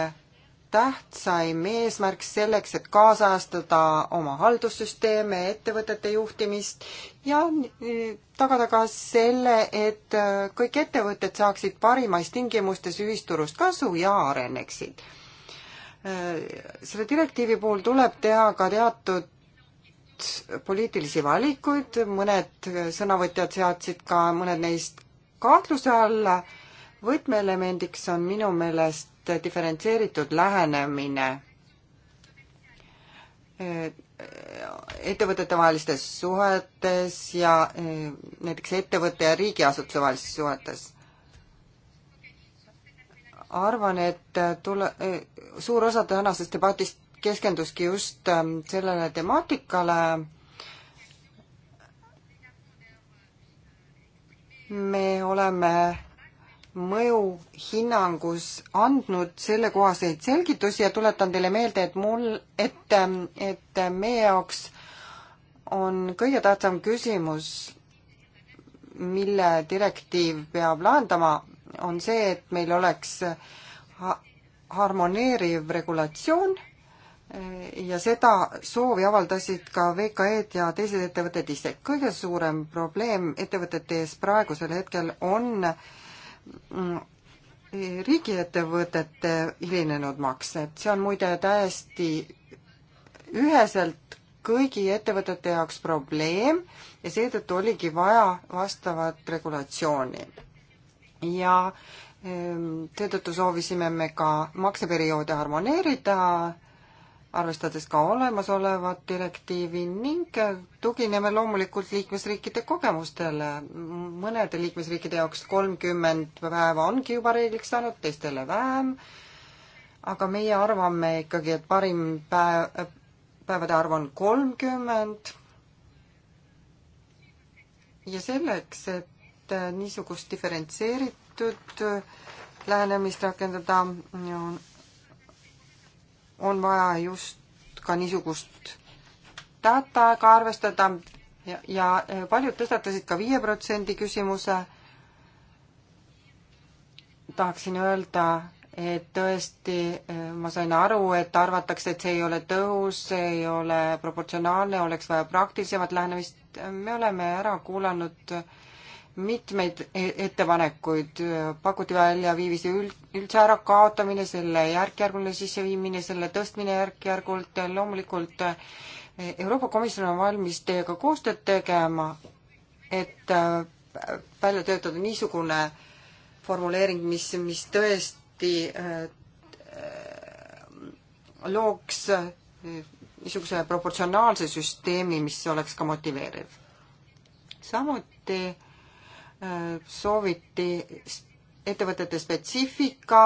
tähtsaim eesmärk selleks, et kaasajastada oma haldussüsteeme, ettevõtete juhtimist ja tagada ka selle, et kõik ettevõtted saaksid parimais tingimustes ühisturust kasu ja areneksid. selle direktiivi puhul tuleb teha ka teatud poliitilisi valikuid, mõned sõnavõtjad seadsid ka mõned neist kahtluse alla, võtmeelemendiks on minu meelest just diferentseeritud lähenemine eh, ettevõtetevahelistes suhetes ja eh, näiteks ettevõtte ja riigiasutuse vahelistes suhetes arvan, et eh, tule, suur osa tänasest debatist keskenduski just sellele temaatikale. me oleme mõjuhinnangus andnud sellekohaseid selgitusi ja tuletan teile meelde, et mul, et, et meie jaoks on kõige tähtsam küsimus, mille direktiiv peab lahendama, on see, et meil oleks ha harmoneeriv regulatsioon eh, ja seda soovi avaldasid ka VKE-d ja teised ettevõtted ise. kõige suurem probleem ettevõtete ees praegusel hetkel on äh, riigiettevõtete hilinenud maksed, see on muide täiesti üheselt kõigi ettevõtete jaoks probleem ja seetõttu oligi vaja vastavat regulatsiooni. ja ehm, seetõttu soovisime me ka makseperioode harmoneerida arvestades ka olemasolevat direktiivi ning tugineme loomulikult liikmesriikide kogemustele. mõnede liikmesriikide jaoks kolmkümmend päeva ongi juba reegliks saanud, teistele vähem, aga meie arvame ikkagi, et parim päev, päevade arv on kolmkümmend. ja selleks, et niisugust diferentseeritud lähenemist rakendada, on on vaja just ka niisugust tähtaega arvestada ja, ja e, paljud tõstatasid ka viie protsendi küsimuse. tahaksin öelda, et tõesti, e, ma sain aru, et arvatakse, et see ei ole tõhus, see ei ole proportsionaalne, oleks vaja praktilisemat lähenemist. me oleme ära kuulanud äh, mitmeid e-, ettepanekuid, pakuti välja viivise üld, üldse ärakaotamine, selle järk-järguline sisseviimine, selle tõstmine järk-järgult, loomulikult e-, Euroopa Komisjon on valmis teiega koostööd tegema, et e, välja töötada niisugune formuleering, mis, mis tõesti looks niisuguse proportsionaalse süsteemi, mis oleks ka motiveeriv. samuti sooviti ettevõtete spetsiifika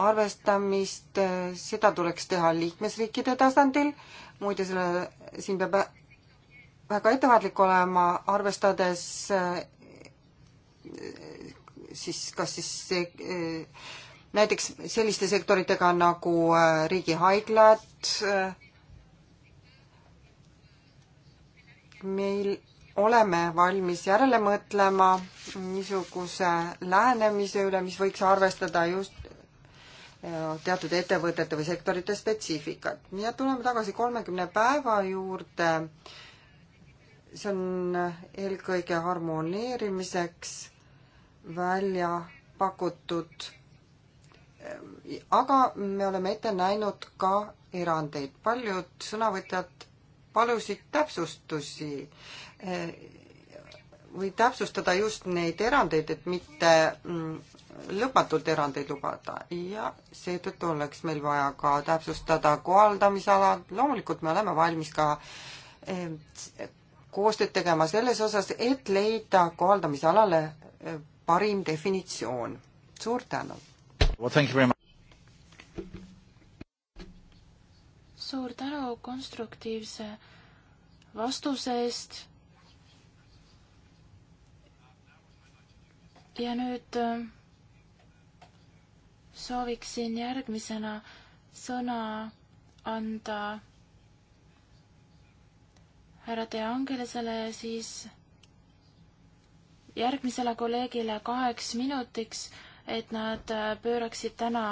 arvestamist, seda tuleks teha liikmesriikide tasandil, muide selle, siin peab väga ettevaatlik olema, arvestades eh, siis kas siis see, eh, näiteks selliste sektoritega nagu eh, riigihaiglad, meil oleme valmis järele mõtlema niisuguse lähenemise üle, mis võiks arvestada just äh, teatud ettevõtete või sektorite spetsiifikat. ja tuleme tagasi kolmekümne päeva juurde. see on eelkõige harmoneerimiseks välja pakutud. aga me oleme ette näinud ka erandeid. paljud sõnavõtjad palusid täpsustusi Äh, või täpsustada just neid erandeid, et mitte mm, lõpmatult erandeid lubada ja seetõttu oleks meil vaja ka täpsustada kohaldamisala, loomulikult me oleme valmis ka äh, koostööd tegema selles osas, et leida kohaldamisalale äh, parim definitsioon. suur tänu
well,!
suur tänu konstruktiivse vastuse eest ja nüüd äh, sooviksin järgmisena sõna anda härra De Angelisele ja siis järgmisele kolleegile kaheks minutiks, et nad äh, pööraksid täna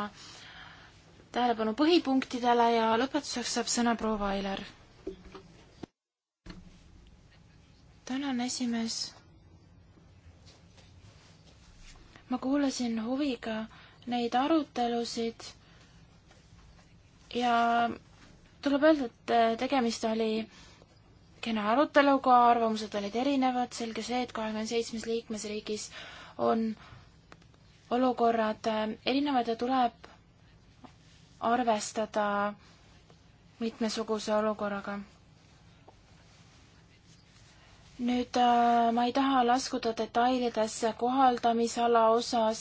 tähelepanu põhipunktidele ja lõpetuseks saab sõna proua Ailar. tänan, esimees ma kuulasin huviga neid arutelusid ja tuleb öelda, et äh, tegemist oli kena aruteluga, arvamused olid erinevad, selge see, et kahekümne seitsmes liikmesriigis on olukorrad äh, erinevad ja tuleb arvestada mitmesuguse olukorraga nüüd äh, ma ei taha laskuda detailidesse kohaldamisala osas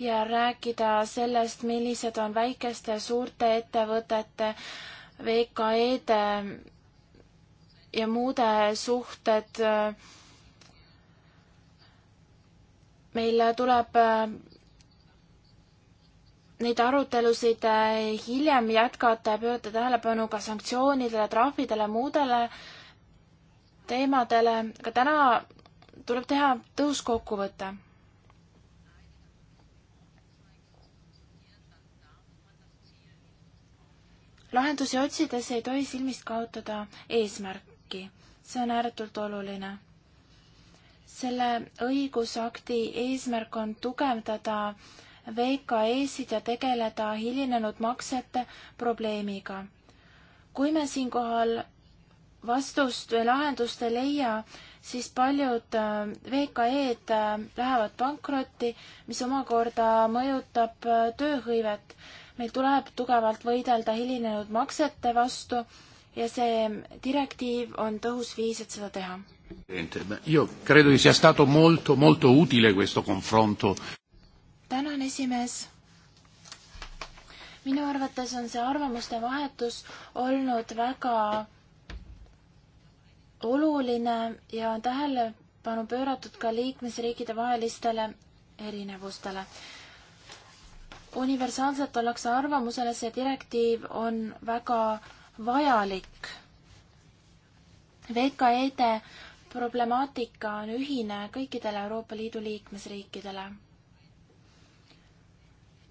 ja rääkida sellest, millised on väikeste, suurte ettevõtete, VKE-de äh, ja muude suhted. Äh, meil tuleb neid arutelusid hiljem jätkata ja pöörata tähelepanu ka sanktsioonidele, trahvidele, muudele äh, teemadele, aga täna tuleb teha tõhus kokkuvõte. lahendusi otsides ei tohi silmist kaotada eesmärki, see on ääretult oluline. selle õigusakti eesmärk on tugevdada VKE-sid ja tegeleda hilinenud maksete probleemiga. kui me siinkohal vastust või lahendust ei leia, siis paljud äh, VKE-d äh, lähevad pankrotti, mis omakorda mõjutab äh, tööhõivet. meil tuleb tugevalt võidelda hilinenud maksete vastu ja see direktiiv on tõhus viis, et seda teha.
Io credo che sia stato molto molto utile questo confronto.
tänan, esimees minu arvates on see arvamuste vahetus olnud väga oluline ja on tähelepanu pööratud ka liikmesriikide vahelistele erinevustele. universaalselt ollakse arvamusel, et see direktiiv on väga vajalik. VKE-de problemaatika on ühine kõikidele Euroopa Liidu liikmesriikidele.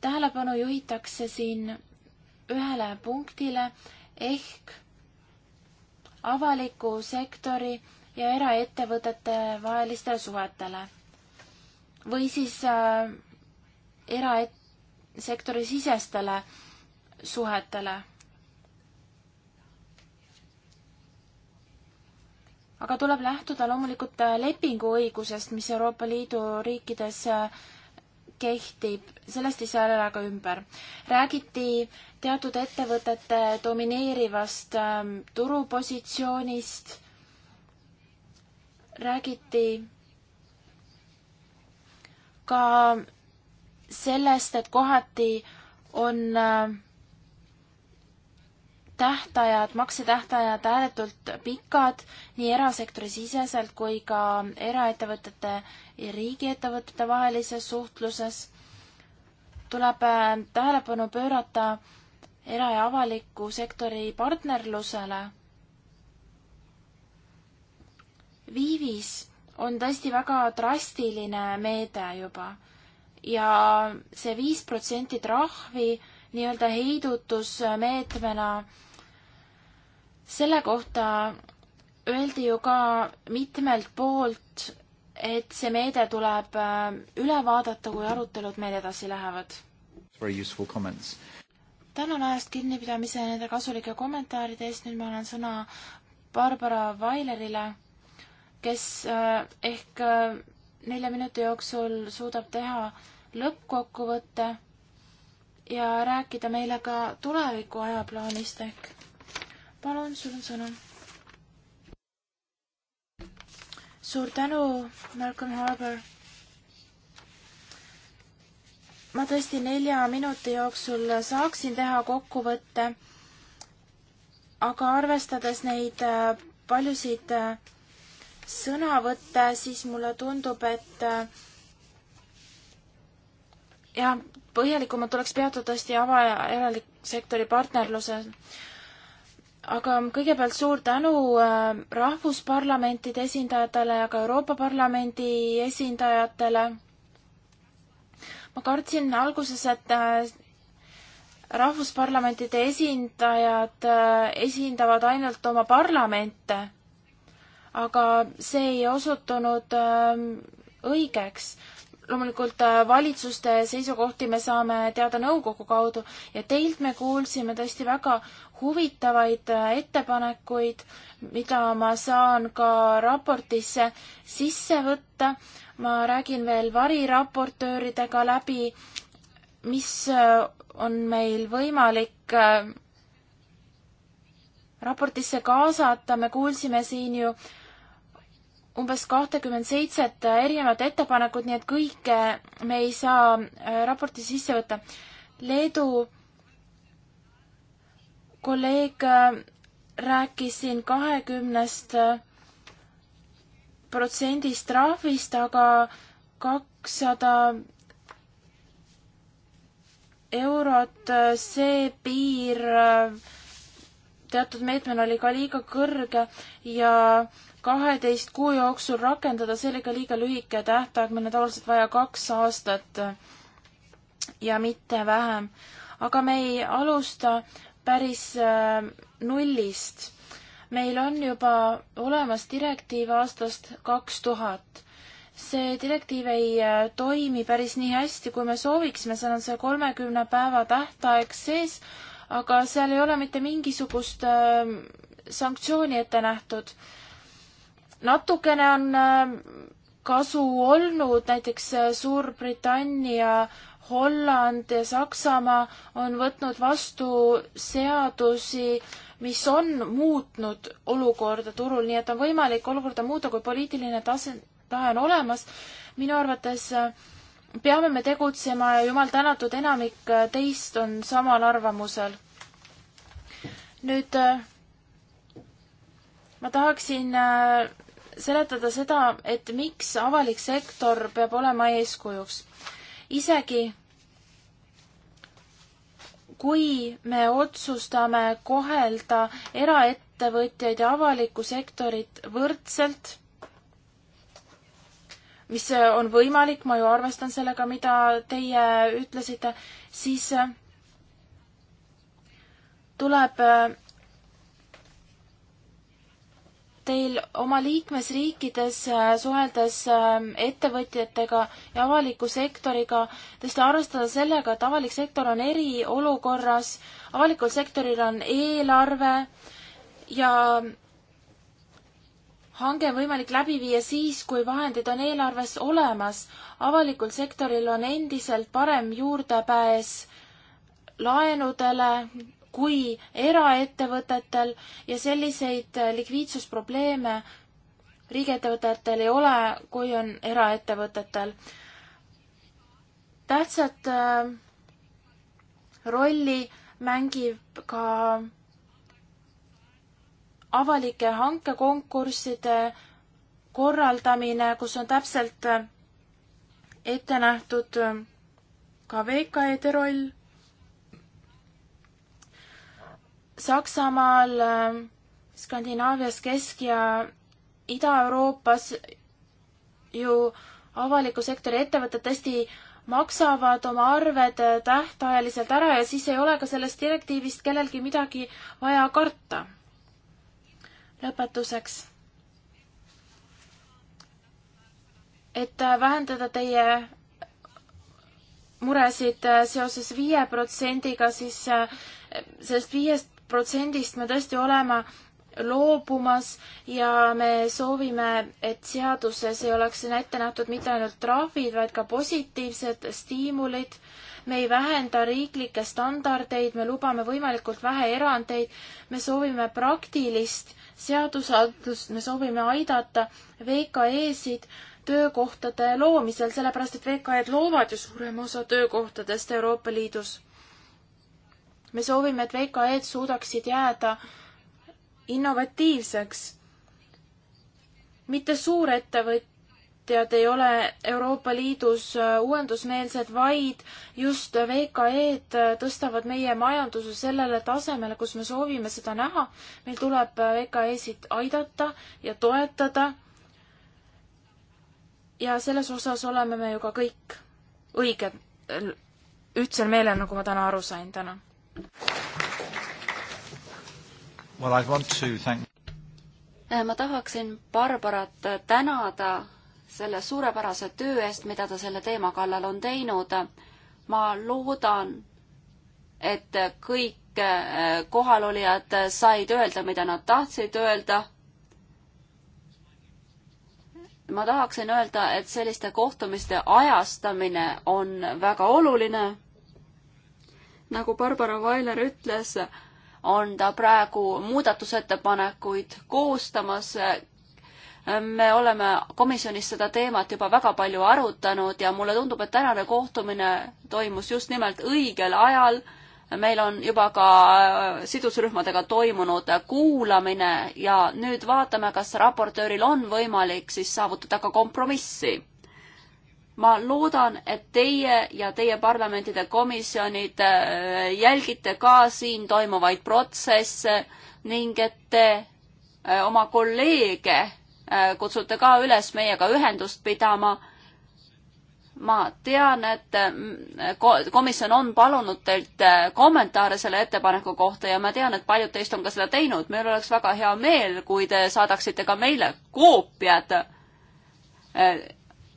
tähelepanu juhitakse siin ühele punktile ehk avaliku sektori ja eraettevõtete vahelistele suhetele või siis äh, erasektori sisestele suhetele. aga tuleb lähtuda loomulikult äh, lepinguõigusest, mis Euroopa Liidu riikides äh, kehtib, sellest ei saa ära ka ümber. räägiti teatud ettevõtete domineerivast ähm, turupositsioonist, räägiti ka sellest, et kohati on ähm, tähtajad, maksetähtajad ääretult pikad nii erasektori siseselt kui ka eraettevõtete ja riigiettevõtete vahelises suhtluses. tuleb äh, tähelepanu pöörata era- ja avaliku sektori partnerlusele. Viivis on tõesti väga drastiline meede juba ja see viis protsenti trahvi nii-öelda heidutusmeetmena, selle kohta öeldi ju ka mitmelt poolt, et see meede tuleb äh, üle vaadata, kui arutelud meil edasi lähevad tänan ajast kinnipidamise ja nende kasulike kommentaaride eest, nüüd ma annan sõna Barbara Vailerile, kes äh, ehk äh, nelja minuti jooksul suudab teha lõppkokkuvõtte ja rääkida meile ka tuleviku ajaplaanist ehk. palun, sul on sõna. suur tänu, Malcolm Harbour ma tõesti nelja minuti jooksul saaksin teha kokkuvõtte, aga arvestades neid äh, paljusid äh, sõnavõtte, siis mulle tundub, et äh, jah, põhjalikumalt tuleks peatuda tõesti avajärelesektori partnerlusel. aga kõigepealt suur tänu rahvusparlamentide esindajatele ja ka Euroopa Parlamendi esindajatele ma kartsin alguses, et äh, rahvusparlamentide esindajad äh, esindavad ainult oma parlamente, aga see ei osutunud ähm, õigeks. loomulikult äh, valitsuste seisukohti me saame teada nõukogu kaudu ja teilt me kuulsime tõesti väga huvitavaid ettepanekuid, mida ma saan ka raportisse sisse võtta ma räägin veel variraportööridega läbi, mis äh, on meil võimalik äh, raportisse kaasata, me kuulsime siin ju umbes kahtekümmend seitset erinevat ettepanekut, nii et kõike me ei saa äh, raporti sisse võtta. Leedu kolleeg rääkis siin kahekümnest 20 protsendist trahvist, aga kakssada eurot, äh, see piir äh, teatud meetmel oli ka liiga kõrge ja kaheteist kuu jooksul rakendada, see oli ka liiga lühike tähtaeg, meil on tavaliselt vaja kaks aastat äh, ja mitte vähem. aga me ei alusta päris nullist meil on juba olemas direktiiv aastast kaks tuhat. see direktiiv ei äh, toimi päris nii hästi, kui me sooviksime, seal on see kolmekümne päeva tähtaeg sees, aga seal ei ole mitte mingisugust äh, sanktsiooni ette nähtud. natukene on äh, kasu olnud, näiteks äh, Suurbritannia, Holland ja Saksamaa on võtnud vastu seadusi mis on muutnud olukorda turul, nii et on võimalik olukorda muuta, kui poliitiline tase, tahe on olemas. minu arvates äh, peame me tegutsema ja jumal tänatud, enamik äh, teist on samal arvamusel. nüüd äh, ma tahaksin seletada seda, et miks avalik sektor peab olema eeskujuks. isegi kui me otsustame kohelda eraettevõtjaid ja avalikku sektorit võrdselt, mis on võimalik, ma ju arvestan sellega, mida teie ütlesite, siis tuleb teil oma liikmesriikides äh, suheldes ähm, ettevõtjatega ja avaliku sektoriga tõesti arvestada sellega, et avalik sektor on eriolukorras, avalikul sektoril on eelarve ja hange on võimalik läbi viia siis, kui vahendid on eelarves olemas. avalikul sektoril on endiselt parem juurdepääs laenudele, kui eraettevõtetel ja selliseid äh, likviidsusprobleeme riigiettevõtetel ei ole, kui on eraettevõtetel. tähtsat äh, rolli mängib ka avalike hankekonkursside korraldamine, kus on täpselt äh, ette nähtud ka VKE-de roll Saksamaal, äh, Skandinaavias, Kesk- ja Ida-Euroopas ju avaliku sektori ettevõtted tõesti maksavad oma arved äh, tähtajaliselt ära ja siis ei ole ka sellest direktiivist kellelgi midagi vaja karta. lõpetuseks. et äh, vähendada teie muresid seoses viie protsendiga, siis sellest viiest protsendist me tõesti oleme loobumas ja me soovime, et seaduses ei oleks siin ette nähtud mitte ainult trahvid, vaid ka positiivsed stiimulid. me ei vähenda riiklikke standardeid, me lubame võimalikult vähe erandeid, me soovime praktilist seadusandlust, me soovime aidata VKE-sid töökohtade loomisel, sellepärast et VKE-d loovad ju suurema osa töökohtadest Euroopa Liidus me soovime, et VKE-d suudaksid jääda innovatiivseks. mitte suurettevõtjad ei ole Euroopa Liidus äh, uuendusmeelsed, vaid just VKE-d äh, tõstavad meie majanduse sellele tasemele, kus me soovime seda näha. meil tuleb äh, VKE-sid aidata ja toetada. ja selles osas oleme me ju ka kõik õiged, ühtsel meelel, nagu ma täna aru sain täna
Well, I want to thank...
Äh, ma tahaksin Barbarat
tänada selle suurepärase töö eest, mida ta selle teema kallal on teinud. ma loodan, et kõik äh, kohalolijad said öelda, mida nad tahtsid öelda. ma tahaksin öelda, et selliste kohtumiste ajastamine on väga oluline nagu Barbara Vailer ütles, on ta praegu muudatusettepanekuid koostamas. me oleme komisjonis seda teemat juba väga palju arutanud ja mulle tundub, et tänane kohtumine toimus just nimelt õigel ajal. meil on juba ka äh, sidusrühmadega toimunud kuulamine ja nüüd vaatame, kas raportööril on võimalik siis saavutada ka kompromissi ma loodan, et teie ja teie parlamentide komisjonid äh, jälgite ka siin toimuvaid protsesse ning et te äh, oma kolleege äh, kutsute ka üles meiega ühendust pidama. ma tean, et komisjon on palunud teilt kommentaare selle ettepaneku kohta ja ma tean, et paljud teist on ka seda teinud. meil oleks väga hea meel, kui te saadaksite ka meile koopiad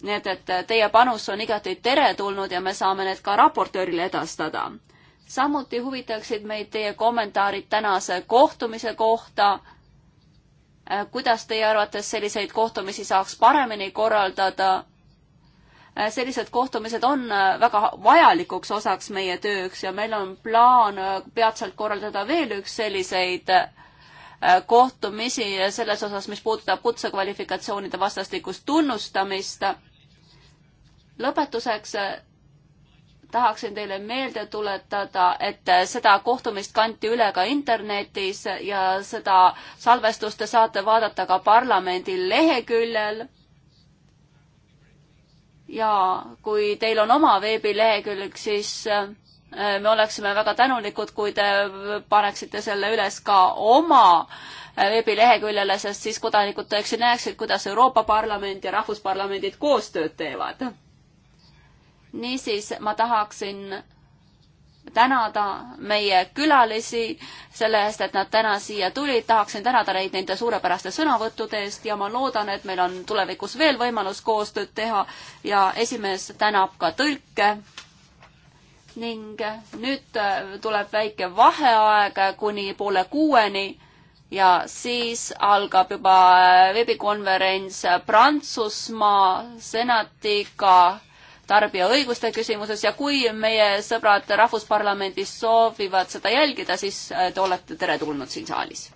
nii et, et teie panus on igati teretulnud ja me saame need ka raportöörile edastada. samuti huvitaksid meid teie kommentaarid tänase kohtumise kohta. Äh, kuidas teie arvates selliseid kohtumisi saaks paremini korraldada? Äh, sellised kohtumised on äh, väga vajalikuks osaks meie tööks ja meil on plaan peatselt korraldada veel üks selliseid kohtumisi selles osas, mis puudutab kutsekvalifikatsioonide vastastikust tunnustamist lõpetuseks eh, tahaksin teile meelde tuletada, et seda kohtumist kanti üle ka internetis ja seda salvestust te saate vaadata ka parlamendi leheküljel. ja kui teil on oma veebilehekülg, siis eh, me oleksime väga tänulikud, kui te paneksite selle üles ka oma eh, veebileheküljele, sest siis kodanikud tõesti näeksid, kuidas Euroopa Parlament ja rahvusparlamendid koostööd teevad niisiis ma tahaksin tänada meie külalisi selle eest, et nad täna siia tulid, tahaksin tänada neid nende suurepäraste sõnavõttude eest ja ma loodan, et meil on tulevikus veel võimalus koostööd teha ja esimees tänab ka tõlke. ning nüüd äh, tuleb väike vaheaeg kuni poole kuueni ja siis algab juba äh, veebikonverents Prantsusmaa senatiga tarbija õiguste küsimuses ja kui meie sõbrad Rahvusparlamendis soovivad seda jälgida, siis äh, te olete teretulnud siin saalis.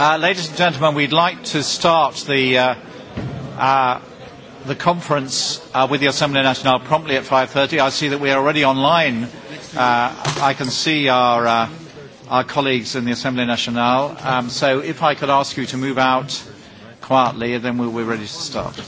Uh, ladies and gentlemen, we'd like to start the, uh, uh, the conference uh, with the Assembly Nationale promptly at 5.30. I see that we are already online. Uh, I can see our, uh, our colleagues in the Assembly Nationale. Um, so if I could ask you to move out quietly, then we'll be ready to start.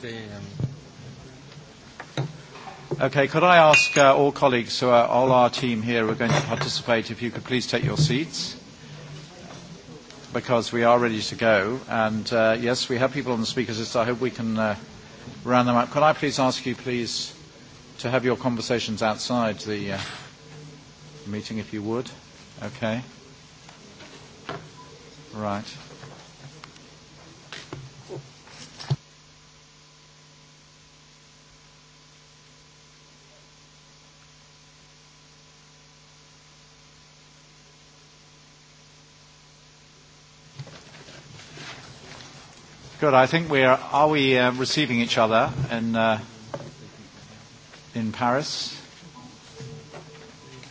the. Um... Okay, could I ask uh, all colleagues who are all our team here who are going to participate if you could please take your seats? Because we are ready to go. And uh, yes, we have people on the speakers list. I hope we can uh, round them up. Could I please ask you, please, to have your conversations outside the uh, meeting if you would? Okay. Right. Good. I think we are. Are we uh, receiving each other in uh, in Paris?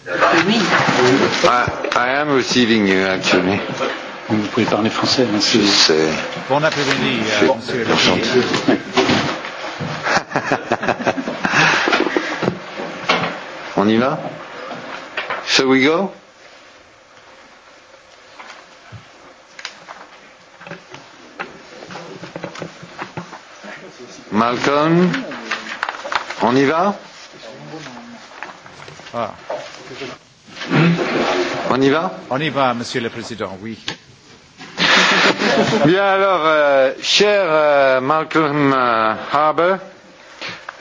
Oui. I, I am receiving you actually. Vous pouvez parler français, monsieur. Je sais.
Bon après-midi, euh, monsieur. Enchanté.
On y va? Shall we go? Malcolm, on y va ah. On y va On y va, Monsieur le Président, oui. Bien alors, euh, cher euh, Malcolm euh, Harbour,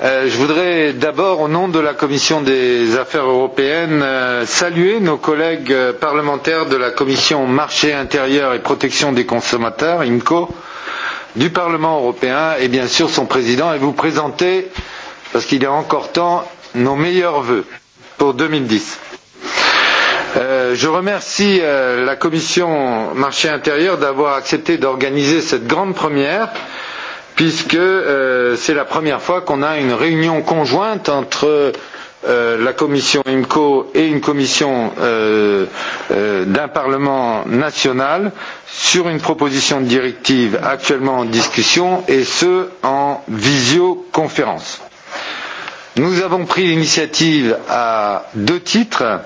euh, je voudrais d'abord, au nom de la Commission des affaires européennes, euh, saluer nos collègues euh, parlementaires de la Commission marché intérieur et protection des consommateurs, IMCO, euh, du Parlement européen et bien sûr son président et vous présenter, parce qu'il est encore temps, nos meilleurs vœux pour 2010. Euh, je remercie euh, la commission marché intérieur d'avoir accepté d'organiser cette grande première puisque euh, c'est la première fois qu'on a une réunion conjointe entre euh, la commission IMCO et une commission euh, euh, d'un parlement national sur une proposition de directive actuellement en discussion et ce en visioconférence. Nous avons pris l'initiative à deux titres.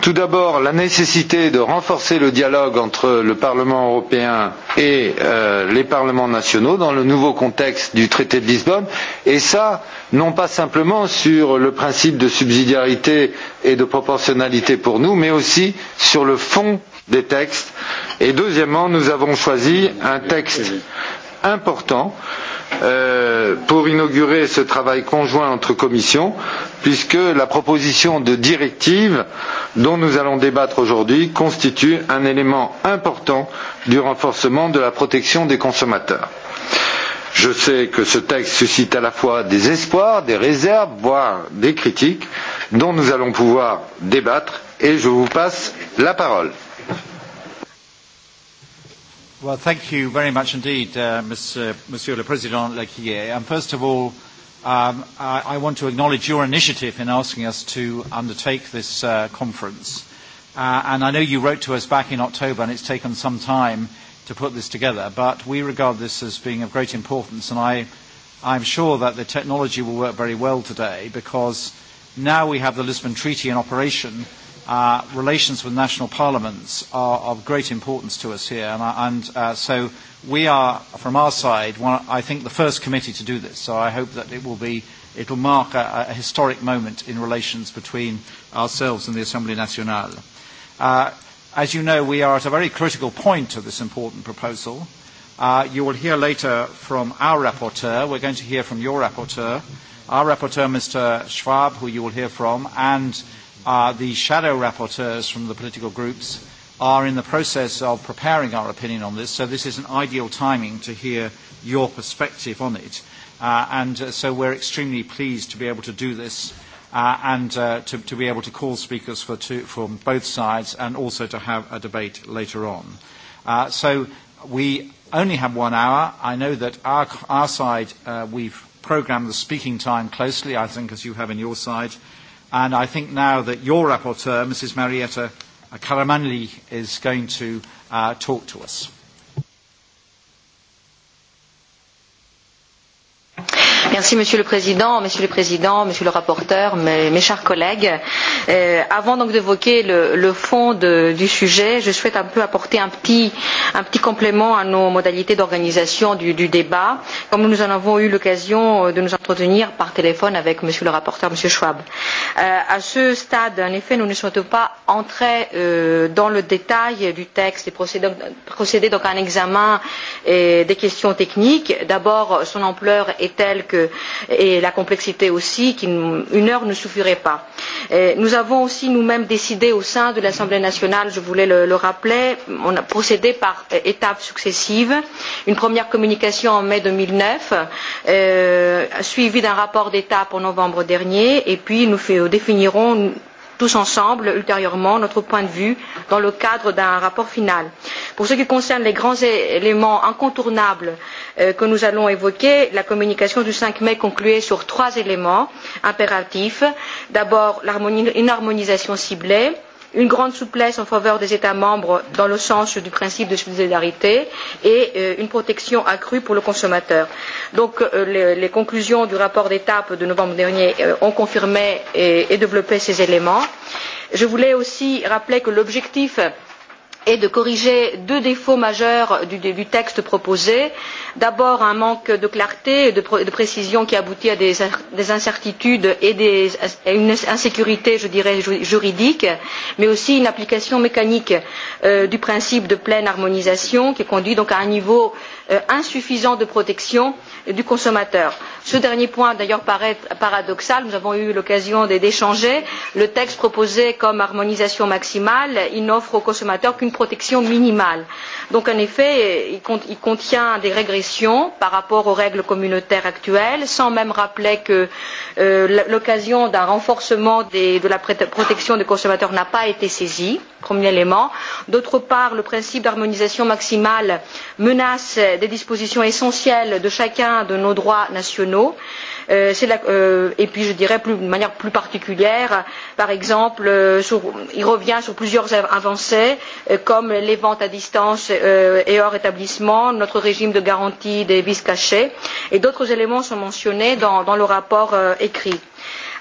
Tout d'abord, la nécessité de renforcer le dialogue entre le Parlement européen et euh, les parlements nationaux dans le nouveau contexte du traité de Lisbonne, et ça, non pas simplement sur le principe de subsidiarité et de proportionnalité pour nous, mais aussi sur le fond des textes. Et deuxièmement, nous avons choisi un texte important euh, pour inaugurer ce travail conjoint entre commissions, puisque la proposition de directive dont nous allons débattre aujourd'hui constitue un élément important du renforcement de la protection des consommateurs. Je sais que ce texte suscite à la fois des espoirs, des réserves, voire des critiques, dont nous allons pouvoir débattre, et je vous passe la parole.
Well, thank you very much indeed, uh, Monsieur, uh, Monsieur le Président Lequier. And first of all, um, I, I want to acknowledge your initiative in asking us to undertake this uh, conference. Uh, and I know you wrote to us back in October, and it's taken some time to put this together, but we regard this as being of great importance, and I, I'm sure that the technology will work very well today because now we have the Lisbon Treaty in operation – uh, relations with national parliaments are of great importance to us here, and, I, and uh, so we are, from our side, one, I think the first committee to do this. So I hope that it will be, it will mark a, a historic moment in relations between ourselves and the Assemblée Nationale. Uh, as you know, we are at a very critical point of this important proposal. Uh, you will hear later from our rapporteur. We're going to hear from your rapporteur, our rapporteur, Mr. Schwab, who you will hear from, and uh, the shadow rapporteurs from the political groups are in the process of preparing our opinion on this, so this is an ideal timing to hear your perspective on it. Uh, and uh, so we're extremely pleased to be able to do this uh, and uh, to, to be able to call speakers for two, from both sides and also to have a debate later on. Uh, so we only have one hour. I know that our, our side, uh, we've programmed the speaking time closely, I think, as you have in your side. Uh, And I think now that your rapporteur, Mrs. Marietta Caramanli, is going to uh, talk to us.
Merci Monsieur le Président, Monsieur le Président, Monsieur le rapporteur, mes, mes chers collègues. Euh, avant donc d'évoquer le, le fond de, du sujet, je souhaite un peu apporter un petit, un petit complément à nos modalités d'organisation du, du débat, comme nous en avons eu l'occasion euh, de nous entretenir par téléphone avec Monsieur le rapporteur, Monsieur Schwab. Euh, à ce stade, en effet, nous ne souhaitons pas entrer euh, dans le détail du texte et procéder, procéder donc à un examen euh, des questions techniques. D'abord, son ampleur est telle que Euh, et la complexité aussi qu'une heure ne suffirait pas. Et euh, nous avons aussi nous-mêmes décidé au sein de l'Assemblée nationale, je voulais le, le rappeler, on a procédé par étapes successives. Une première communication en mai 2009, euh, suivie d'un rapport d'étape en novembre dernier, et puis nous définirons tous ensemble ultérieurement notre point de vue dans le cadre d'un rapport final. Pour ce qui concerne les grands éléments incontournables euh, que nous allons évoquer, la communication du 5 mai concluait sur trois éléments impératifs. D'abord, une harmonisation ciblée, euh, une grande souplesse en faveur des États membres dans le sens du principe de solidarité et euh, une protection accrue pour le consommateur. Donc euh, les, les conclusions du rapport d'étape de novembre dernier euh, ont confirmé et, et développé ces éléments. Je voulais aussi rappeler que l'objectif euh, et de corriger deux défauts majeurs du, du texte proposé d'abord un manque de clarté et de, de précision qui aboutit à des, des incertitudes et des, à une insécurité je dirais juridique mais aussi une application mécanique euh, du principe de pleine harmonisation qui conduit donc à un niveau euh, euh, insuffisant de protection du consommateur. Ce dernier point d'ailleurs paraît paradoxal, nous avons eu l'occasion d'échanger. Le texte proposé comme harmonisation maximale, il n'offre aux consommateurs qu'une protection minimale. Donc en effet, il, cont il contient des régressions par rapport aux règles communautaires actuelles, sans même rappeler que euh, l'occasion d'un renforcement des, de la protection des consommateurs n'a pas été saisie. Euh, premier élément. d'autre part le principe d'harmonisation maximale menace des dispositions essentielles de chacun de nos droits nationaux euh, la, euh, et puis je dirais plus, de manière plus particulière par exemple euh, sur, il revient sur plusieurs avancées euh, comme les ventes à distance euh, et hors établissement notre régime de garantie des vices cachés et d'autres éléments sont mentionnés dans, dans le rapport euh, écrit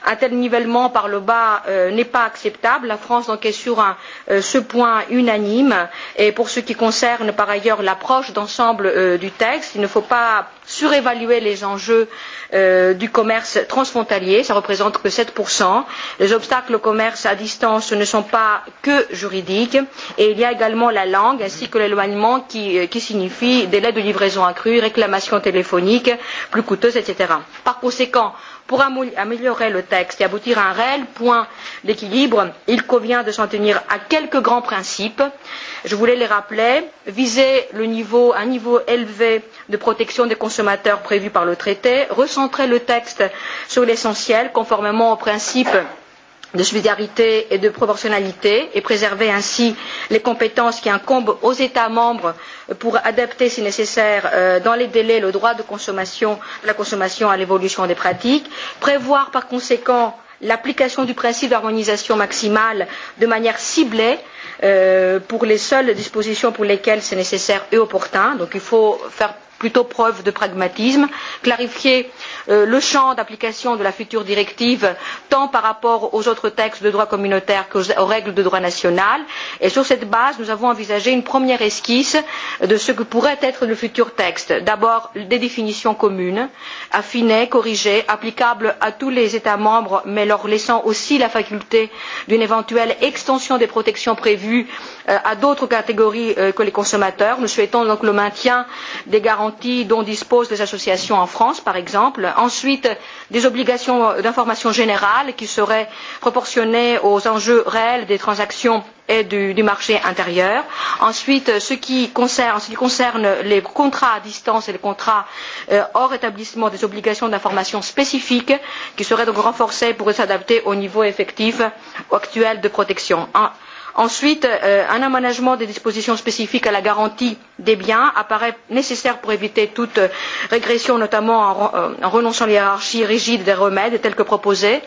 un tel nivellement par le bas euh, n'est pas acceptable. La France donc est sur un, euh, ce point unanime. Et pour ce qui concerne par ailleurs l'approche d'ensemble euh, du texte, il ne faut pas surévaluer les enjeux euh, du commerce transfrontalier. Ça représente que 7%. Les obstacles au commerce à distance ne sont pas que juridiques. Et il y a également la langue ainsi que l'éloignement qui, euh, qui signifie délai de livraison accru, réclamation téléphonique plus coûteuse, etc. Par conséquent, pour améliorer le texte et aboutir à un réel point d'équilibre il convient de s'en tenir à quelques grands principes je voulais les rappeler viser le niveau, un niveau élevé de protection des consommateurs prévu par le traité recentrer le texte sur l'essentiel conformément aux principes de subsidiarité et de proportionnalité et préserver ainsi les compétences qui incombent aux États membres pour adapter, si nécessaire, euh, dans les délais, le droit de consommation, la consommation à l'évolution des pratiques, prévoir par conséquent l'application du principe d'harmonisation maximale de manière ciblée euh, pour les seules dispositions pour lesquelles c'est nécessaire et opportun. Donc il faut faire plutôt preuve de pragmatisme clarifier euh, le champ d'application de la future directive tant par rapport aux autres textes de droit communautaire qu'aux règles de droit national et sur cette base nous avons envisagé une première esquisse de ce que pourrait être le futur texte d'abord des définitions communes affinées corrigées applicables à tous les états membres mais leur laissant aussi la faculté d'une éventuelle extension des protections prévues euh, à d'autres catégories euh, que les consommateurs. Nous souhaitons donc le maintien des garanties dont disposent les associations en France, par exemple. Ensuite, des obligations d'information générale qui seraient proportionnées aux enjeux réels des transactions et du, du marché intérieur. Ensuite, ce qui concerne, ce qui concerne les contrats à distance et les contrats euh, hors établissement des obligations d'information spécifiques qui seraient donc renforcées pour s'adapter au niveau effectif actuel de protection. En, ensuite euh, un aménagement des dispositions spécifiques à la garantie des biens apparaît nécessaire pour éviter toute euh, régression notamment en, euh, en renonçant à la hiérarchie rigide des remèdes tels que proposés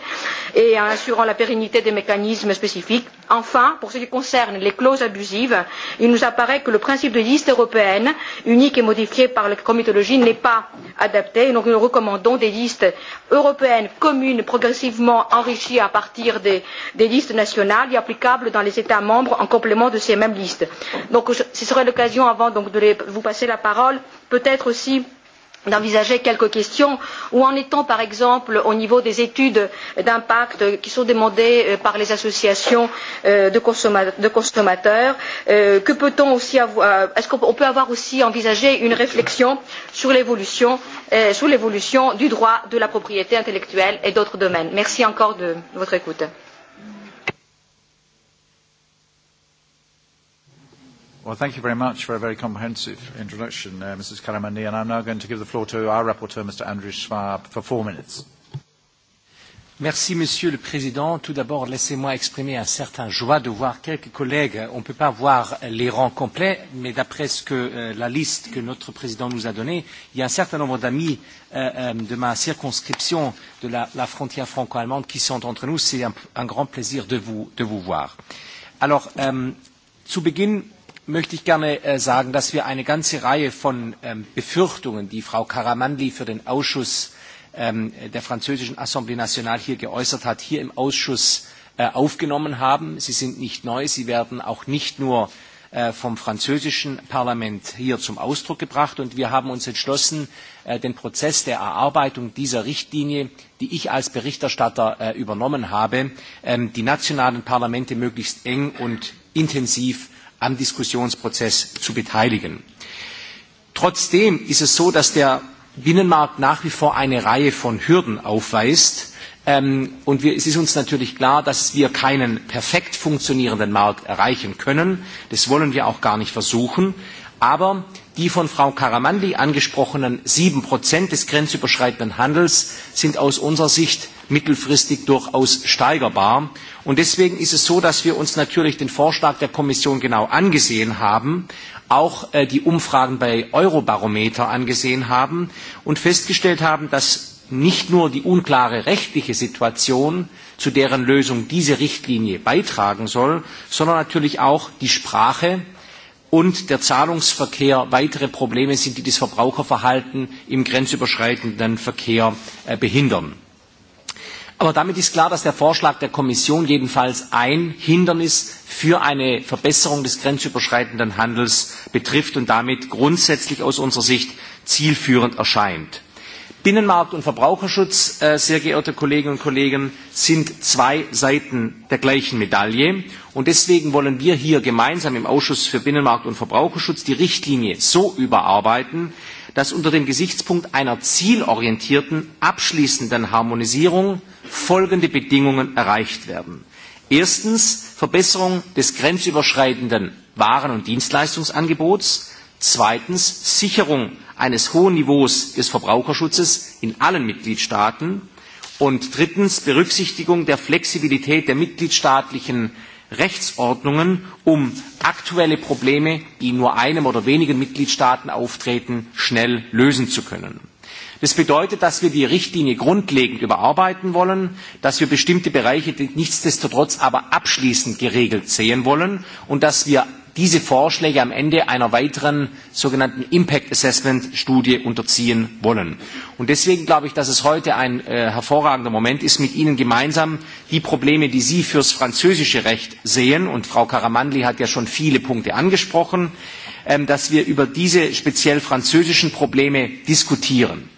et en assurant la pérennité des mécanismes spécifiques. enfin pour ce qui concerne les clauses abusives il nous apparaît que le principe de liste européenne unique et modifié par la comitologie n'est pas adapté et donc nous recommandons des listes européennes communes progressivement enrichies à partir des, des listes nationales et applicables dans les états États membres en complément de ces mêmes listes. Donc je, ce serait l'occasion avant donc, de les, vous passer la parole, peut-être aussi d'envisager quelques questions où en est on par exemple au niveau des études d'impact qui sont demandées euh, par les associations euh, de consommateurs euh, que peut on aussi avoir est ce qu'on peut avoir aussi envisagé une réflexion sur l'évolution sur l'évolution du droit de la propriété intellectuelle et d'autres domaines. merci encore de votre écoute.
Well, thank you very much for a very comprehensive introduction, uh, Mrs. Karamani. And I'm now going to give the floor to our rapporteur, Mr. Andrew Schwab, for four minutes.
Merci, Monsieur le Président. Tout d'abord, laissez-moi exprimer un certain joie de voir quelques collègues. On ne peut pas voir les rangs complets, mais d'après ce que euh, la liste que notre Président nous a donnée, il y a un certain nombre d'amis euh, euh, de ma circonscription de la, la frontière franco-allemande qui sont entre nous. C'est un, un grand plaisir de vous, de vous voir. Alors, euh, zu Beginn möchte ich gerne äh, sagen, dass wir eine ganze Reihe von ähm, Befürchtungen, die Frau Karamanli für den Ausschuss ähm, der französischen Assemblée Nationale hier geäußert hat, hier im Ausschuss äh, aufgenommen haben. Sie sind nicht neu, sie werden auch nicht nur äh, vom französischen Parlament hier zum Ausdruck gebracht. Und wir haben uns entschlossen, äh, den Prozess der Erarbeitung dieser Richtlinie, die ich als Berichterstatter äh, übernommen habe, äh, die nationalen Parlamente möglichst eng und intensiv am Diskussionsprozess zu beteiligen. Trotzdem ist es so, dass der Binnenmarkt nach wie vor eine Reihe von Hürden aufweist. Ähm, und wir, es ist uns natürlich klar, dass wir keinen perfekt funktionierenden Markt erreichen können. Das wollen wir auch gar nicht versuchen. Aber äh, Die von Frau Karamanli angesprochenen sieben Prozent des grenzüberschreitenden Handels sind aus unserer Sicht mittelfristig durchaus steigerbar. Und deswegen ist es so, dass wir uns natürlich den Vorschlag der Kommission genau angesehen haben, auch äh, die Umfragen bei Eurobarometer angesehen haben und festgestellt haben, dass nicht nur die unklare rechtliche Situation, zu deren Lösung diese Richtlinie beitragen soll, sondern natürlich auch die Sprache und der Zahlungsverkehr weitere Probleme sind, die das Verbraucherverhalten im grenzüberschreitenden Verkehr äh, behindern. Aber damit ist klar, dass der Vorschlag der Kommission jedenfalls ein Hindernis für eine Verbesserung des grenzüberschreitenden Handels betrifft und damit grundsätzlich aus unserer Sicht zielführend erscheint. Binnenmarkt und Verbraucherschutz, äh, sehr geehrte Kolleginnen und Kollegen, sind zwei Seiten der gleichen Medaille. Und deswegen wollen wir hier gemeinsam im Ausschuss für Binnenmarkt und Verbraucherschutz die Richtlinie so überarbeiten, dass unter dem Gesichtspunkt einer zielorientierten, abschließenden Harmonisierung folgende Bedingungen erreicht werden. Erstens Verbesserung des grenzüberschreitenden Waren- und Dienstleistungsangebots. Zweitens Sicherung eines hohen Niveaus des Verbraucherschutzes in allen Mitgliedstaaten und drittens Berücksichtigung der Flexibilität der mitgliedstaatlichen Rechtsordnungen, um aktuelle Probleme, die in nur einem oder wenigen Mitgliedstaaten auftreten, schnell lösen zu können. Das bedeutet, dass wir die Richtlinie grundlegend überarbeiten wollen, dass wir bestimmte Bereiche nichtsdestotrotz aber abschließend geregelt sehen wollen und dass wir diese Vorschläge am Ende einer weiteren sogenannten Impact Assessment Studie unterziehen wollen. Und deswegen glaube ich, dass es heute ein äh, hervorragender Moment ist, mit Ihnen gemeinsam die Probleme, die Sie fürs französische Recht sehen, und Frau Karamanli hat ja schon viele Punkte angesprochen, ähm, dass wir über diese speziell französischen Probleme diskutieren.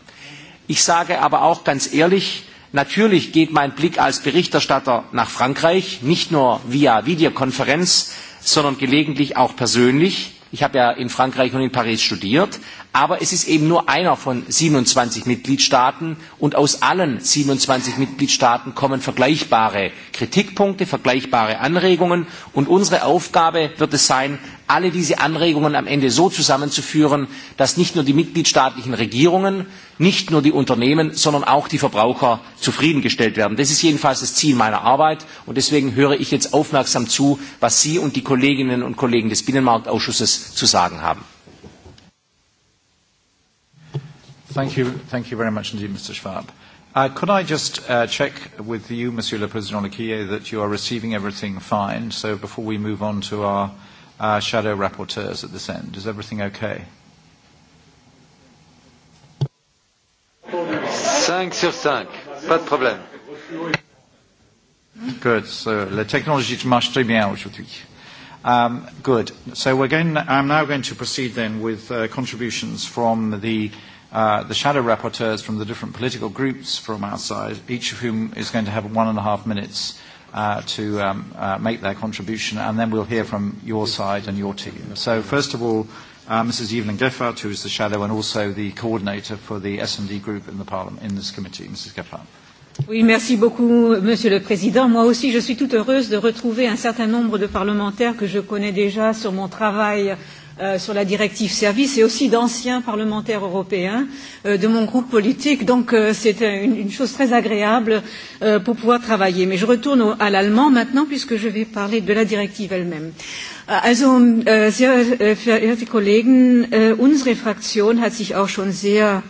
Ich sage aber auch ganz ehrlich, Natürlich geht mein Blick als Berichterstatter nach Frankreich, nicht nur via Videokonferenz, sondern gelegentlich auch persönlich. Ich habe ja in Frankreich und in Paris studiert, aber es ist eben nur einer von 27 Mitgliedstaaten und aus allen 27 Mitgliedstaaten kommen vergleichbare Kritikpunkte, vergleichbare Anregungen und unsere Aufgabe wird es sein, alle diese Anregungen am Ende so zusammenzuführen, dass nicht nur die mitgliedstaatlichen Regierungen, nicht nur die Unternehmen, sondern auch die Verbraucher zufriedengestellt werden. Das ist jedenfalls das Ziel meiner Arbeit und deswegen höre ich jetzt aufmerksam zu, was Sie und die Kolleginnen und Kollegen des Binnenmarktausschusses zu sagen haben.
Thank you, thank you very much indeed, Mr. Schwab. Uh, could I just uh, check with you, Monsieur le Président Lequier, that you are receiving everything fine? So before we move on to our our shadow rapporteurs at this end. Is everything okay?
Cinq sur cinq, pas de problème.
Good. So the technology marche très bien aujourd'hui. Um, good. So we're going, I'm now going to proceed then with uh, contributions from the, uh, the shadow rapporteurs from the different political groups from outside, each of whom is going to have one and a half minutes uh, to um, uh, make their contribution, and then we'll hear from your side and your team. So first of all, uh, Mrs. Evelyn Gephardt, who is the shadow and also the coordinator for the S&D group in the parliament, in this committee. Mrs. Gephardt.
Oui, merci beaucoup, Monsieur le Président. Moi aussi, je suis toute heureuse de retrouver un certain nombre de parlementaires que je connais déjà sur mon travail euh, sur la directive service et aussi d'anciens parlementaires européens euh, de mon groupe politique. Donc euh, c'est une, une chose très agréable euh, pour pouvoir travailler. Mais je retourne au, à l'allemand maintenant puisque je vais parler de la directive elle-même. Euh, also, äh, sehr äh, verehrte Kollegen, äh, unsere Fraktion hat sich auch schon sehr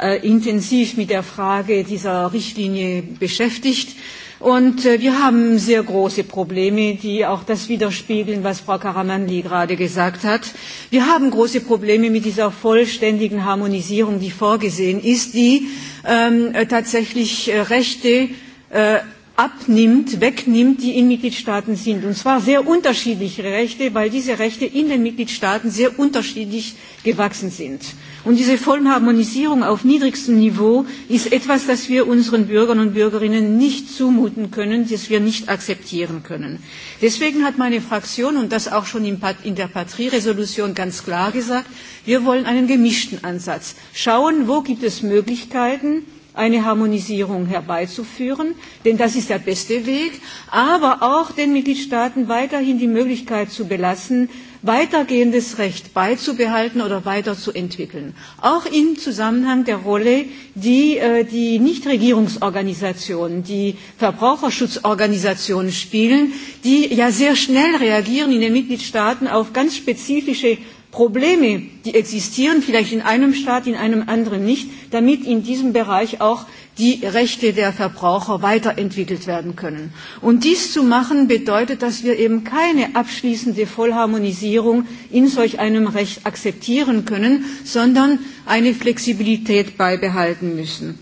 äh, intensiv mit der Frage dieser Richtlinie beschäftigt. Äh, Und äh, wir haben sehr große Probleme, die auch das widerspiegeln, was Frau Karamanli gerade gesagt hat. Wir haben große Probleme mit dieser vollständigen Harmonisierung, die vorgesehen ist, die ähm, äh, tatsächlich äh, Rechte äh, abnimmt, wegnimmt, die in Mitgliedstaaten sind. Und zwar sehr unterschiedliche Rechte, weil diese Rechte in den Mitgliedstaaten sehr unterschiedlich gewachsen sind. Und diese Vollharmonisierung auf niedrigstem Niveau ist etwas, das wir unseren Bürgern und Bürgerinnen nicht zumuten können, das wir nicht akzeptieren können. Deswegen hat meine Fraktion und das auch schon in der Patrie-Resolution ganz klar gesagt, wir wollen einen gemischten Ansatz. Schauen, wo gibt es Möglichkeiten, eine Harmonisierung herbeizuführen, denn das ist der beste Weg, aber auch den Mitgliedstaaten weiterhin die Möglichkeit zu belassen, weitergehendes Recht beizubehalten oder weiterzuentwickeln. Auch im Zusammenhang der Rolle, die äh, die Nichtregierungsorganisationen, die Verbraucherschutzorganisationen spielen, die ja sehr schnell reagieren in den Mitgliedstaaten auf ganz spezifische Probleme, die existieren, vielleicht in einem Staat, in einem anderen nicht, damit in diesem Bereich auch die Rechte der Verbraucher weiterentwickelt werden können. Und dies zu machen bedeutet, dass wir eben keine abschließende Vollharmonisierung in solch einem Recht akzeptieren können, sondern eine Flexibilität beibehalten müssen.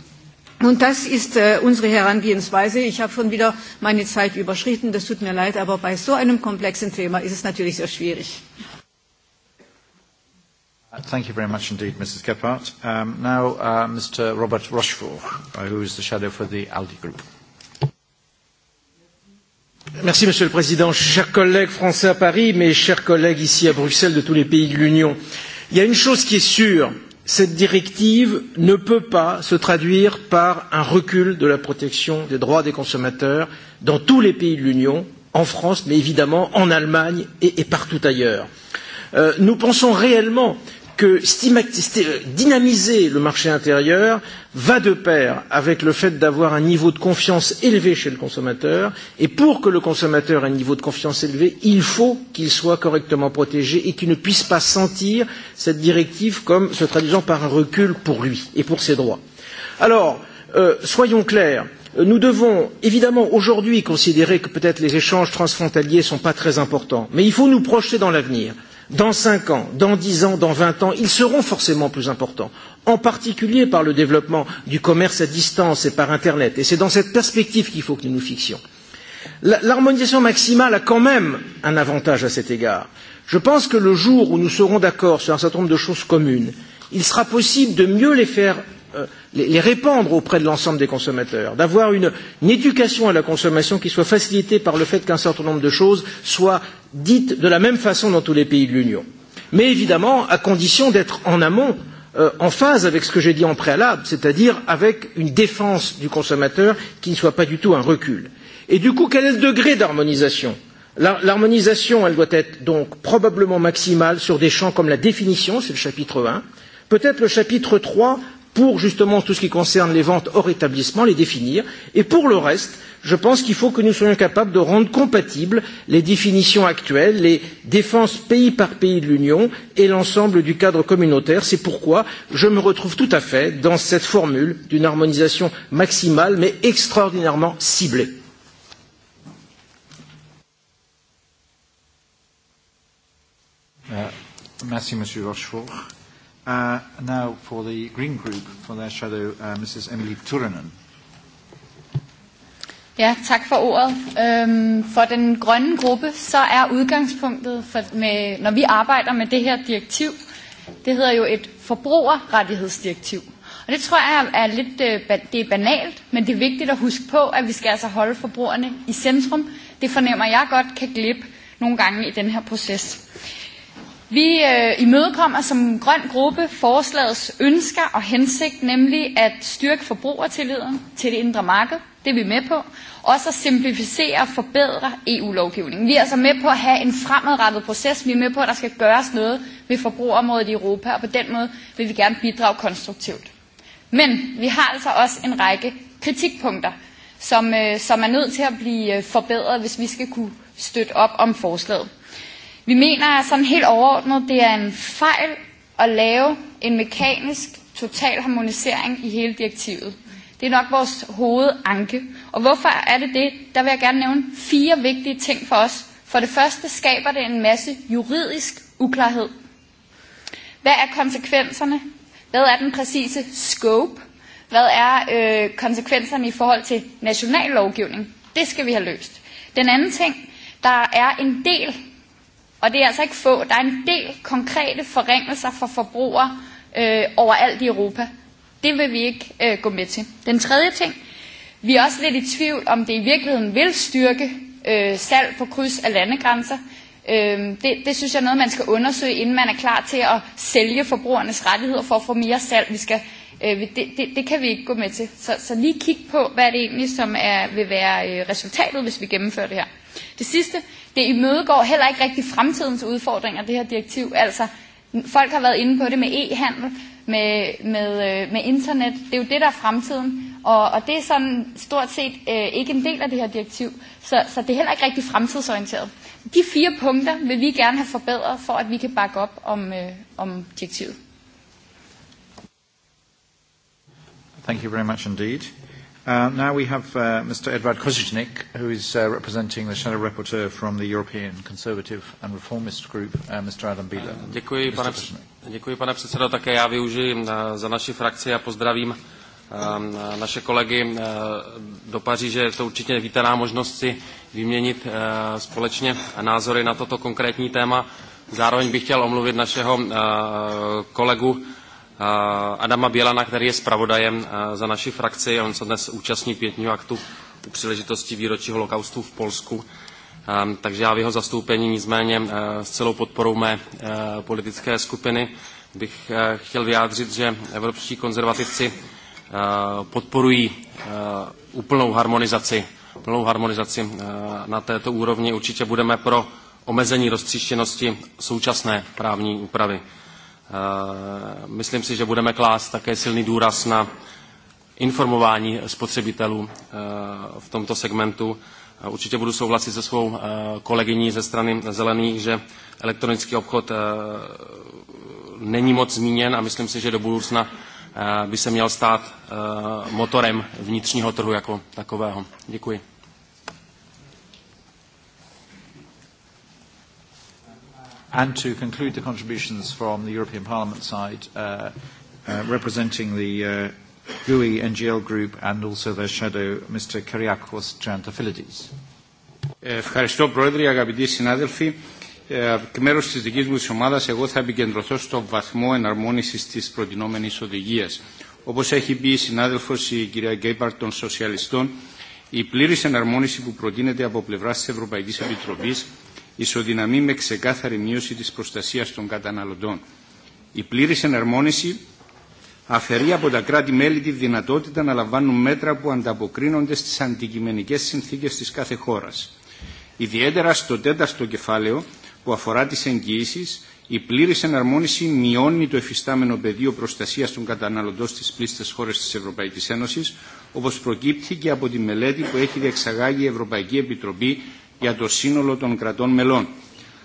Und das ist äh, unsere Herangehensweise. Ich habe schon wieder meine Zeit überschritten. Das tut mir leid, aber bei so einem komplexen Thema ist es natürlich sehr schwierig.
Thank you very much indeed, Mrs. Gephardt. Um, now, uh, Mr. Robert Rochefort, uh, who is the shadow for the ALDE Group.
Merci, Monsieur le Président. Chers collègues français à Paris, mes chers collègues ici à Bruxelles de tous les pays de l'Union, il y a une chose qui est sûre, cette directive ne peut pas se traduire par un recul de la protection des droits des consommateurs dans tous les pays de l'Union, en France, mais évidemment en Allemagne et, et partout ailleurs. Euh, nous pensons réellement euh, que dynamiser le marché intérieur va de pair avec le fait d'avoir un niveau de confiance élevé chez le consommateur et pour que le consommateur ait un niveau de confiance élevé, il faut qu'il soit correctement protégé et qu'il ne puisse pas sentir cette directive comme se traduisant par un recul pour lui et pour ses droits. Alors, euh, soyons clairs, nous devons évidemment aujourd'hui considérer que peut-être les échanges transfrontaliers ne sont pas très importants, mais il faut nous projeter dans l'avenir dans cinq ans, dans dix ans, dans vingt ans, ils seront forcément plus importants, en particulier par le développement du commerce à distance et par Internet. Et c'est dans cette perspective qu'il faut que nous nous fixions. L'harmonisation maximale a quand même un avantage à cet égard. Je pense que le jour où nous serons d'accord sur un certain nombre de choses communes, il sera possible de mieux les faire euh, les, les répandre auprès de l'ensemble des consommateurs, d'avoir une, une éducation à la consommation qui soit facilitée par le fait qu'un certain nombre de choses soient dites de la même façon dans tous les pays de l'Union. Mais évidemment, à condition d'être en amont euh, en phase avec ce que j'ai dit en préalable, c'est-à-dire avec une défense du consommateur qui ne soit pas du tout un recul. Et du coup, quel est le degré d'harmonisation L'harmonisation, elle doit être donc probablement maximale sur des champs comme la définition, c'est le chapitre 1, peut-être le chapitre 3 pour justement tout ce qui concerne les ventes hors établissement, les définir. Et pour le reste, je pense qu'il faut que nous soyons capables de rendre compatibles les définitions actuelles, les défenses pays par pays de l'Union et l'ensemble du cadre communautaire. C'est pourquoi je me retrouve tout à fait dans cette formule d'une harmonisation maximale mais extraordinairement ciblée.
Euh, merci
Monsieur Rochefort.
Uh, now for the Green Group, for their shadow, uh, Mrs. Emily Turunen.
Ja, tak for ordet. Øhm, for den grønne gruppe, så er udgangspunktet, for med, når vi arbejder med det her direktiv, det hedder jo et forbrugerrettighedsdirektiv. Og det tror jeg er lidt øh, det er banalt, men det er vigtigt at huske på, at vi skal altså holde forbrugerne i centrum. Det fornemmer jeg godt kan glippe nogle gange i den her proces. Vi øh, imødekommer som grøn gruppe forslagets ønsker og hensigt, nemlig at styrke forbrugertilliden til det indre marked. Det er vi med på. Også at simplificere og forbedre EU-lovgivningen. Vi er altså med på at have en fremadrettet proces. Vi er med på, at der skal gøres noget ved forbrugerområdet i Europa, og på den måde vil vi gerne bidrage konstruktivt. Men vi har altså også en række kritikpunkter, som, øh, som er nødt til at blive øh, forbedret, hvis vi skal kunne støtte op om forslaget. Vi mener sådan helt overordnet, det er en fejl at lave en mekanisk total harmonisering i hele direktivet. Det er nok vores hovedanke. Og hvorfor er det det? Der vil jeg gerne nævne fire vigtige ting for os. For det første skaber det en masse juridisk uklarhed. Hvad er konsekvenserne? Hvad er den præcise scope? Hvad er øh, konsekvenserne i forhold til national lovgivning? Det skal vi have løst. Den anden ting, der er en del Og det er altså ikke få. Der er en del konkrete forringelser for forbrugere øh, overalt i Europa. Det vil vi ikke øh, gå med til. Den tredje ting. Vi er også lidt i tvivl, om det i virkeligheden vil styrke øh, salg på kryds af landegrænser. Øh, det, det synes jeg er noget, man skal undersøge, inden man er klar til at sælge forbrugernes rettigheder for at få mere salg. Vi skal, øh, det, det, det kan vi ikke gå med til. Så, så lige kig på, hvad det egentlig som er, vil være øh, resultatet, hvis vi gennemfører det her. Det sidste, Det imødegår heller ikke rigtig fremtidens udfordringer, det her direktiv. Altså, folk har været inde på det med e-handel, med, med, øh, med internet. Det er jo det, der er fremtiden. Og, og det er sådan stort set øh, ikke en del af det her direktiv, så, så det er heller ikke rigtig fremtidsorienteret. De fire punkter vil vi gerne have forbedret, for at vi kan bakke op om, øh, om direktivet.
Thank you very much indeed. Uh, now we have uh, Mr. Edvard Kozichnik, who is uh, representing the shadow rapporteur from the European Conservative and Reformist Group, uh, Mr. Adam Bieler. Uh, děkuji, Mr. pane,
děkuji, pane předsedo. Také já využiji uh, za naši frakci a pozdravím um, uh, naše kolegy uh, do Paříže. Je to určitě vítaná možnost si vyměnit uh, společně názory na toto konkrétní téma. Zároveň bych chtěl omluvit našeho uh, kolegu uh, Eh, Adama Bělana, který je zpravodajem eh, za naši frakci. On se dnes účastní pětního aktu u příležitosti výročí holokaustu v Polsku. Ehm, takže já v jeho zastoupení nicméně eh, s celou podporou mé politické skupiny bych chtěl vyjádřit, že evropští konzervativci podporují úplnou harmonizaci, plnou harmonizaci na této úrovni. Určitě budeme pro omezení roztříštěnosti současné právní úpravy. Eh, myslím si, že budeme klást také silný důraz na informování spotřebitelů eh, v tomto segmentu. Eh, určitě budu souhlasit se svou kolegyní ze strany zelených, že elektronický obchod není moc zmíněn a myslím si, že do budoucna by se měl stát motorem vnitřního trhu jako takového. Děkuji.
and to conclude the contributions from the European Parliament side, uh, uh, representing the uh, GUI NGL group and also their shadow, Mr. Kyriakos Triantafilides.
Ευχαριστώ Πρόεδρε, αγαπητοί συνάδελφοι. Εκ μέρους της δικής μου ομάδας εγώ θα επικεντρωθώ στο βαθμό εναρμόνισης της προτινόμενης οδηγίας. Όπως έχει πει η συνάδελφος η κυρία Γκέιπαρτ των Σοσιαλιστών, η πλήρης εναρμόνιση που προτείνεται από πλευράς της Ευρωπαϊκής Επιτροπής ισοδυναμεί με ξεκάθαρη μείωση της προστασίας των καταναλωτών. Η πλήρης εναρμόνιση αφαιρεί από τα κράτη-μέλη τη δυνατότητα να λαμβάνουν μέτρα που ανταποκρίνονται στις αντικειμενικές συνθήκες της κάθε χώρας. Ιδιαίτερα στο τέταρτο κεφάλαιο που αφορά τις εγγυήσεις, η πλήρης εναρμόνιση μειώνει το εφιστάμενο πεδίο προστασίας των καταναλωτών στις πλήστες χώρες της Ευρωπαϊκής Ένωσης, όπως προκύπτει και από τη μελέτη που έχει διεξαγάγει η Ευρωπαϊκή Επιτροπή για το σύνολο των κρατών μελών.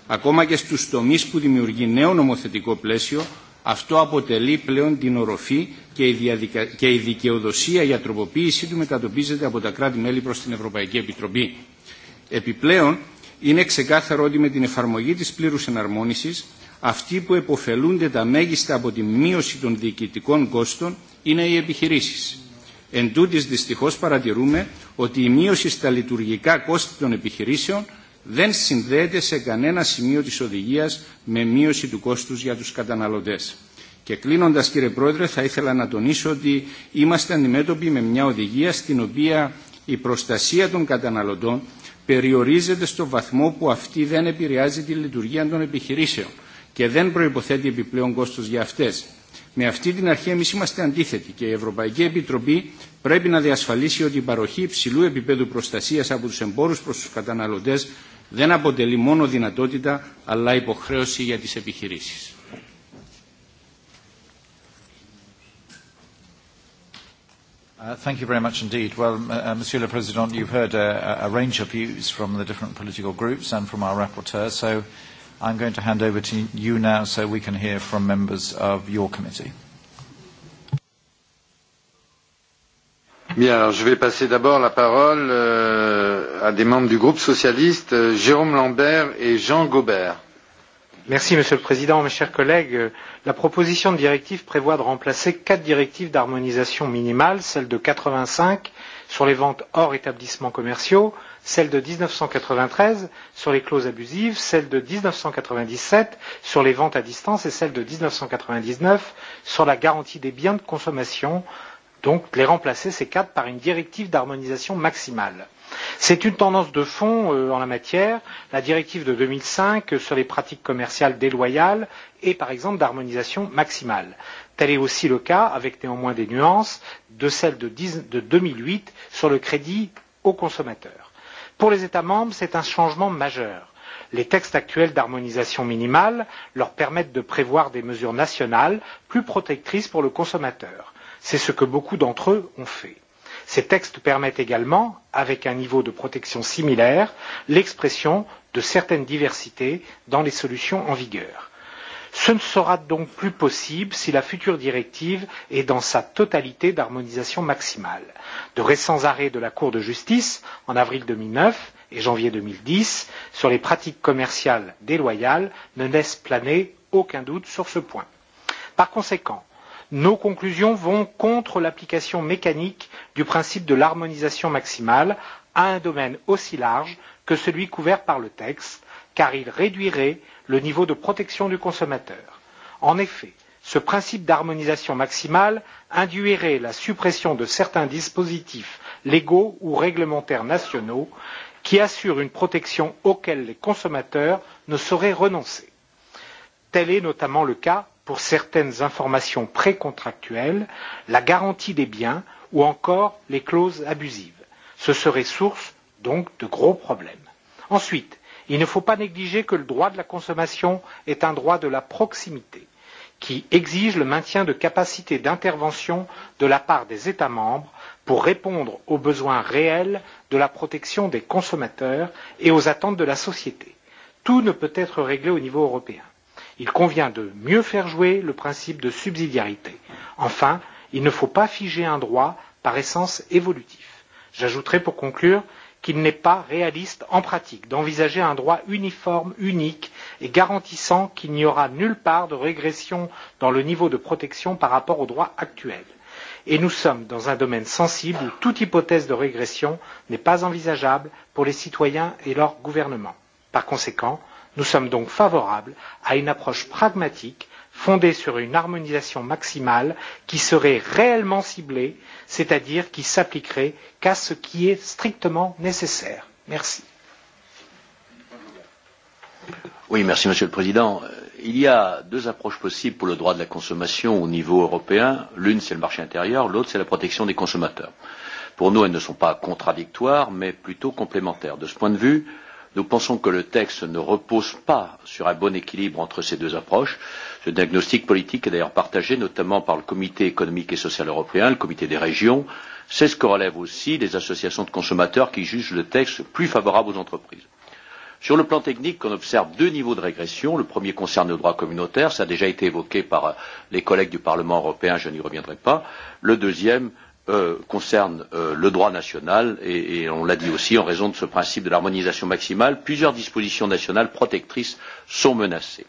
Ακόμα και στους τομείς που δημιουργεί νέο νομοθετικό πλαίσιο, αυτό αποτελεί πλέον την οροφή και η, διαδικα... και η δικαιοδοσία για τροποποίησή του μετατοπίζεται από τα κράτη-μέλη προς την Ευρωπαϊκή Επιτροπή. Επιπλέον, είναι ξεκάθαρο ότι με την εφαρμογή της πλήρους εναρμόνισης, αυτοί που εποφελούνται τα μέγιστα από τη μείωση των διοικητικών κόστων είναι οι επιχειρήσεις. Εν τούτης δυστυχώς παρατηρούμε ότι η μείωση στα λειτουργικά κόστη των επιχειρήσεων δεν συνδέεται σε κανένα σημείο της οδηγίας με μείωση του κόστους για τους καταναλωτές. Και κλείνοντα, κύριε Πρόεδρε, θα ήθελα να τονίσω ότι είμαστε αντιμέτωποι με μια οδηγία στην οποία η προστασία των καταναλωτών περιορίζεται στο βαθμό που αυτή δεν επηρεάζει τη λειτουργία των επιχειρήσεων και δεν προϋποθέτει επιπλέον κόστος για αυτές. Με αυτή την αρχή εμείς είμαστε αντίθετοι και η Ευρωπαϊκή Επιτροπή πρέπει να διασφαλίσει ότι η παροχή υψηλού επίπεδου προστασίας από τους εμπόρους προς τους καταναλωτές δεν αποτελεί μόνο δυνατότητα αλλά υποχρέωση για τις επιχειρήσεις.
Uh, thank you very much indeed. Well, uh, Monsieur le Président, you've heard a, uh, a range of views from the different political groups and from our rapporteur, so I'm going to hand over to you now so we can hear from members of your committee.
Bien, alors je vais passer d'abord la parole euh, à des membres du groupe socialiste, euh, Jérôme Lambert et Jean Gobert.
Merci, Monsieur le Président, mes chers collègues. La proposition de directive prévoit de remplacer quatre directives d'harmonisation minimale, celle de 85 sur les ventes hors établissements commerciaux, celle de 1993 sur les clauses abusives, celle de 1997 sur les ventes à distance et celle de 1999 sur la garantie des biens de consommation, donc les remplacer ces quatre par une directive d'harmonisation maximale. C'est une tendance de fond euh, en la matière. La directive de 2005 euh, sur les pratiques commerciales déloyales et par exemple d'harmonisation maximale. Tel est aussi le cas, avec néanmoins des nuances, de celle de, 10, de 2008 sur le crédit aux consommateurs. Pour les États membres, c'est un changement majeur. Les textes actuels d'harmonisation minimale leur permettent de prévoir des mesures nationales plus protectrices pour le consommateur. C'est ce que beaucoup d'entre eux ont fait. Ces textes permettent également, avec un niveau de protection similaire, l'expression de certaines diversités dans les solutions en vigueur. Ce ne sera donc plus possible si la future directive est dans sa totalité d'harmonisation maximale de récents arrêts de la Cour de justice en avril 2009 et janvier 2010 sur les pratiques commerciales déloyales ne laissent planer aucun doute sur ce point. Par conséquent, nos conclusions vont contre l'application mécanique du principe de l'harmonisation maximale à un domaine aussi large que celui couvert par le texte, car il réduirait le niveau de protection du consommateur. En effet, Ce principe d'harmonisation maximale induirait la suppression de certains dispositifs légaux ou réglementaires nationaux qui assurent une protection auxquelles les consommateurs ne sauraient renoncer. Tel est notamment le cas pour certaines informations précontractuelles, la garantie des biens ou encore les clauses abusives. Ce serait source donc de gros problèmes. Ensuite, il ne faut pas négliger que le droit de la consommation est un droit de la proximité qui exige le maintien de capacités d'intervention de la part des États membres pour répondre aux besoins réels de la protection des consommateurs et aux attentes de la société. Tout ne peut être réglé au niveau européen. Il convient de mieux faire jouer le principe de subsidiarité. Enfin, il ne faut pas figer un droit par essence évolutif. J'ajouterai pour conclure qu'il n'est pas réaliste en pratique d'envisager un droit uniforme, unique et garantissant qu'il n'y aura nulle part de régression dans le niveau de protection par rapport au droit actuel. Et nous sommes dans un domaine sensible où toute hypothèse de régression n'est pas envisageable pour les citoyens et leur gouvernement. Par conséquent, nous sommes donc favorables à une approche pragmatique fondée sur une harmonisation maximale qui serait réellement ciblée, c'est-à-dire qui s'appliquerait qu'à ce qui est strictement nécessaire.
Merci. Oui, merci Monsieur le Président. Euh, il y a deux approches possibles pour le droit de la consommation au niveau européen. L'une, c'est le marché intérieur, l'autre, c'est la protection des consommateurs. Pour nous, elles ne sont pas contradictoires, mais plutôt complémentaires. De ce point de vue, nous pensons que le texte ne repose pas sur un bon équilibre entre ces deux approches. Ce diagnostic politique est d'ailleurs partagé notamment par le Comité économique et social européen, le Comité des régions. C'est ce que relèvent aussi les associations de consommateurs qui jugent le texte plus favorable aux entreprises. Sur le plan technique, on observe deux niveaux de régression. Le premier concerne le droit communautaire, ça a déjà été évoqué par euh, les collègues du Parlement européen, je n'y reviendrai pas. Le deuxième euh, concerne euh, le droit national et, et on l'a dit aussi en raison de ce principe de l'harmonisation maximale, plusieurs dispositions nationales protectrices sont menacées.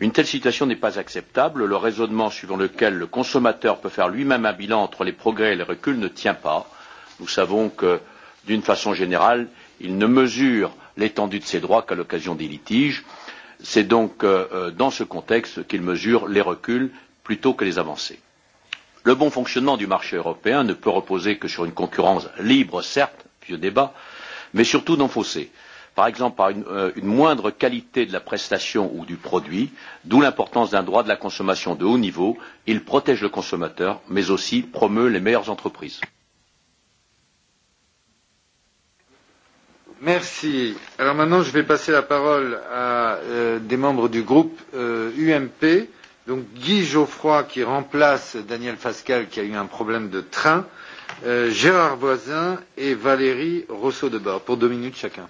Une telle situation n'est pas acceptable. Le raisonnement suivant lequel le consommateur peut faire lui-même un bilan entre les progrès et les reculs ne tient pas. Nous savons que, d'une façon générale, il ne mesure l'étendue de ses droits qu'à l'occasion des litiges. C'est donc euh, euh, dans ce contexte qu'il mesure les reculs plutôt que les avancées. Le bon fonctionnement du marché européen ne peut reposer que sur une concurrence libre, certes, vieux débat, mais surtout non faussée par exemple par une, euh, une moindre qualité de la prestation ou du produit, d'où l'importance d'un droit de la consommation de haut niveau. Il protège le consommateur, mais aussi promeut les meilleures entreprises.
Merci. Alors maintenant, je vais passer la parole à euh, des membres du groupe euh, UMP. Donc Guy Geoffroy qui remplace Daniel Fascal qui a eu un problème de train, euh, Gérard
Voisin et Valérie Rousseau de Bord pour deux minutes chacun.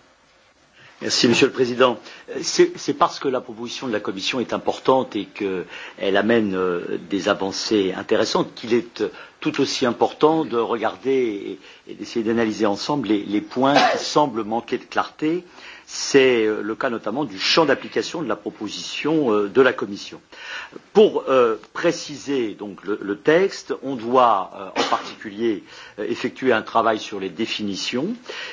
Merci, Monsieur le Président. Euh, c'est parce que la proposition de la Commission est importante et qu'elle amène euh, des avancées intéressantes qu'il est euh, tout aussi important de regarder et, et d'essayer d'analyser ensemble les, les points qui semblent manquer de clarté C'est euh, le cas notamment du champ d'application de la proposition euh, de la Commission. Pour euh, préciser donc le, le texte, on doit euh, en particulier euh, effectuer un travail sur les définitions.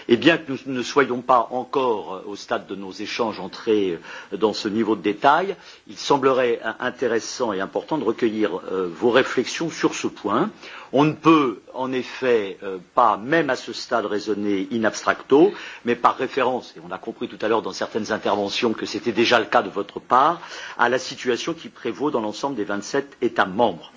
Et eh bien que nous ne soyons pas encore euh, au stade de nos échanges entrés dans ce niveau de détail, il semblerait intéressant et important de recueillir vos réflexions sur ce point. Euh, On ne peut en effet euh, pas, même à ce stade, raisonner in abstracto, mais par référence, et on a compris tout à l'heure dans certaines interventions que c'était déjà le cas de votre part, à la situation qui prévaut dans l'ensemble des 27 États membres.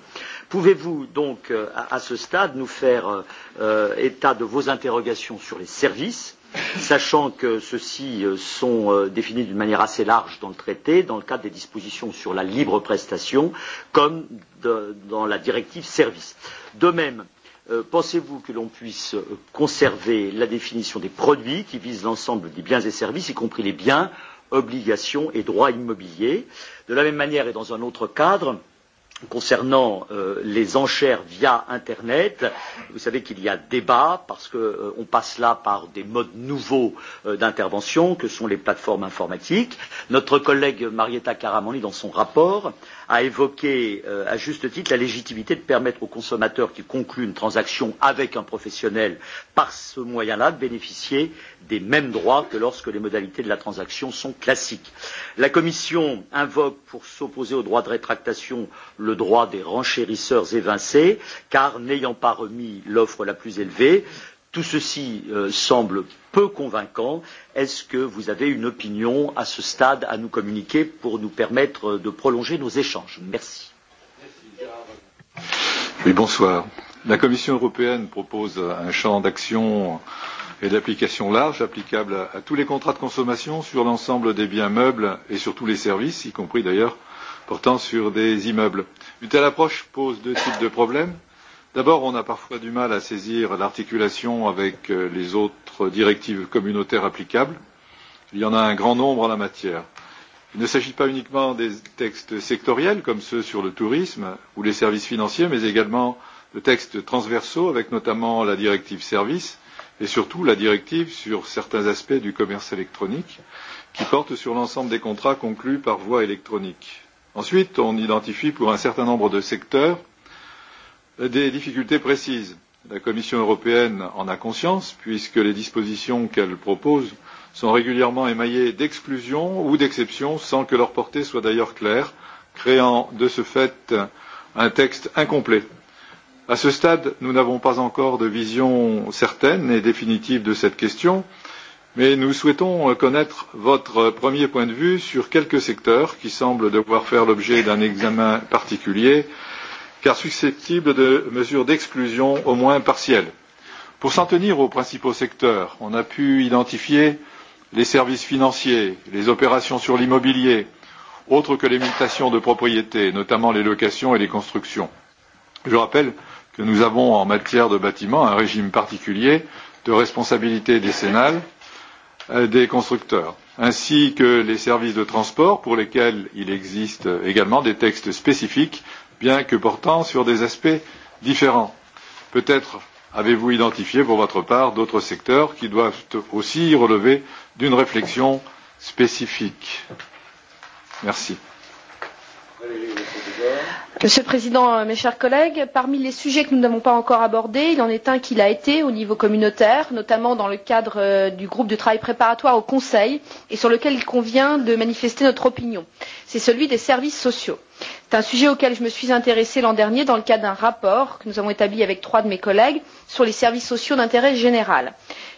Pouvez-vous donc, euh, à, à ce stade, nous faire euh, euh état de vos interrogations sur les services sachant que ceux-ci euh, sont euh, définis d'une manière assez large dans le traité, dans le cadre des dispositions sur la libre prestation, comme de, dans la directive service. De même, euh, pensez-vous que l'on puisse conserver la définition des produits qui vise l'ensemble des biens et services, y compris les biens, obligations et droits immobiliers De la même manière et dans un autre cadre, concernant euh, les enchères via Internet, vous savez qu'il y a débat parce qu'on euh, passe là par des modes nouveaux euh, d'intervention que sont les plateformes informatiques. Notre collègue Marietta Caramani, dans son rapport, a évoqué euh, à juste titre la légitimité de permettre au consommateur qui conclut une transaction avec un professionnel par ce moyen-là de bénéficier des mêmes droits que lorsque les modalités de la transaction sont classiques. La Commission invoque pour s'opposer au droit de rétractation le droit des renchérisseurs évincés car n'ayant pas remis l'offre la plus élevée, Tout ceci euh, semble peu convaincant. Est-ce que vous avez une opinion à ce stade à nous communiquer pour nous permettre euh, de prolonger nos échanges Merci.
Oui, bonsoir. La Commission européenne propose un champ d'action et d'application large applicable à, à tous les contrats de consommation sur l'ensemble des biens meubles et sur tous les services, y compris d'ailleurs portant sur des immeubles. Une telle approche pose deux types de problèmes. D'abord, on a parfois du mal à saisir l'articulation avec euh, les autres directives communautaires applicables. Il y en a un grand nombre en la matière. Il ne s'agit pas uniquement des textes sectoriels comme ceux sur le tourisme ou les services financiers, mais également de textes transversaux avec notamment la directive services et surtout la directive sur certains aspects du commerce électronique qui porte sur l'ensemble des contrats conclus par voie électronique. Ensuite, on identifie pour un certain nombre de secteurs des difficultés précises. La Commission européenne en a conscience puisque les dispositions qu'elle propose sont régulièrement émaillées d'exclusions ou d'exceptions sans que leur portée soit d'ailleurs claire, créant de ce fait un texte incomplet. À ce stade, nous n'avons pas encore de vision certaine et définitive de cette question, mais nous souhaitons connaître votre premier point de vue sur quelques secteurs qui semblent devoir faire l'objet d'un examen particulier euh, car susceptibles de mesures d'exclusion au moins partielles. Pour s'en tenir aux principaux secteurs, on a pu identifier les services financiers, les opérations sur l'immobilier, autres que les mutations de propriété, notamment les locations et les constructions. Je rappelle que nous avons en matière de bâtiments un régime particulier de responsabilité décennale euh, des constructeurs, ainsi que les services de transport pour lesquels il existe également des textes spécifiques bien que portant sur des aspects différents. Peut-être avez-vous identifié pour votre part d'autres secteurs qui doivent aussi relever d'une réflexion spécifique Merci.
Monsieur le
Président, mes chers collègues, parmi les sujets que nous n'avons pas encore abordés, il en est un qui l'a été au niveau communautaire, notamment dans le cadre euh, du groupe de travail préparatoire au Conseil et sur lequel il convient de manifester notre opinion. C'est celui des services sociaux. Euh, C'est un sujet auquel je me suis intéressée l'an dernier dans le cadre d'un rapport que nous avons établi avec trois de mes collègues sur les services sociaux d'intérêt général.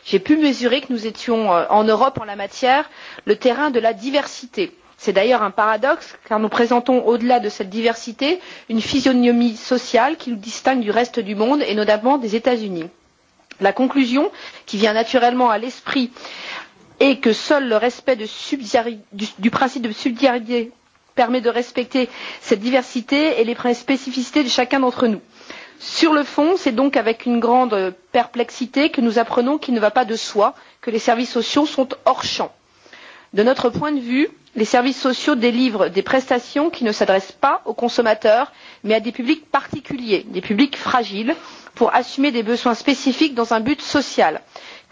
J'ai pu mesurer que nous étions euh, en Europe en la matière le terrain de la diversité. C'est d'ailleurs un paradoxe car nous présentons au-delà de cette diversité une physionomie sociale qui nous distingue du reste du monde et notamment des États-Unis. La conclusion qui vient naturellement à l'esprit est que seul le respect de du, du principe de subsidiarité permet de respecter cette diversité et les spécificités de chacun d'entre nous. Sur le fond, c'est donc avec une grande perplexité que nous apprenons qu'il ne va pas de soi que les services sociaux sont hors champ. De notre point de vue, les services sociaux délivrent des prestations qui ne s'adressent pas aux consommateurs, mais à des publics particuliers, des publics fragiles, pour assumer des besoins spécifiques dans un but social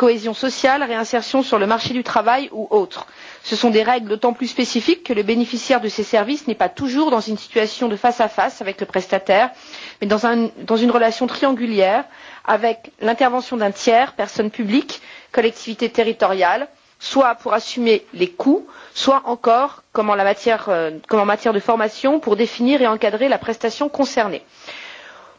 cohésion sociale réinsertion sur le marché du travail ou autres. ce sont des règles d'autant plus spécifiques que le bénéficiaire de ces services n'est pas toujours dans une situation de face à face avec le prestataire mais dans, un, dans une relation triangulaire avec l'intervention d'un tiers personne publique collectivité territoriale soit pour assumer les coûts soit encore comme en, matière, euh, comme en matière de formation pour définir et encadrer la prestation concernée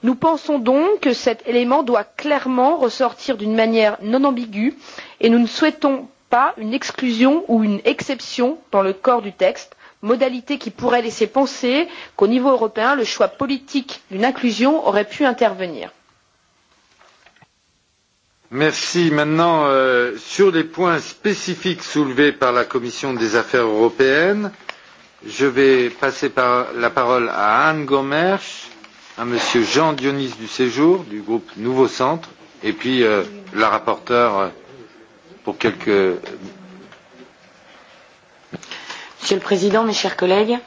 nous pensons donc que cet élément doit clairement ressortir d'une manière non ambiguë et nous ne souhaitons pas une exclusion ou une exception dans le corps du texte modalité qui pourrait laisser penser qu'au niveau européen le choix politique d'une inclusion aurait pu intervenir.
Merci. Maintenant, euh, sur les points spécifiques soulevés par la Commission des affaires européennes, je vais passer par la parole à Anne Gomersch à Monsieur Jean Dionis du Séjour du groupe Nouveau Centre et puis euh, la rapporteure euh, pour quelques. Monsieur
le Président, mes chers collègues,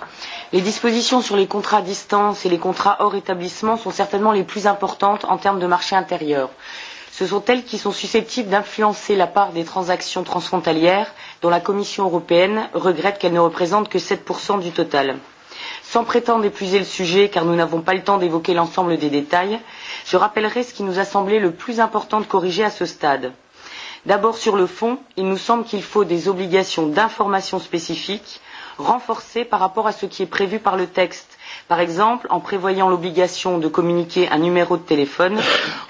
les dispositions sur les contrats à distance et les contrats hors établissement sont certainement les plus importantes en termes de marché intérieur. Ce sont elles qui sont susceptibles d'influencer la part des transactions transfrontalières dont la Commission européenne regrette qu'elles ne représentent que 7% du total. Sans prétendre épuiser le sujet, car nous n'avons pas le temps d'évoquer l'ensemble des détails, je rappellerai ce qui nous a semblé le plus important de corriger à ce stade. D'abord, sur le fond, il nous semble qu'il faut des obligations d'information spécifiques renforcées par rapport à ce qui est prévu par le texte, par exemple en prévoyant l'obligation de communiquer un numéro de téléphone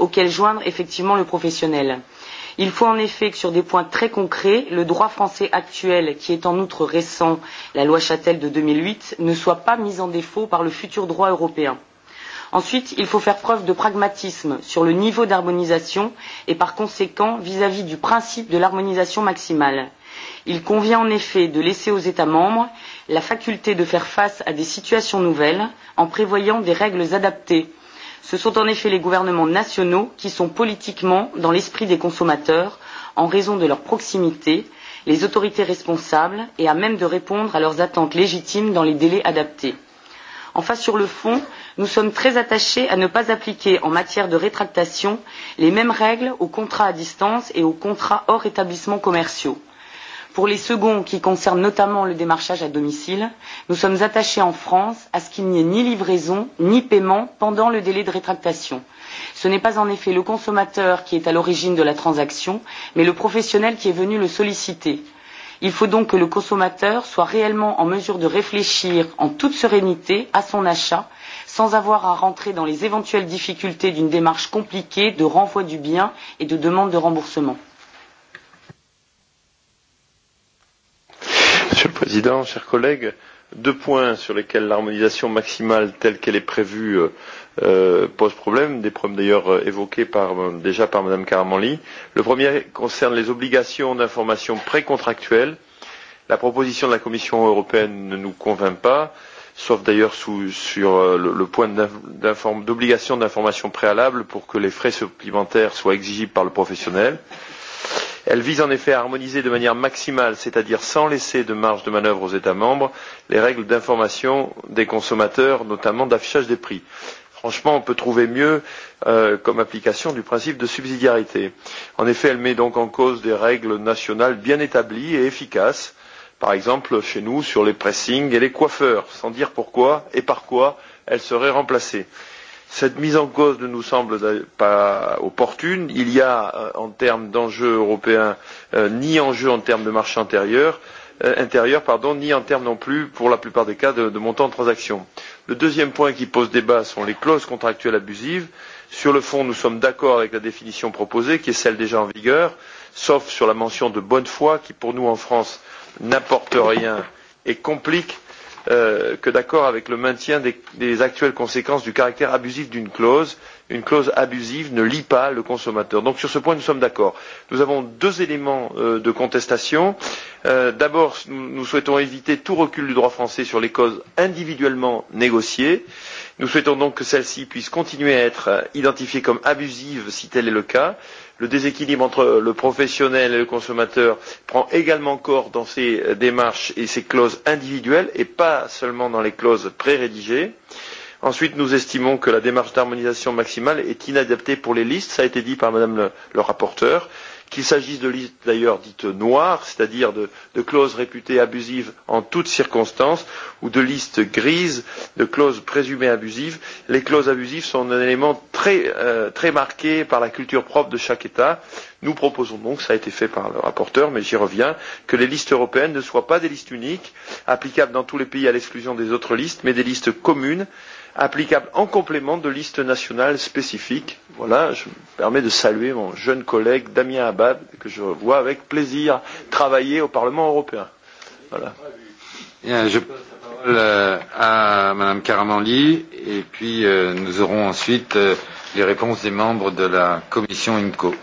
auquel joindre effectivement le professionnel. Il faut en effet que sur des points très concrets, le droit français actuel, qui est en outre récent, la loi Châtel de 2008, ne soit pas mis en défaut par le futur droit européen. Ensuite, il faut faire preuve de pragmatisme sur le niveau d'harmonisation et par conséquent vis-à-vis -vis du principe de l'harmonisation maximale. Il convient en effet de laisser aux États membres la faculté de faire face à des situations nouvelles en prévoyant des règles adaptées ce sont en effet les gouvernements nationaux qui sont politiquement dans l'esprit des consommateurs en raison de leur proximité les autorités responsables et à même de répondre à leurs attentes légitimes dans les délais adaptés. Enfin, sur le fond, nous sommes très attachés à ne pas appliquer en matière de rétractation les mêmes règles aux contrats à distance et aux contrats hors établissements commerciaux. Pour les seconds, qui concernent notamment le démarchage à domicile, nous sommes attachés en France à ce qu'il n'y ait ni livraison ni paiement pendant le délai de rétractation. Ce n'est pas en effet le consommateur qui est à l'origine de la transaction, mais le professionnel qui est venu le solliciter. Il faut donc que le consommateur soit réellement en mesure de réfléchir en toute sérénité à son achat, sans avoir à rentrer dans les éventuelles difficultés d'une démarche compliquée de renvoi du bien et de demande de remboursement.
Président, chers collègues, deux points sur lesquels l'harmonisation maximale telle qu'elle est prévue euh, euh pose problème, des problèmes d'ailleurs euh, évoqués par, déjà par Mme Caramanli. Le premier concerne les obligations d'information précontractuelles. La proposition de la Commission européenne ne nous convainc pas, sauf d'ailleurs sous, sur euh, le, le point d'obligation d'information préalable pour que les frais supplémentaires soient exigibles par le professionnel. Euh, Elle vise en effet à harmoniser de manière maximale, c'est-à-dire sans laisser de marge de manœuvre aux États membres, les règles d'information des consommateurs, notamment d'affichage des prix. Franchement, on peut trouver mieux euh, comme application du principe de subsidiarité. En effet, elle met donc en cause des règles nationales bien établies et efficaces, par exemple chez nous sur les pressings et les coiffeurs, sans dire pourquoi et par quoi elles seraient remplacées. Cette mise en cause ne nous semble pas opportune. Il y a, euh, en termes d'enjeux européens, euh, ni enjeu en termes de marché intérieur, euh, intérieur pardon, ni en termes non plus, pour la plupart des cas, de, de montant de transaction. Le deuxième point qui pose débat sont les clauses contractuelles abusives. Sur le fond, nous sommes d'accord avec la définition proposée, qui est celle déjà en vigueur, sauf sur la mention de bonne foi, qui pour nous en France n'apporte rien et complique euh, que d'accord avec le maintien des, des actuelles conséquences du caractère abusif d'une clause. Une clause abusive ne lie pas le consommateur. Donc sur ce point, nous sommes d'accord. Nous avons deux éléments euh, de contestation. Euh, D'abord, nous, nous souhaitons éviter tout recul du droit français sur les causes individuellement négociées. Nous souhaitons donc que celles-ci puissent continuer à être euh, identifiées comme abusives si tel est le cas. Euh, Le déséquilibre entre le professionnel et le consommateur prend également corps dans ces démarches et ces clauses individuelles et pas seulement dans les clauses pré-rédigées. Ensuite, nous estimons que la démarche d'harmonisation maximale est inadaptée pour les listes, ça a été dit par Madame le, le rapporteur. Euh, qu'il s'agisse de listes d'ailleurs dites noires, c'est-à-dire de, de, clauses réputées abusives en toutes circonstances, ou de listes grises, de clauses présumées abusives. Les clauses abusives sont un élément très, euh, très marqué par la culture propre de chaque État. Nous proposons donc, ça a été fait par le rapporteur, mais j'y reviens, que les listes européennes ne soient pas des listes uniques, applicables dans tous les pays à l'exclusion des autres listes, mais des listes communes applicable en complément de listes nationales spécifiques. Voilà, je me permets de saluer mon jeune collègue Damien Abad, que je vois avec plaisir travailler au Parlement européen.
Voilà. Bien, je passe la parole euh, à Madame Caramanli et puis euh, nous aurons ensuite euh, les réponses des membres de la commission IMCO.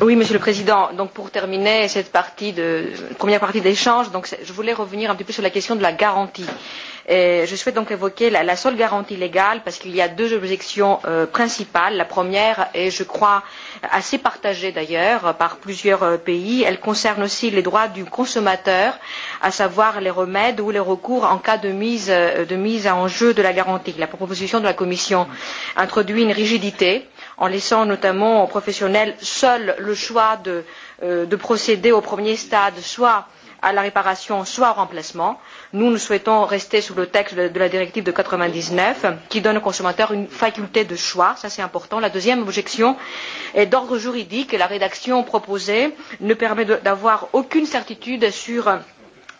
Oui, Monsieur le Président. Donc, pour terminer cette partie de, première partie d'échange, donc, je voulais revenir un petit peu sur la question de la garantie. Et je souhaite donc évoquer la, la seule garantie légale parce qu'il y a deux objections euh, principales. La première est, je crois, assez partagée d'ailleurs par plusieurs euh, pays. Elle concerne aussi les droits du consommateur, à savoir les remèdes ou les recours en cas de mise, euh, de mise en jeu de la garantie. La proposition de la Commission introduit une rigidité en laissant notamment aux professionnels seul le choix de, euh, de procéder au premier stade soit à la réparation soit au remplacement. Nous, nous souhaitons rester sous le texte de, de la directive de 99 qui donne aux consommateurs une faculté de choix. Ça, c'est important. La deuxième objection est d'ordre juridique. La rédaction proposée ne permet d'avoir aucune certitude sur euh,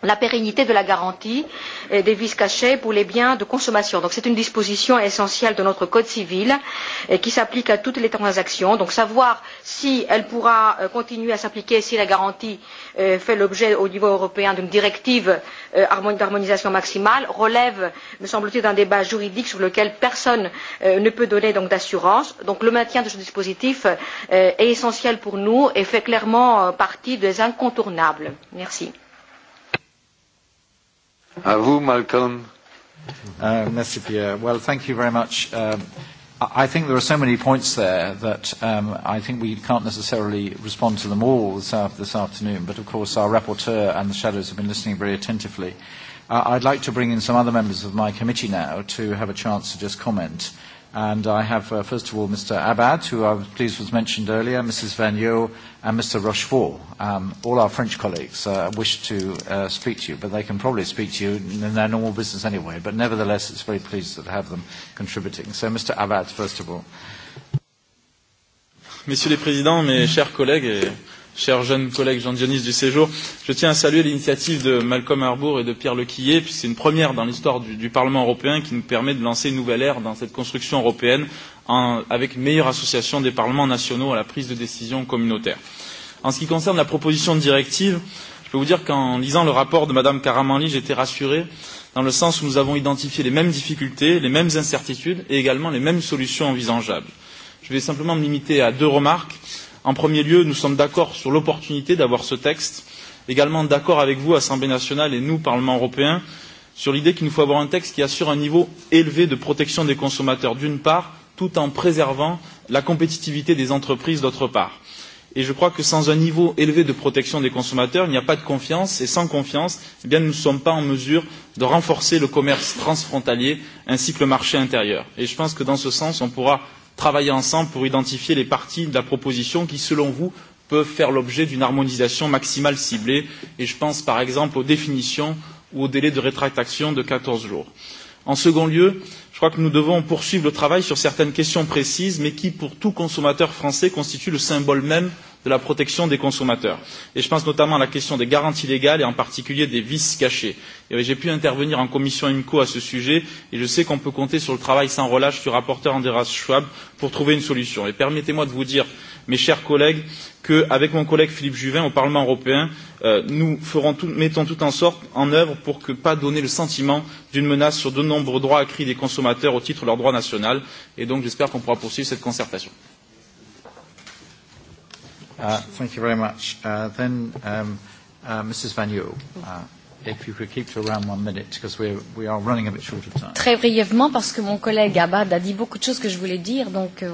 la pérennité de la garantie euh, des vices cachés pour les biens de consommation. Donc c'est une disposition essentielle de notre code civil et euh, qui s'applique à toutes les transactions. Donc savoir si elle pourra euh, continuer à s'appliquer si la garantie fait l'objet au niveau européen d'une directive d'harmonisation maximale relève, me semble-t-il, d'un débat juridique sur lequel personne ne peut donner donc d'assurance. Donc le maintien de ce dispositif est essentiel pour nous et fait clairement partie des incontournables. Merci.
À vous, Malcolm. Uh, merci, Pierre. Well, thank you very much. Um, I think there are so many points there that um, I think we can't necessarily respond to them all this, uh, this afternoon, but of course our rapporteur and the shadows have been listening very attentively. Uh, I'd like to bring in some other members of my committee now to have a chance to just comment. And I have, uh, first of all, Mr. Abad, who I was pleased was mentioned earlier, Mrs. Vagnot, and Mr. Rochefort. Um, all our French colleagues uh, wish to uh, speak to you, but they can probably speak to you in their normal business anyway. But nevertheless, it's very pleased to have them contributing. So, Mr. Abad, first of all.
Messieurs les Présidents, mes chers collègues, et cher jeune collègue Jean-Dionis du Séjour. Je tiens à saluer l'initiative de Malcolm Harbour et de Pierre Lequillet, puisque c'est une première dans l'histoire du, du Parlement européen qui nous permet de lancer une nouvelle ère dans cette construction européenne en, avec une meilleure association des parlements nationaux à la prise de décision communautaire. En ce qui concerne la proposition de directive, je peux vous dire qu'en lisant le rapport de Madame Caramanli, j'étais rassuré dans le sens où nous avons identifié les mêmes difficultés, les mêmes incertitudes et également les mêmes solutions envisageables. Je vais simplement me limiter à deux remarques. En premier lieu, nous sommes d'accord sur l'opportunité d'avoir ce texte, également d'accord avec vous, Assemblée nationale et nous, Parlement européen, sur l'idée qu'il nous faut avoir un texte qui assure un niveau élevé de protection des consommateurs, d'une part, tout en préservant la compétitivité des entreprises, d'autre part. Et je crois que sans un niveau élevé de protection des consommateurs, il n'y a pas de confiance. Et sans confiance, eh bien, nous ne sommes pas en mesure de renforcer le commerce transfrontalier ainsi que le marché intérieur. Et je pense que dans ce sens, on pourra travailler ensemble pour identifier les parties de la proposition qui, selon vous, peuvent faire l'objet d'une harmonisation maximale ciblée et je pense par exemple aux définitions ou au délai de rétractation de 14 jours. Euh, En second lieu, je crois que nous devons poursuivre le travail sur certaines questions précises, mais qui, pour tout consommateur français, constituent le symbole même de la protection des consommateurs. Et je pense notamment à la question des garanties légales et en particulier des vices cachés. J'ai pu intervenir en commission IMCO à ce sujet et je sais qu'on peut compter sur le travail sans relâche du rapporteur Andreas Schwab pour trouver une solution. Et permettez-moi de vous dire euh, mes chers collègues, qu'avec mon collègue Philippe Juvin au Parlement européen, euh, nous ferons tout, mettons tout en sorte en œuvre pour que pas donner le sentiment d'une menace sur de nombreux droits acquis des consommateurs au titre de leur droit national. Et donc j'espère qu'on pourra poursuivre cette concertation.
Uh, thank you very much. Uh, then um, uh, Mrs. Van Yule. Uh, if you could keep to around one minute, because we are running a bit short of time. Très
brièvement, parce que mon collègue Abad a dit beaucoup de choses que je voulais dire. Donc, euh,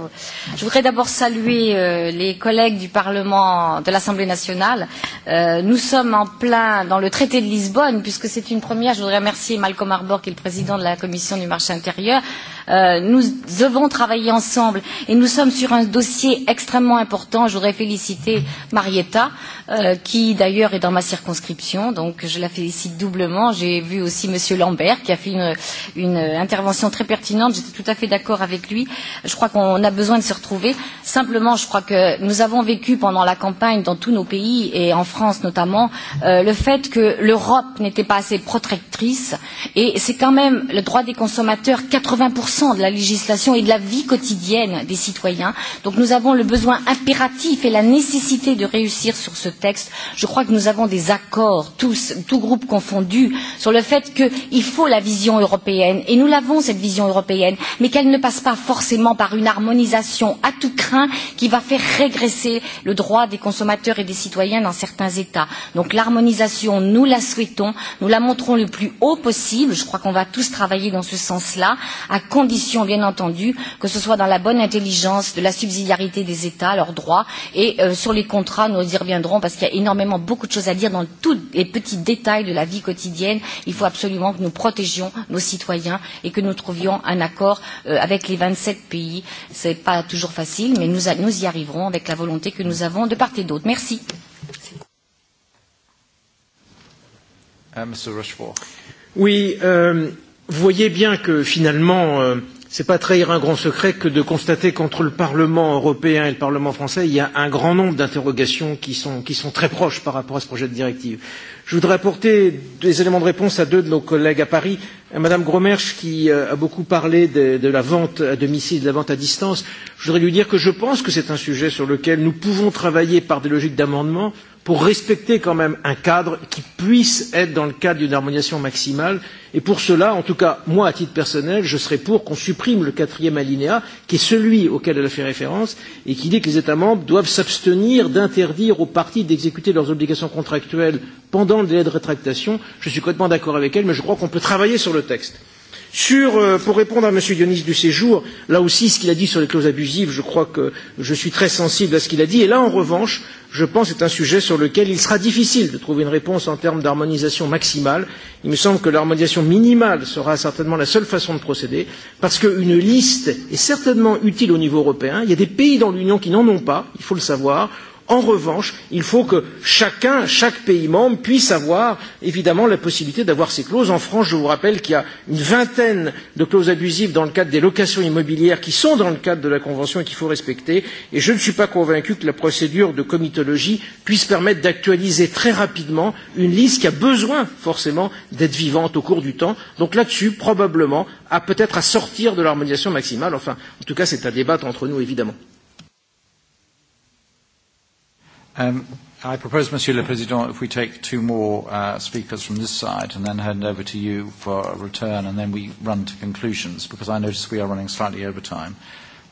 je voudrais d'abord saluer euh, les collègues du Parlement, de l'Assemblée nationale. Euh, nous sommes en plein dans le traité de Lisbonne, puisque c'est une première. Je voudrais remercier Malcolm Harbour, qui est le président de la Commission du marché intérieur. Euh, Euh, nous devons travailler ensemble et nous sommes sur un dossier extrêmement important. Je voudrais féliciter Marietta, euh, qui d'ailleurs est dans ma circonscription, donc je la félicite doublement. J'ai vu aussi Monsieur Lambert qui a fait une, une intervention très pertinente. J'étais tout à fait d'accord avec lui. Je crois qu'on a besoin de se retrouver. Simplement, je crois que nous avons vécu pendant la campagne dans tous nos pays et en France notamment euh, le fait que l'Europe n'était pas assez protectrice et c'est quand même le droit des consommateurs 80 100% de la législation et de la vie quotidienne des citoyens. Donc nous avons le besoin impératif et la nécessité de réussir sur ce texte. Je crois que nous avons des accords, tous, tous groupes confondus, sur le fait qu'il faut la vision européenne. Et nous l'avons, cette vision européenne, mais qu'elle ne passe pas forcément par une harmonisation à tout craint qui va faire régresser le droit des consommateurs et des citoyens dans certains États. Donc l'harmonisation, nous la souhaitons, nous la montrons le plus haut possible. Je crois qu'on va tous travailler dans ce sens-là, à condition condition, bien entendu, que ce soit dans la bonne intelligence de la subsidiarité des États, leurs droits, et euh, sur les contrats, nous y reviendrons parce qu'il y a énormément beaucoup de choses à dire dans tous les petits détails de la vie quotidienne. Il faut absolument que nous protégions nos citoyens et que nous trouvions un accord euh, avec les 27 pays. Ce n'est pas toujours facile, mais nous, a, nous y arriverons avec la volonté que nous avons de part et d'autre. Merci.
Uh, Mr. Rochefort. Oui, euh, Vous voyez bien que finalement, euh, ce n'est pas trahir un grand secret que de constater qu'entre le Parlement européen et le Parlement français, il y a un grand nombre d'interrogations qui sont, qui sont très proches par rapport à ce projet de directive. Je voudrais apporter des éléments de réponse à deux de nos collègues à Paris. À euh, Madame Gromersch, qui euh, a beaucoup parlé de, de la vente à domicile, de la vente à distance, je voudrais lui dire que je pense que c'est un sujet sur lequel nous pouvons travailler par des logiques d'amendement pour respecter quand même un cadre qui puisse être dans le cadre d'une harmonisation maximale. Et pour cela, en tout cas, moi, à titre personnel, je serais pour qu'on supprime le quatrième alinéa, qui est celui auquel elle a fait référence, et qui dit que les États membres doivent s'abstenir d'interdire aux parties d'exécuter leurs obligations contractuelles pendant le délai de rétractation. Je suis complètement d'accord avec elle, mais je crois qu'on peut travailler sur le texte. Sur, euh, pour répondre à M. Dionis du Séjour, là aussi, ce qu'il a dit sur les clauses abusives, je crois que je suis très sensible à ce qu'il a dit. Et là, en revanche, je pense que c'est un sujet sur lequel il sera difficile de trouver une réponse en termes d'harmonisation maximale. Il me semble que l'harmonisation minimale sera certainement la seule façon de procéder, parce qu'une liste est certainement utile au niveau européen. Il y a des pays dans l'Union qui n'en ont pas, il faut le savoir En revanche, il faut que chacun, chaque pays membre puisse avoir évidemment la possibilité d'avoir ces clauses. En France, je vous rappelle qu'il y a une vingtaine de clauses abusives dans le cadre des locations immobilières qui sont dans le cadre de la Convention et qu'il faut respecter. Et je ne suis pas convaincu que la procédure de comitologie puisse permettre d'actualiser très rapidement une liste qui a besoin forcément d'être vivante au cours du temps. Donc là-dessus, probablement, à peut-être à sortir de l'harmonisation maximale. Enfin, en tout cas, c'est à débattre entre nous, évidemment.
Um, I propose, Monsieur le Président, if we take two more uh, speakers from this side and then hand over to you for a return, and then we run to conclusions, because I notice we are running slightly over time.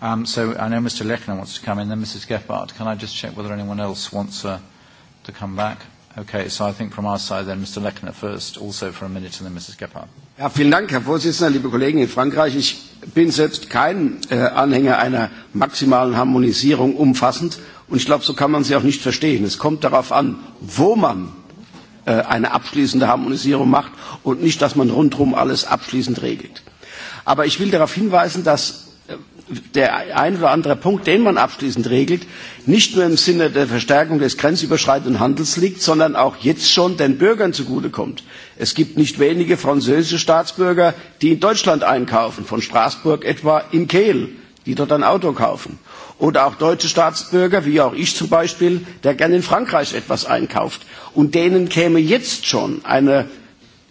Um, so I know Mr. Lechner wants to come in, then Mrs. Gephardt. Can I just check whether anyone else wants uh, to come back? Okay, so I think from our side then Mr. Lechner first, also for a minute, and then Mrs. Gephardt.
Ja, vielen Dank, Herr Vorsitzender, liebe Kollegen in Frankreich. Ich bin selbst kein äh, Anhänger einer maximalen Harmonisierung umfassend Und ich glaube, so kann man sie auch nicht verstehen. Es kommt darauf an, wo man äh, eine abschließende Harmonisierung macht und nicht, dass man rundherum alles abschließend regelt. Aber ich will darauf hinweisen, dass äh, der ein oder andere Punkt, den man abschließend regelt, nicht nur im Sinne der Verstärkung des grenzüberschreitenden Handels liegt, sondern auch jetzt schon den Bürgern zugutekommt. Es gibt nicht wenige französische Staatsbürger, die in Deutschland einkaufen, von Straßburg etwa in Kehl, die dort ein Auto kaufen oder auch deutsche Staatsbürger, wie auch ich zum Beispiel, der gerne in Frankreich etwas einkauft. Und denen käme jetzt schon eine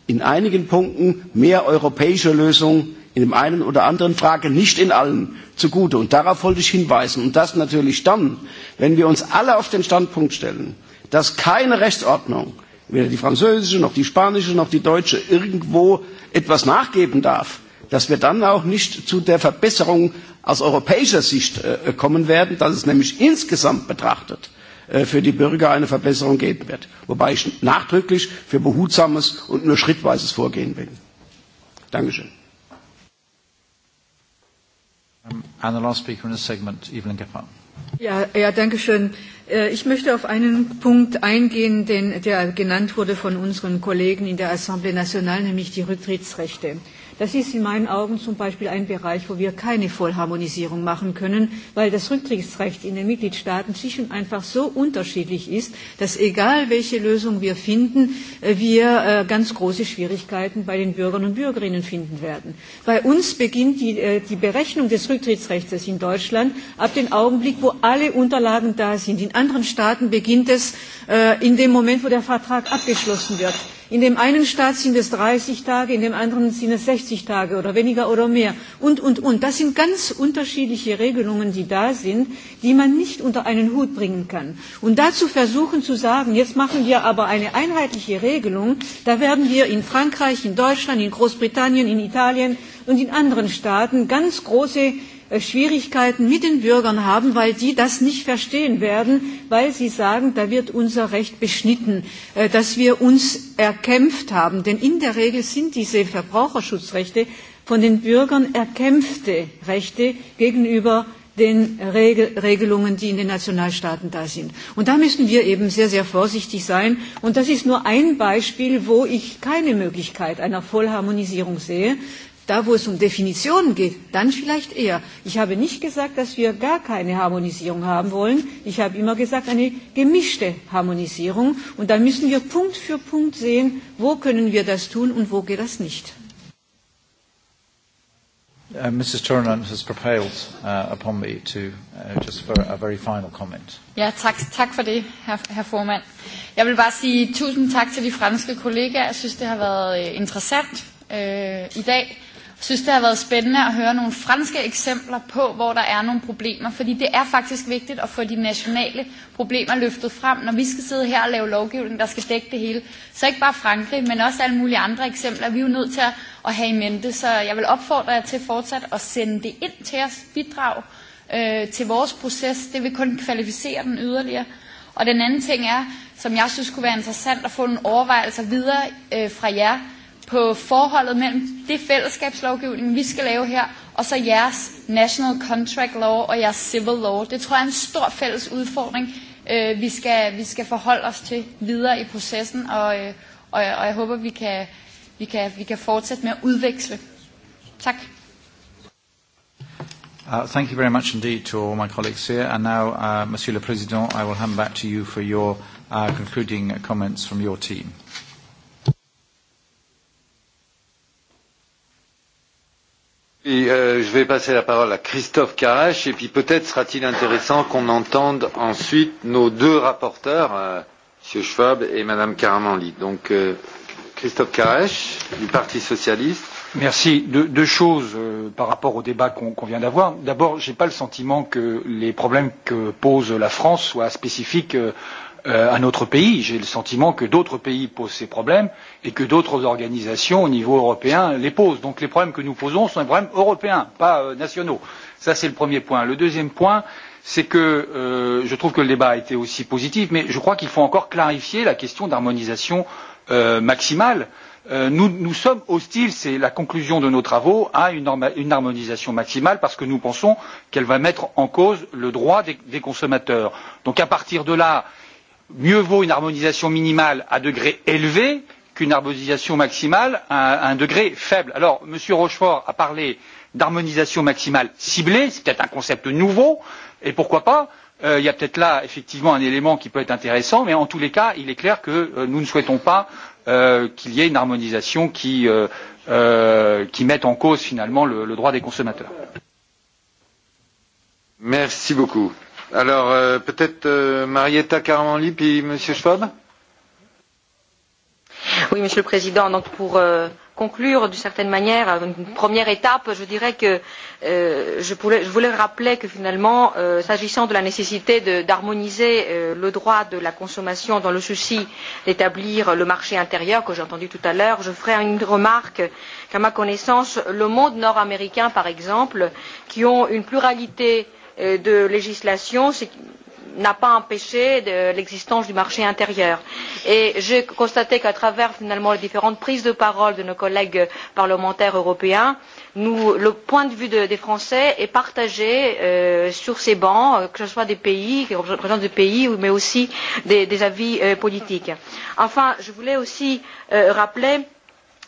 in einigen Punkten mehr europäische Lösung in dem einen oder anderen Frage, nicht in allen, zugute. Und darauf wollte ich hinweisen. Und das natürlich dann, wenn wir uns alle auf den Standpunkt stellen, dass keine Rechtsordnung, weder die französische noch die spanische noch die deutsche, irgendwo etwas nachgeben darf, dass wir dann auch nicht zu der Verbesserung aus europäischer Sicht äh, kommen werden, dass es nämlich insgesamt betrachtet äh, für die Bürger eine Verbesserung geben wird. Wobei ich nachdrücklich für behutsames und nur schrittweises Vorgehen bin. Dankeschön.
Um, and the last speaker in this segment, Evelyn Gephardt.
Ja, ja, danke schön. Äh, ich möchte auf einen Punkt eingehen, den, der genannt wurde von unseren Kollegen in der Assemblée Nationale, nämlich die Rücktrittsrechte. Äh, Das ist in meinen Augen zum Beispiel ein Bereich, wo wir keine Vollharmonisierung machen können, weil das Rücktrittsrecht in den Mitgliedstaaten sich und einfach so unterschiedlich ist, dass egal welche Lösung wir finden, äh, wir äh, ganz große Schwierigkeiten bei den Bürgern und Bürgerinnen finden werden. Bei uns beginnt die, äh, die Berechnung des Rücktrittsrechts in Deutschland ab dem Augenblick, wo alle Unterlagen da sind. In anderen Staaten beginnt es in dem Moment, wo der Vertrag abgeschlossen wird. In dem einen Staat sind es 30 Tage, in dem anderen sind es 60 Tage oder weniger oder mehr und, und, und. Das sind ganz unterschiedliche Regelungen, die da sind, die man nicht unter einen Hut bringen kann. Und dazu versuchen zu sagen, jetzt machen wir aber eine einheitliche Regelung, da werden wir in Frankreich, in Deutschland, in Großbritannien, in Italien und in anderen Staaten ganz große Äh, Schwierigkeiten mit den Bürgern haben, weil die das nicht verstehen werden, weil sie sagen, da wird unser Recht beschnitten, äh, dass wir uns erkämpft haben. Denn in der Regel sind diese Verbraucherschutzrechte von den Bürgern erkämpfte Rechte gegenüber den Regel Regelungen, die in den Nationalstaaten da sind. Und da müssen wir eben sehr, sehr vorsichtig sein. Und das ist nur ein Beispiel, wo ich keine Möglichkeit einer Vollharmonisierung sehe, Da, wo es um Definitionen geht, dann vielleicht eher. Ich habe nicht gesagt, dass wir gar keine Harmonisierung haben wollen. Ich habe immer gesagt, eine gemischte Harmonisierung. Und da müssen wir Punkt für Punkt sehen, wo können wir das tun und
wo geht das nicht.
Uh, Mrs. Turnan has prevailed uh, upon me to uh, just for a very final comment.
Ja, tak, tak for det, herr, herr formand. Jeg vil bare sige tusind tak til de franske kollegaer. Jeg synes, det har været øh, interessant øh, i dag synes, det har været spændende at høre nogle franske eksempler på, hvor der er nogle problemer, fordi det er faktisk vigtigt at få de nationale problemer løftet frem, når vi skal sidde her og lave lovgivning, der skal dække det hele. Så ikke bare Frankrig, men også alle mulige andre eksempler, vi er jo nødt til at, at have i mente. Så jeg vil opfordre jer til fortsat at sende det ind til os, bidrag øh, til vores proces. Det vil kun kvalificere den yderligere. Og den anden ting er, som jeg synes kunne være interessant at få nogle overvejelser videre øh, fra jer, på forholdet mellem det fællesskabslovgivning, vi skal lave her, og så jeres national contract law og jeres civil law. Det tror jeg er en stor fælles udfordring, øh, vi, skal, vi skal forholde os til videre i processen, og, øh, og, og jeg håber, vi kan, vi, kan, vi kan fortsætte med at udveksle. Tak.
Uh, thank you very much indeed to all my colleagues here. And now, uh, Monsieur le Président, I will hand back to you for your uh, concluding comments from your team.
Et, euh, je vais passer la parole à Christophe Carache et puis peut-être sera-t-il intéressant qu'on entende ensuite nos deux rapporteurs, euh, M. Schwab et Mme Caramanli. Donc euh, Christophe Carache du Parti socialiste.
Merci. De, deux choses euh, par rapport au débat qu'on qu vient d'avoir. D'abord, je n'ai pas le sentiment que les problèmes que pose la France soient spécifiques euh, Euh, à notre pays. J'ai le sentiment que d'autres pays posent ces problèmes et que d'autres organisations au niveau européen les posent. Donc les problèmes que nous posons sont des problèmes européens, pas euh, nationaux. Ça, c'est le premier point. Le deuxième point, c'est que euh, je trouve que le débat a été aussi positif, mais je crois qu'il faut encore clarifier la question d'harmonisation euh, maximale. Euh, nous, nous sommes hostiles, c'est la conclusion de nos travaux, à une, norma, une harmonisation maximale parce que nous pensons qu'elle va mettre en cause le droit des, des consommateurs. Donc à partir de là, euh, mieux vaut une harmonisation minimale à degré élevé qu'une harmonisation maximale à un degré faible. alors m. rochefort a parlé d'harmonisation maximale ciblée c'est peut être un concept nouveau et pourquoi pas euh, il y a peut être là effectivement un élément qui peut être intéressant mais en tous les cas il est clair que euh, nous ne souhaitons pas euh, qu'il y ait une harmonisation qui, euh, euh, qui mette en cause finalement le, le droit des consommateurs.
merci beaucoup. Alors, euh, peut-être euh, Marietta Carmanli puis Monsieur Schwab.
Oui, Monsieur le Président. Donc, pour euh, conclure d'une certaine manière euh, une première étape, je dirais que euh, je, voulais, je voulais rappeler que finalement, euh, s'agissant de la nécessité d'harmoniser euh, le droit de la consommation dans le souci d'établir le marché intérieur que j'ai entendu tout à l'heure, je ferai une remarque qu'à ma connaissance, le monde nord-américain, par exemple, qui ont une pluralité euh, Euh, de législation n'a pas empêché l'existence du marché intérieur. Et j'ai constaté qu'à travers finalement les différentes prises de parole de nos collègues parlementaires européens, nous, le point de vue de, des Français est partagé euh, sur ces bancs, euh, que ce soit des pays, qui représentent des pays, mais aussi des, des avis euh, politiques. Enfin, je voulais aussi euh, rappeler euh,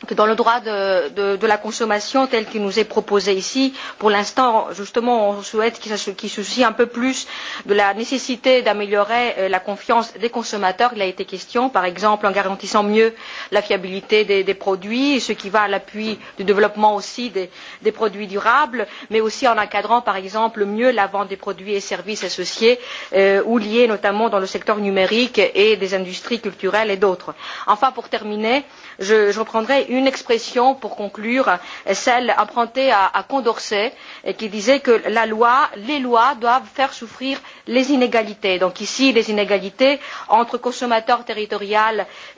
que dans le droit de, de, de la consommation tel qu'il nous est proposé ici, pour l'instant, justement, on souhaite qu'il qu se soucie un peu plus de la nécessité d'améliorer euh, la confiance des consommateurs. Il a été question, par exemple, en garantissant mieux la fiabilité des, des produits, ce qui va à l'appui du développement aussi des, des produits durables, mais aussi en encadrant, par exemple, mieux la vente des produits et services associés euh, ou liés notamment dans le secteur numérique et des industries culturelles et d'autres. Enfin, pour terminer, euh, je, je reprendrai une expression pour conclure, celle empruntée à, à Condorcet, qui disait que la loi, les lois doivent faire souffrir les inégalités. Donc ici, les inégalités entre consommateurs territoriaux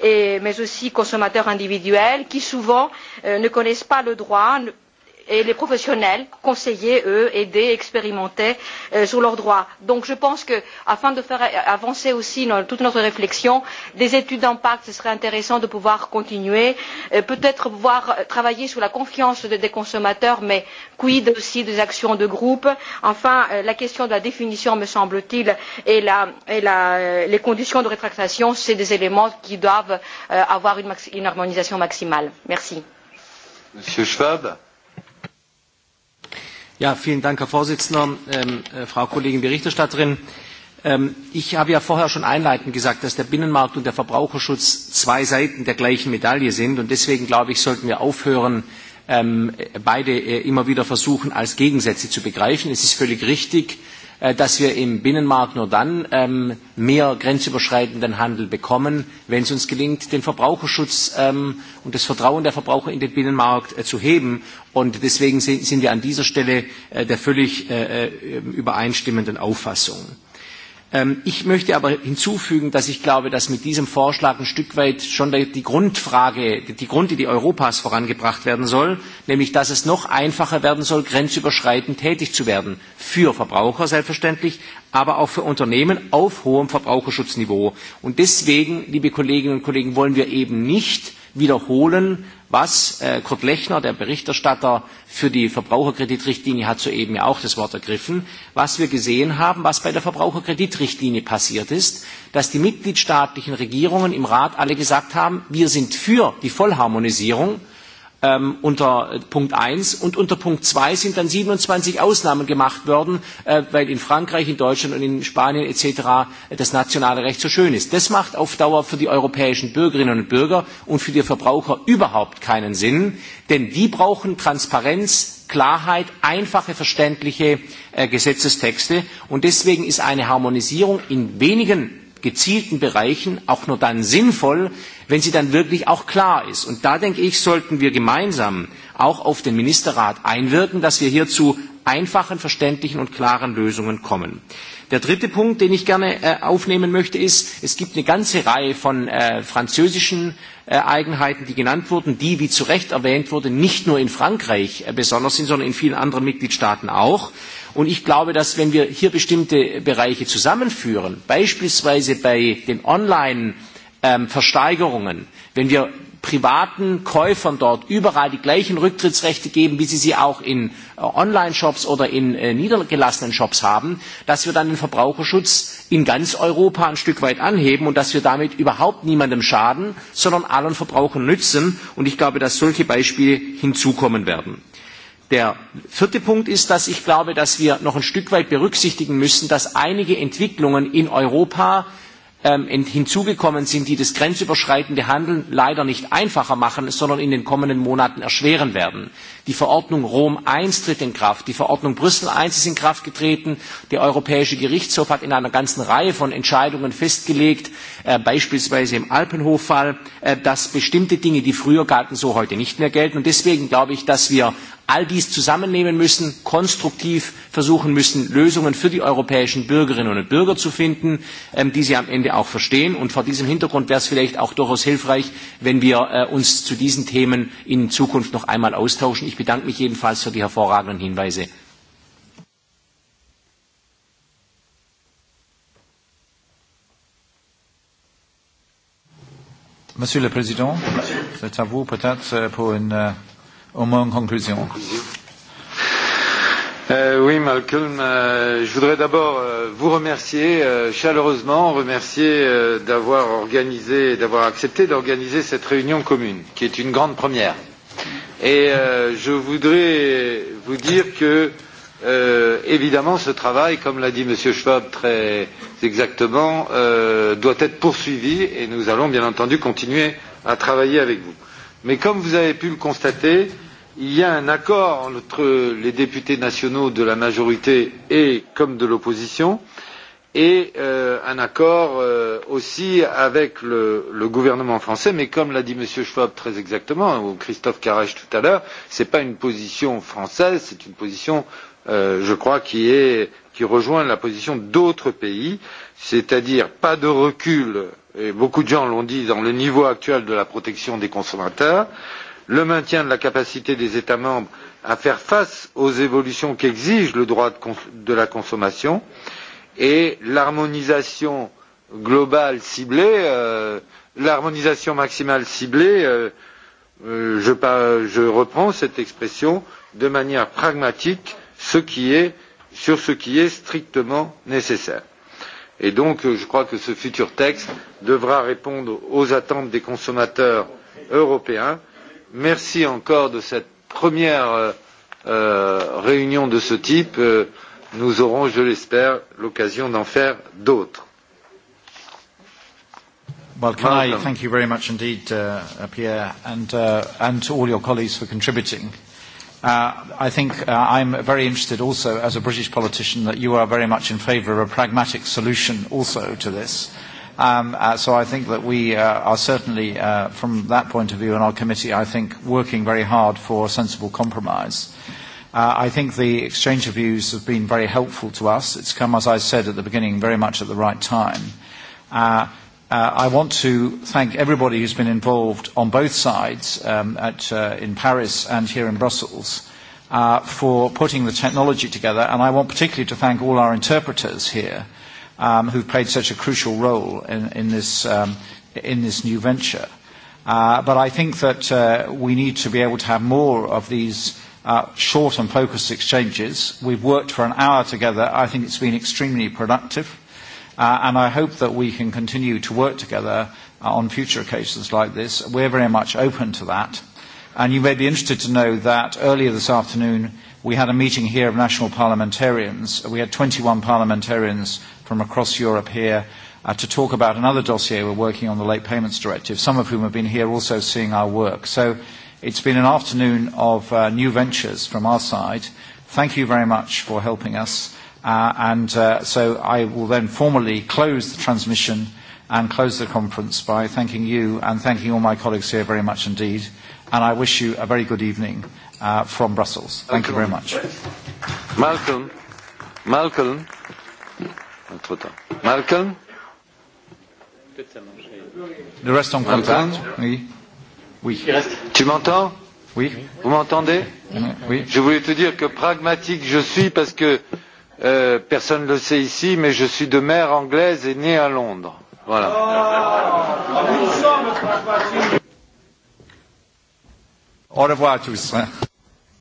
et, mais aussi consommateurs individuels, qui souvent euh, ne connaissent pas le droit, ne, et les professionnels conseiller eux aider expérimenter euh, sur leurs droits. donc je pense que afin de faire avancer aussi dans toute notre réflexion des études d'impact ce serait intéressant de pouvoir continuer euh, peut être pouvoir euh, travailler sur la confiance des consommateurs mais quid aussi des actions de groupe enfin euh, la question de la définition me semble t il et, la, et la, euh, les conditions de rétractation sont des éléments qui doivent euh, avoir une, une harmonisation maximale. merci.
monsieur schwab
Ja, vielen Dank, Herr Vorsitzender, ähm, äh, Frau Kollegin Berichterstatterin. Ähm, ich habe ja vorher schon einleitend gesagt, dass der Binnenmarkt und der Verbraucherschutz zwei Seiten der gleichen Medaille sind. Und deswegen, glaube ich, sollten wir aufhören, ähm, beide äh, immer wieder versuchen, als Gegensätze zu begreifen. Es ist völlig richtig, äh, Äh, dass wir im Binnenmarkt nur dann ähm, mehr grenzüberschreitenden Handel bekommen, wenn es uns gelingt, den Verbraucherschutz ähm, und das Vertrauen der Verbraucher in den Binnenmarkt äh, zu heben. Und deswegen sind, sind wir an dieser Stelle äh, der völlig äh, äh übereinstimmenden Auffassung. Ähm, ich möchte aber hinzufügen, dass ich glaube, dass mit diesem Vorschlag ein Stück weit schon die Grundfrage, die Grundidee Europas vorangebracht werden soll, nämlich dass es noch einfacher werden soll, grenzüberschreitend tätig zu werden. Für Verbraucher selbstverständlich, aber auch für Unternehmen auf hohem Verbraucherschutzniveau. Und deswegen, liebe Kolleginnen und Kollegen, wollen wir eben nicht wiederholen, was äh, Kurt Lechner, der Berichterstatter für die Verbraucherkreditrichtlinie, hat soeben ja auch das Wort ergriffen, was wir gesehen haben, was bei der Verbraucherkreditrichtlinie passiert ist, dass die mitgliedstaatlichen Regierungen im Rat alle gesagt haben, wir sind für die Vollharmonisierung, äh, ähm, unter äh, Punkt 1 und unter Punkt 2 sind dann 27 Ausnahmen gemacht worden, äh, weil in Frankreich, in Deutschland und in Spanien etc. Äh, das nationale Recht so schön ist. Das macht auf Dauer für die europäischen Bürgerinnen und Bürger und für die Verbraucher überhaupt keinen Sinn, denn die brauchen Transparenz, Klarheit, einfache, verständliche äh, Gesetzestexte und deswegen ist eine Harmonisierung in wenigen gezielten Bereichen auch nur dann sinnvoll, wenn sie dann wirklich auch klar ist. Und da denke ich, sollten wir gemeinsam auch auf den Ministerrat einwirken, dass wir hierzu einfachen, verständlichen und klaren Lösungen kommen. Der dritte Punkt, den ich gerne äh, aufnehmen möchte, ist, es gibt eine ganze Reihe von äh, französischen äh, Eigenheiten, die genannt wurden, die, wie zu Recht erwähnt wurde, nicht nur in Frankreich äh, besonders sind, sondern in vielen anderen Mitgliedstaaten auch. Und ich glaube, dass wenn wir hier bestimmte Bereiche zusammenführen, beispielsweise bei den Online- ähm, Versteigerungen, wenn wir privaten Käufern dort überall die gleichen Rücktrittsrechte geben, wie sie sie auch in äh, Online-Shops oder in äh, niedergelassenen Shops haben, dass wir dann den Verbraucherschutz in ganz Europa ein Stück weit anheben und dass wir damit überhaupt niemandem schaden, sondern allen Verbrauchern nützen. Und ich glaube, dass solche Beispiele hinzukommen werden. Der vierte Punkt ist, dass ich glaube, dass wir noch ein Stück weit berücksichtigen müssen, dass einige Entwicklungen in Europa ähm, hinzugekommen sind, die das grenzüberschreitende Handeln leider nicht einfacher machen, sondern in den kommenden Monaten erschweren werden. Die Verordnung Rom I tritt in Kraft, die Verordnung Brüssel I ist in Kraft getreten, der Europäische Gerichtshof hat in einer ganzen Reihe von Entscheidungen festgelegt, äh, beispielsweise im Alpenhof-Fall, äh, dass bestimmte Dinge, die früher galten, so heute nicht mehr gelten. Und deswegen glaube ich, dass wir all dies zusammennehmen müssen, konstruktiv versuchen müssen, Lösungen für die europäischen Bürgerinnen und Bürger zu finden, ähm, die sie am Ende auch verstehen. Und vor diesem Hintergrund wäre es vielleicht auch durchaus hilfreich, wenn wir äh, uns zu diesen Themen in Zukunft noch einmal austauschen. Ich bedanke mich jedenfalls für die hervorragenden Hinweise.
Monsieur le Président, c'est à vous peut-être euh, pour une euh, au moins en conclusion. En conclusion.
Euh, oui, Malcolm, euh, je voudrais d'abord euh, vous remercier euh, chaleureusement, remercier euh, d'avoir organisé, d'avoir accepté d'organiser cette réunion commune, qui est une grande première. Et euh, je voudrais vous dire que, euh, évidemment, ce travail, comme l'a dit M. Schwab très exactement, euh, doit être poursuivi et nous allons bien entendu continuer à travailler avec vous. Mais comme vous avez pu le constater, euh, il y a un accord entre les députés nationaux de la majorité et comme de l'opposition et euh, un accord euh, aussi avec le, le gouvernement français mais comme l'a dit m. schwab très exactement ou christophe Carache tout à l'heure ce n'est pas une position française c'est une position euh, je crois qui, est, qui rejoint la position d'autres pays c'est à dire pas de recul et beaucoup de gens l'ont dit dans le niveau actuel de la protection des consommateurs mais le maintien de la capacité des États membres à faire face aux évolutions qu'exige le droit de, de la consommation et l'harmonisation globale ciblée, euh, l'harmonisation maximale ciblée, euh, euh, je, par, je reprends cette expression de manière pragmatique ce qui est, sur ce qui est strictement nécessaire. Et donc, euh, je crois que ce futur texte devra répondre aux attentes des consommateurs européens merci encore de cette première euh, euh, réunion de ce type. Euh, nous aurons, je l'espère, l'occasion d'en faire d'autres.
Well, can Welcome. I thank you very much indeed, uh, uh, Pierre, and, uh, and to all your colleagues for contributing. Uh, I think uh, I'm very interested also, as a British politician, that you are very much in favour of a pragmatic solution also to this. Um, uh, so I think that we uh, are certainly, uh, from that point of view in our committee, I think working very hard for sensible compromise. Uh, I think the exchange of views have been very helpful to us. It's come, as I said at the beginning, very much at the right time. Uh, Uh, I want to thank everybody who's been involved on both sides um, at, uh, in Paris and here in Brussels uh, for putting the technology together, and I want particularly to thank all our interpreters here um, who've played such a crucial role in, in, this, um, in this new venture. Uh, but I think that uh, we need to be able to have more of these uh, short and focused exchanges. We've worked for an hour together. I think it's been extremely productive. Uh, and I hope that we can continue to work together uh, on future occasions like this. We're very much open to that. And you may be interested to know that earlier this afternoon we had a meeting here of national parliamentarians. We had 21 parliamentarians from across Europe here uh, to talk about another dossier we're working on, the Late Payments Directive, some of whom have been here also seeing our work. So it's been an afternoon of uh, new ventures from our side. Thank you very much for helping us. Uh, and uh, so I will then formally close the transmission and close the conference by thanking you and thanking all my colleagues here very much indeed. And I wish you a very good evening uh, from Brussels. Thank Malcolm. you very much.
Malcolm, Malcolm, entre temps. Malcolm
Le reste en contact. Oui.
oui. Tu m'entends Oui. Vous m'entendez Oui. Je voulais te dire que pragmatique je suis parce que euh, personne ne le sait ici, mais je suis de mère anglaise et né à Londres.
Voilà.
Oh
Au revoir tous.